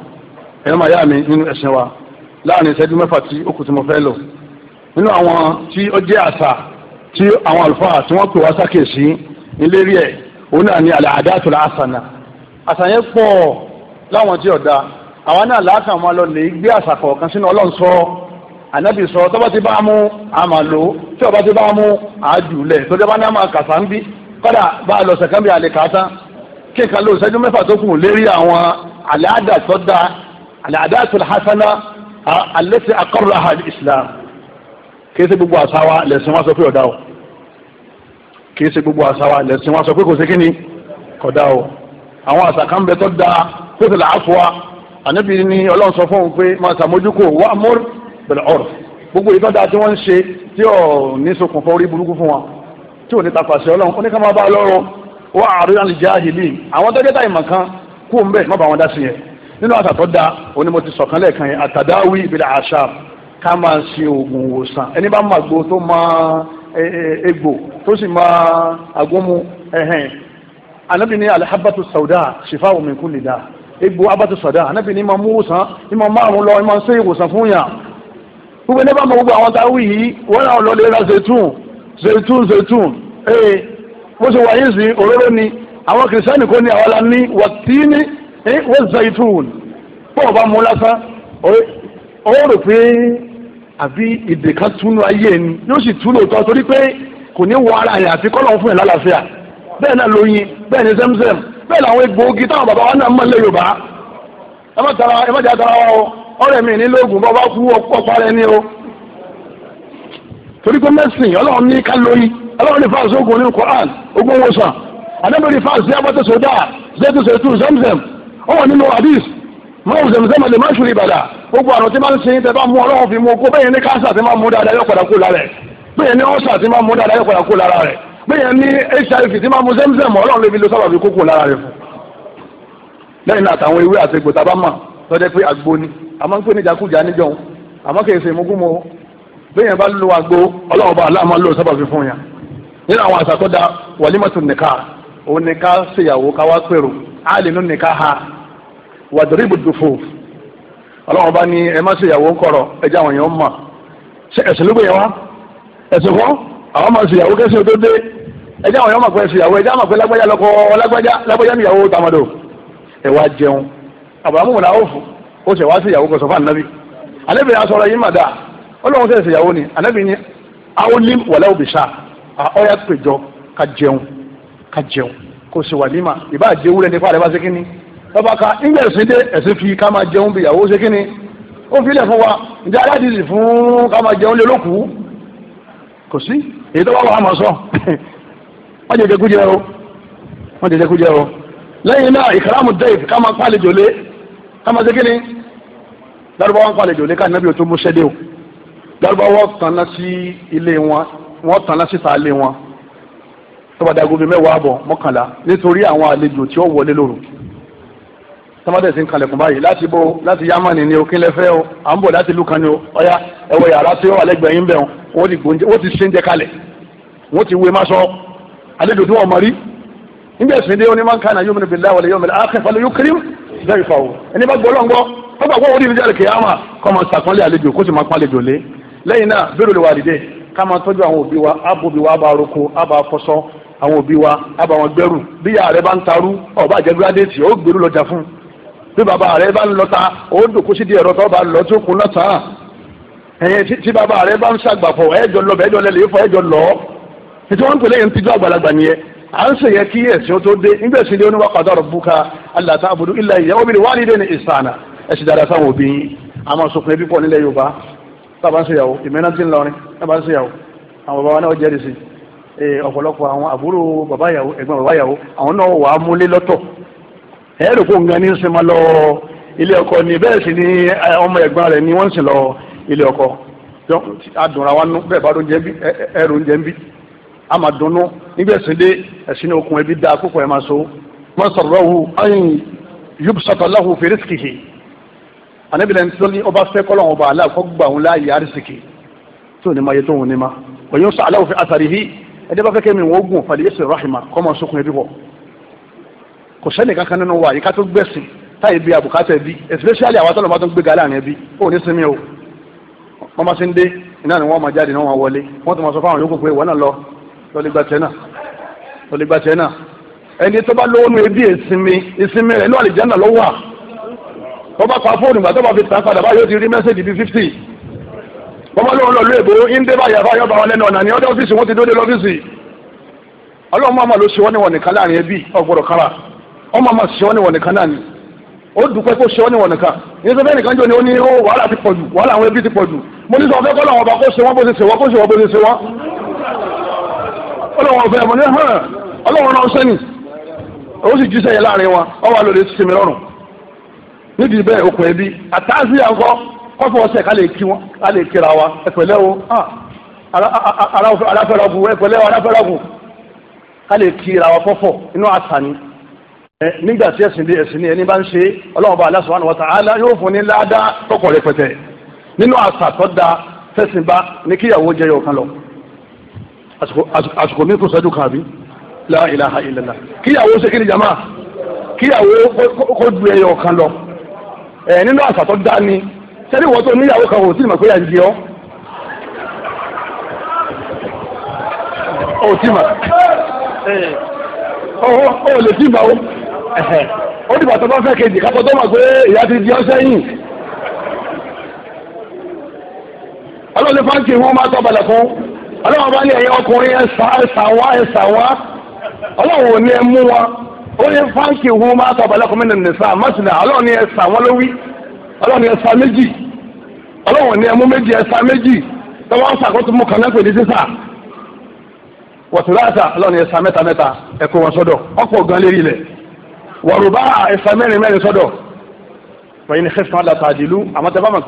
ẹ̀rọ màá yá mi nínú ẹ̀sìn wa láàrin ìṣẹ́jú mẹ́fà tí ó kù tí mo fẹ́ lò nínú àwọn tí ó jẹ́ àṣà tí àwọn àlùfáà tí wọ́n pè wá sákèsí ilé rí ẹ̀ òun náà ni àlẹ́ àdáàtúlá àṣà náà àṣà yẹn pọ̀ láwọn tí ọ̀dà àwa náà láàkàn máa lọ lè gbé àṣà kọ̀ọ̀kan sínú ọlọ́run sọ ànábì sọ tọ́ba ti bá mú àmà lò tí ọba ti bá mú àjùlẹ̀ tọ́jà bá ní àmà kàṣà ń bí kọ́dà bá a lọ sẹ̀kẹ́mbì àlè kàṣà kí nǹkan ló ṣẹ́jú mẹ́fà tó kù lérí àwọn àlàádà tó da àlàádà tó hasana àlẹ́sẹ̀ akọ́rọ̀ ahad islam kì í ṣe gbogbo àṣà wa lẹ̀sìn wọn sọ pé ọ̀dà o kì í ṣe gbogbo àṣà wa lẹ̀sìn wọn sọ pé kò sí kíni kọ̀dà o àwọn àṣà kan bẹ tó dáa kóso la afua fọ ni ọlọ́run sọ fóun pé máa sàmójúkò wà mọ́r bẹ̀rẹ̀ ọ̀rọ̀ gbogbo ìtọ́jà tí wọ́n ń ṣe tí ò ní ṣokùnfà orí burúkú fún wa tí ò ní tafàṣẹ ọlọ́run oníkà máa bá ọlọ́run wà àríyá lè jẹ́ àhìlì àwọn tọ́jú táyì mọ̀ kan kú ń bẹ̀ má bá wọn dá sí yẹn nínú àṣà tó da òní mo ti sọ̀kan lẹ́ẹ̀kan yẹn àtàdáwì ìbílẹ̀ àṣà ká máa ṣe oògùn ìwòsàn ẹni bá máa gbó tó máa e, e, egbò tó sì máa agúnmu ẹ̀hẹ̀n anábìíní alhabatu sauda shifa omi kú lè egbò abatu sada anabi ni ma mú wòsàn ni ma márùn lọ ni ma ṣe ìwòsàn fún yàn gbogbo ní bá mọ gbogbo àwọn tá a yìí wọn náà lọ lè ra zaitun zaitun zaitun ee eh, bó ṣe wáyé sí òróró ni àwọn kìrìsìtánì kò ní àwọn la ní wàtí ní eh, wọ́n zaitun pọ̀ bá mú lásán ó rò pé àbí èdè kan túnú ayé ni yóò sì túnú òtọ́ torí pé kò ní wọ ara yẹn àti kọ́lọ̀ fún yẹn lálàáfíà bẹ́ẹ̀ náà lóyin bẹ́ẹ̀ ni zemzem bẹ́ẹ̀ làwọn egbòogi táwọn bàbá wa náà mọ̀ lé yorùbá ẹ má tara ẹ má jà tara wa o ọ̀rẹ́ mi ní lóògùn bọ́ bá kú ọ̀pọ̀ rẹ ni o torí pé mẹ́sìn ọlọ́run ní kálórì ọlọ́run ní fáwọn ogun ní Quran ogun wo sàn àdébòrí fáwọn sí abọ́tò sódà zẹ́tù sẹ́tù zamzam ó wà nínú hadith mọ́wù zamzam lè má ṣùrì ìbàdà gbogbo àrùn tí máa ń sin tẹ bá mú ọlọ́run fi mú kó bẹ́ẹ̀ ni káńsà ti máa mú dáadáa yọ padà kó lára rẹ̀ bẹ́ẹ̀ ni ọ̀sà ti máa mú dáadáa yọ padà kó lára rẹ̀ bẹ́ẹ̀ ni hiv ti máa mu zemzem ọlọ́run lè fi lo sábàbí kókó lára rẹ̀ fún lẹ́yìn náà àtàwọn ewé àti egbò bá mọ̀ lọ́jọ́ pé àgbo ni àmọ́ ń pè ní ìjàkújà níjọ́ àmọ́ kì í ṣe ìmúgúnmọ́ bẹ́ẹ̀ bá lo àgbo ọlọ́run bá aláàmọ́ lò sábàbí fún yàn nínú àwọn àṣà tó da wàlímọ̀tò nìka òun nìka ṣèyàwó káwá pèrò á lè nú nìka ha wàdúrí ibùdófò ọlọ́run bá ní ẹ má ṣèyàwó ń kọ̀rọ̀ ẹjẹ́ àwọn èèyàn mọ̀ ẹ̀sìn ló gbé yẹn wá ẹ̀sìn kọ́ àwọn máa ṣe ìyàwó kẹsàn-án tó dé ẹjẹ àwọn yàrá máa pẹ́ ṣe ìyàwó ẹjẹ àwọn pẹ́ lágbájá lọ́kọ lágbájá lágbájá ní ìyàwó tàmọ́dò ẹ wá jẹun àbùràmù wọn àwòfù ó ṣe wá sí ìyàwó kan sọfà nàbí alẹ́bìnrin asọ̀rọ̀ yìí màdà ọlọ́run ṣe ìyàwó ni alẹ́bìnrin aolim wàlẹ́ òbíṣà ọ̀yà péjọ ká jẹun ká jẹun kò ṣe wà nímà ìbá àjẹwúrẹ́ nípa rẹ̀ bá ṣe kínní bàbá ka nígbà sí èyí tó bá wà á mọ̀ sọ wọ́n jẹ́ jẹkújẹ o wọ́n jẹ́ jẹkújẹ o lẹ́yìn náà ìkàràmù dẹ́yì ká máa pàlejò lé ká máa ṣe kíni lárúbáwá ń pàlejò lé ká nàbí o tó mú sẹ́dẹ̀ o lárúbáwá tanná sí ilé wọn wọ́n tanná síta ilé wọn tó bá dagobi mẹ́wàá bọ̀ mọ́kànlá nítorí àwọn àlejò tí ó wọlé lóru tọ́mọdé sì ń kalẹ̀kùn báyìí láti bo láti yámánì ni o kí lẹ fẹ́ o à ń bọ̀ láti lùkàn ni o ọ̀ya ẹ̀wọ̀ yàrá tí ó wà lẹ́gbẹ̀ẹ́ yín bẹ̀ wọ́n ti gbóúnjẹ wọ́n ti ṣe ń jẹ kalẹ̀ wọ́n ti wé má sọ àlejò tí wọ́n mọ̀ rí nígbà ìsìn dé oní máa ń kàn náà yóò mìíràn bìlá wọlé yóò mìíràn àákẹ́ falẹ̀ yóò kéré lẹ́yìn fa o ẹni bá gbọ́lọ́ ńgbọ́ ó gbàgbọ́ orí ìdíjà rẹ̀ kìyàmà kọ́ máa sàkánlé àlejò kó sì máa pọ́n àlejò lé lẹ́yìn náà bẹ́rù lè wà dìde ká máa ẹ̀yẹ tí bàbá rẹ bá ń ṣàgbàfọ̀ ẹ̀jọ̀ lọ bẹ̀ẹ́jọ̀ lẹ́lẹ̀ yóò fọ ẹ̀jọ̀ lọ ètò wọn ń pèlè yẹn ń tijú àgbàlagbà nìyẹn à ń sèyẹ kí ẹ̀sìn tó dé nígbà èsì lé oníwà qada rabbuka alla ta'budu illa iyyahu bil walidayni ihsana ẹ̀sìn dáadáa sáwọn òbí yín àmọ́ sọkùnrin bí pọ̀ nílẹ̀ Yorùbá tábà ń ṣèyàwó ìmẹ́nà ti ń lọrin tábà ń ṣèyàwó àwọn bàbá náà jẹ́rìí sí ọ̀pọ̀lọpọ̀ àwọn àbúrò bàbá yàwó ẹ̀gbọ́n bàbá yàwó àwọn náà wà á múlé lọ́tọ̀ ẹ̀ẹ́dùkú nǹkan ní ń sinmi lọ ilé ọkọ ni bẹ́ẹ̀ sì ni ọmọ ẹ̀gbọ́n rẹ̀ ni wọ́n ń sìn lọ ilé ọkọ yọ adùnra wa nú bẹ́ẹ̀ bá ló ń jẹ́ bí ẹrù ń jẹ́ bí a máa dunnú nígbà ẹ̀sìn dé ẹ̀sìn ní okùn ẹbí dáa púpọ̀ ẹ̀ máa so wọ́n sọ̀rọ̀ wù ayin yóò sọ̀tọ̀ láhùn fèrè sìkìkì ànábìlẹ̀ ní sọ́ni ọba fẹ́ kọ́ lọ́wọ́ ọba aláàfọ́ gbà wọn láàyè àrísìkì tí ò ní máa yẹ tó wọn ní ma òyìn sọ aláwọ̀ fẹ́ àtàrí hí ẹdẹ bá fẹ́ kẹ́mi wọ́n gùn fàlẹ́ yẹsẹ̀ rahima kọ́ máa sókun ẹbí wọ̀ kò sẹ́ni kankan nínú wa yìí ká tó gbẹ̀sìn táyé bí abùkátà ẹbí especially àwọn atọ́lọ́mọ́ tó ń gbé ga láàrin ẹbí ó ní wọ́n máa ṣe ń dé iná ni wọ́n máa jáde náà wọ́n wọlé wọ́n tún máa sọ fáwọn yòókù pé wọ́n náà lọ lọ́lẹ́gbà tiẹ̀ náà lọ́lẹ́gbà tiẹ̀ náà ẹni tó bá lówó nu ebi ìsinmi ìsinmi rẹ̀ inú àlìjáná ló wà wọ́n bá pa fóònù gbà tó bá fi tàn padà báyìí ó ti rí mẹ́sẹ̀gì bíi fifty wọ́n bá lóun lọ lóye bò ń dé báyìí àbáyọ́ bá wọn lẹ́nu ọ̀nà ní ọdẹ ọ́fíìsì wọn ti dóde lọ́fíìsì ọlọ́run máa ma ló ṣe wọ́n níwọ̀n nìkan láàrin ẹbí ọgbọ̀dọ̀ kára wọ́n máa ma ṣe wọ́n níwọ̀n nìkan náà ni ó dùpẹ́ kó ṣe wọ́n níwọ̀n nìkan ní sọ fẹ́ nìkan jọ ni ó ní wàhálà ti pọ̀jù wàhálà àwọn ẹbí ti pọ̀jù mo ní sọ fẹ́ kọ́ lọ́wọ́ ọba kó ṣe wọ́n bó ṣe ṣe wọ́n kó ṣe wọ́n bó ṣe ṣe wọ́n ọlọ́wọ́ ọ̀fẹ́ ní hàn ọlọ́wọ́ náà ó sì jíṣẹ́ yẹn láàrin wọn ọ níbi bẹ́ẹ̀ okùn ẹbí àtàzí àgọ́ ọ̀sẹ̀ ká lè kí wọn ká lè wa ẹ̀pẹ̀lẹ́ o aláfẹ́rọ̀bù ẹ̀pẹ̀lẹ́ o ká lè wa fọ́fọ́ inú àtàní nígbà tí ẹ̀sìn dé ẹ̀sìn ní ẹni bá ń ṣe ọlọ́run bá aláṣọ àwọn ọ̀tá yóò fún ní ládàá tọkọ̀ rẹpẹtẹ. nínú àṣà tó da fẹsìn bá ní kíyàwó jẹyọ kan lọ àsìkò mi kò sẹ́jú kan àbí la ilaha illallah kíyàwó ṣe kíni jama kíyàwó kó ju ẹyọ kan lọ ẹ nínú àṣà tó da ni sẹ́ni wọ́n tó níyàwó kan kò tí ì mọ̀ pé yà ń di ọ́ ò tí ì mọ̀ ọ̀ lè tí ì mọ̀ ó dìbò àtọ́ fẹ́ kejì kápọ̀ tó mọ̀ pé ìyá ti di ọ́ sẹ́yìn. ọlọ́run ní fáńkì wọn máa tọ́balẹ̀ fún ọlọ́run bá ní ẹ̀yẹ ọkùnrin ẹ̀sà ẹ̀sà wá ẹ̀sà wá ọlọ́run ò ní ẹ mú wọn ó ní fáńkì wọn máa tọ́balẹ̀ fún mẹ́rin nìsa mọ́tìlá ọlọ́run ní ẹ̀sà wọn lówí ọlọ́run ní ẹ̀sà méjì ọlọ́run ní ẹmú méjì ẹ̀sà méjì tọ́wọ́ ń sàkóso mú kànáà pèlú sísà wọ̀túláàtà ọlọ́run ní ẹ̀sà mẹ́ta mẹ́ta ẹ̀kọ́ wọn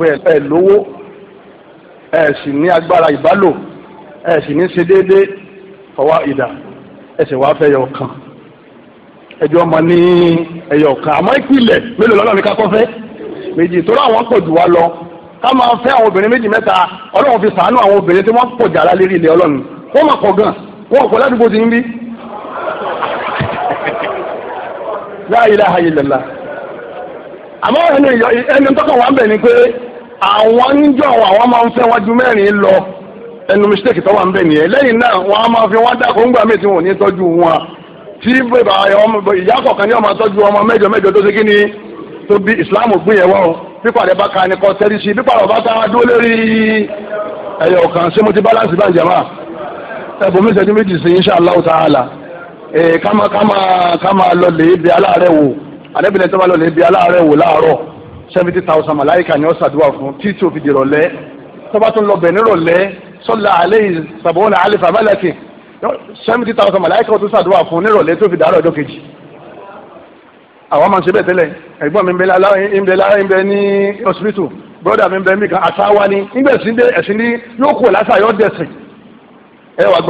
sọ́dọ̀ ẹ sì ní agbára ìbálò ẹ sì ní ṣe déédéé fọwọ́ ìdá ẹ sì wá fẹ́ yọ kan ẹjọ́ ọmọ ní ẹyọ kan àmọ́ ìpìlẹ̀ mélòó lọ́lọ́ ní kakọ́ fẹ́ méjì torí àwọn pọ̀ jù wá lọ ká máa fẹ́ àwọn obìnrin méjì mẹ́ta ọlọ́run fi sàánú àwọn obìnrin tí wọ́n pọ̀ jà lálérí ilẹ̀ ọlọ́run wọ́n mà pọ̀ gan wọ́n kọ́ ládùúgbò ti ń bí. la ilaha illallah àmọ́ ẹnu ẹnu tọ́kàn wà ń bẹ̀ ni pé àwọn níjọ́ àwọn máa ń fẹ́ wájú mẹ́rin lọ ẹnu mistake tó wà ń bẹ̀ nìyẹn lẹ́yìn náà wọ́n á máa fi wọ́n dà kóńgbà míì tí wọ́n ò ní tọ́jú wọn tí bèbà ìyá kọ̀ọ̀kan ní ọmọ tọ́jú ọmọ mẹ́jọ mẹ́jọ tó ṣe kí ni tó bí Islam gbìn yẹn wá o pípàdé bá ka ni kọ́ tẹ́lí sí pípàdé bá ta dúró lórí ẹ̀yọ̀ kan ṣé mo ti balance bá ń jẹ̀má ẹ̀bùn mi ṣẹ́jú méjì sí insha Allah ta'ala ẹ̀ ká máa ká máa ká máa lọ lè bi aláàárẹ̀ seventy thousand malayika ni ó ṣàdúrà fún títí òfin dìrọ̀lẹ́ tọ́ba tó ń lọ bẹ̀ẹ́ nírọ̀lẹ́ sọ́la aleyhi sàbọ̀wọ́lá alifa malaki seventy thousand malayika ó tún ṣàdúrà fún nírọ̀lẹ́ tó fi dàárọ̀ ọjọ́ kejì àwọn máa ń ṣe bẹ́ẹ̀ tẹ́lẹ̀ ẹ̀gbọ́n mi ń bẹ lára ń bẹ ní hospital broda mi ń bẹ mí kan àtàwa ni nígbà tí ń dé ẹ̀sìn ní yóò kú lásà yóò dẹ̀sìn ẹ wà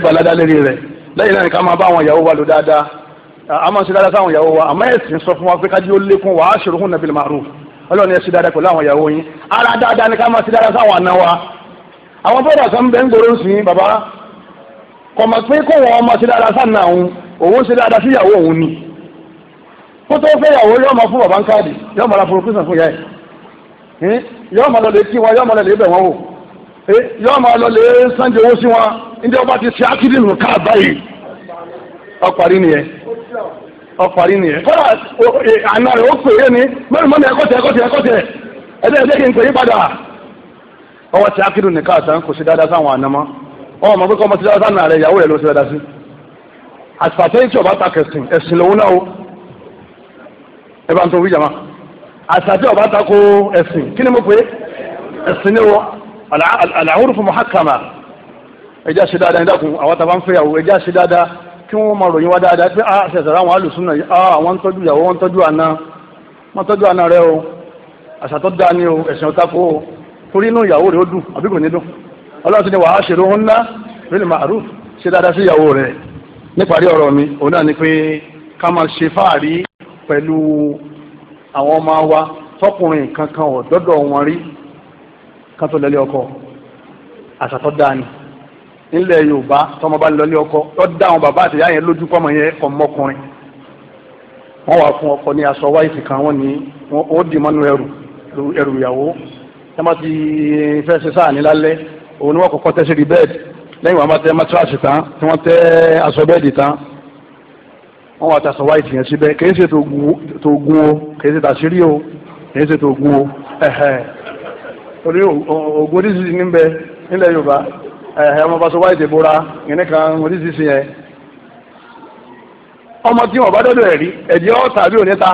gbàládà lérí rẹ̀ lẹ́yìn náà ká máa bá àwọn ìyàwó wa lò dáadáa a máa ń ṣe dáadáa sáwọn ìyàwó wa àmọ́ ẹ̀sìn sọ fún wa pé kájí ó lékún wa ashiruhunna bil ma'ruf ọlọ́run ẹ̀ ṣe dáadáa pẹ̀lú àwọn ìyàwó yín ara dáadáa ni ká máa ṣe dáadáa sáwọn àna wa àwọn bọ́dà kan bẹ́ẹ̀ ń gbòòrò sí bàbá kò mọ̀ pé kó wọn ọmọ ṣe dáadáa sáà náà òun ṣe dáadáa sí ìyàwó òun ni kó tó fẹ́ ìyàwó yóò máa fún bàbá ń káàdì yóò máa ra fún kírísàn fún ìyá ẹ̀ yóò máa lọ lè kí wọn yóò máa lọ lè bẹ̀ wọn wò yóò máa lọ lè sáǹjẹ owó sí wọn ní ọba ti ṣe ákídìnnù káàbáyé ọparí nìyẹn ọ̀parí nìyẹn kọ́lá e, àná rẹ̀ ó pè é ní mẹ́rin mọ́ni ẹ̀kọ́tẹ̀ ẹ̀kọ́tẹ̀ ẹ̀kọ́tẹ̀ ẹ̀dẹ́ ẹ̀dẹ́ kí n pè é padà ọwọ́ ti akídùn ní káàtà kò sí dáadáa sáwọn ànámọ́ ọmọ pé kọ́mọ sí dáadáa sáwọn àrẹ ìyàwó rẹ̀ ló sí dáadáa sí àtàtẹ́yìn tí ọba ta kẹsìn ẹ̀sìn lòun náà o ẹ bá ń tó wí jàmá àtàtẹ́ ọba ta ko ẹ̀sìn kí ni mo pè é ẹ̀sìn ni o àlàhùrù muhakama ẹjá ṣe dáadáa ẹ̀dá kun àwọn tàbá ń fẹ́yàwó ẹjá ṣe dáadáa kí wọ́n máa ròyìn wá dáadáa pé ah ṣẹ̀ṣẹ̀rẹ̀ àwọn alùsùn náà àwọn ah, ń tọ́jú ìyàwó wọ́n ń tọ́jú àna wọ́n ń tọ́jú àna rẹ o àṣà tó dáa ni o ẹ̀sìn ọ̀tá kó o torí inú ìyàwó rẹ ó dùn àbí kò ní dùn ọlọ́run ti ní wàá ṣèrò ó ńlá bil ma'ruf ṣe dáadáa sí ìyàwó rẹ níparí ọ̀rọ̀ mi òun náà ni pé ká máa ṣe fáàrí pẹ̀lú àwọn ọmọ wa tọkùnrin kankan ọ̀dọ́dọ̀ wọn rí kan tó àṣà tó dáa ni nílẹ̀ yorùbá tọmọ bá lọlé ọkọ ó dá àwọn bàbá àtìyá yẹn lójú pọ́mọ yẹn ọmọkùnrin wọ́n wà fún ọkọ ní aṣọ wáìtì kan wọ́n ní ó dì mọ́nú ẹrù ẹrù ìyàwó ẹ má ti fẹ́ ṣe sáàní lálẹ́ òun ni wọ́n kọ́kọ́ tẹ́ síbi bẹ́ẹ̀dì lẹ́yìn wọn bá tẹ́ mátíráàsì tán tí wọ́n tẹ́ aṣọ bẹ́ẹ̀dì tán wọ́n wà taṣọ wáìtì yẹn síbẹ̀ kì í ṣe tó gun o kì í ṣe tàṣírí o kì í ṣe tó gun o ẹ̀hẹ̀ orí ògùn oríṣiríṣi níbẹ̀ nílẹ̀ yorùbá ẹ̀hẹ̀ ọmọ bá sọ wáyé ti bora yẹn nìkan mo ti sisi yẹn ọmọ tí wọn bá dọdọ ẹ rí ẹdí ọta àbí òní ta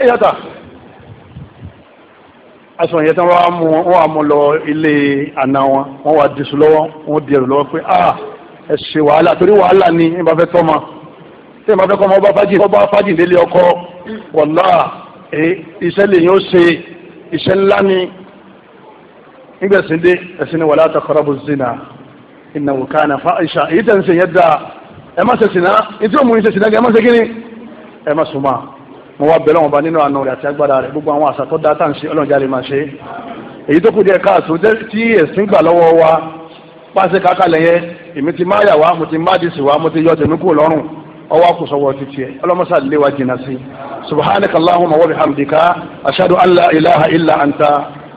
ẹ yàtà aṣọ yẹn tí wọn mú wọn mú lọ ilé àna wọn wọn wà disu lọ́wọ́ wọn di ẹrù lọ́wọ́ pé a ah, ẹ ṣe wàhálà torí wàhálà ni ẹ bá fẹ́ tọ́ ma tẹ ẹ bá fẹ́ kọ́ ọmọ ọba fájì ọba fájì délé ọkọ wàlá iṣẹ́ lè yín ó ṣe iṣẹ́ ńlá ni nígbà sí dé ẹ̀sìn ni wala taqrabu zina innahu kana fa'isha èyí tẹ̀ ń sè yẹn dáa ẹ má ṣe sìnà ètí òmù yìí ṣe sìnà ẹ má ṣe kíni ẹ má sùn máa mo wá bẹ̀rẹ̀ wọn bá nínú àna rẹ̀ àti agbára rẹ̀ gbogbo àwọn àṣà tó dáa tá à ń ṣe ọlọ́njà lè máa ṣe èyí tó kù díẹ̀ káàtó tí ẹ̀sìn gbà lọ́wọ́ wa pàṣẹ kákàlẹ̀ yẹn èmi ti máa yà wá mo ti máa dìsì wá mo ti yọ tèmi kúrò lọ́rùn ọwọ́ kò sọ̀wọ́ ti tiẹ̀ ọlọ́mọṣà lè wa jìnnà sí subhanakallahumma wa bihamdika ashhadu an la ilaha illa anta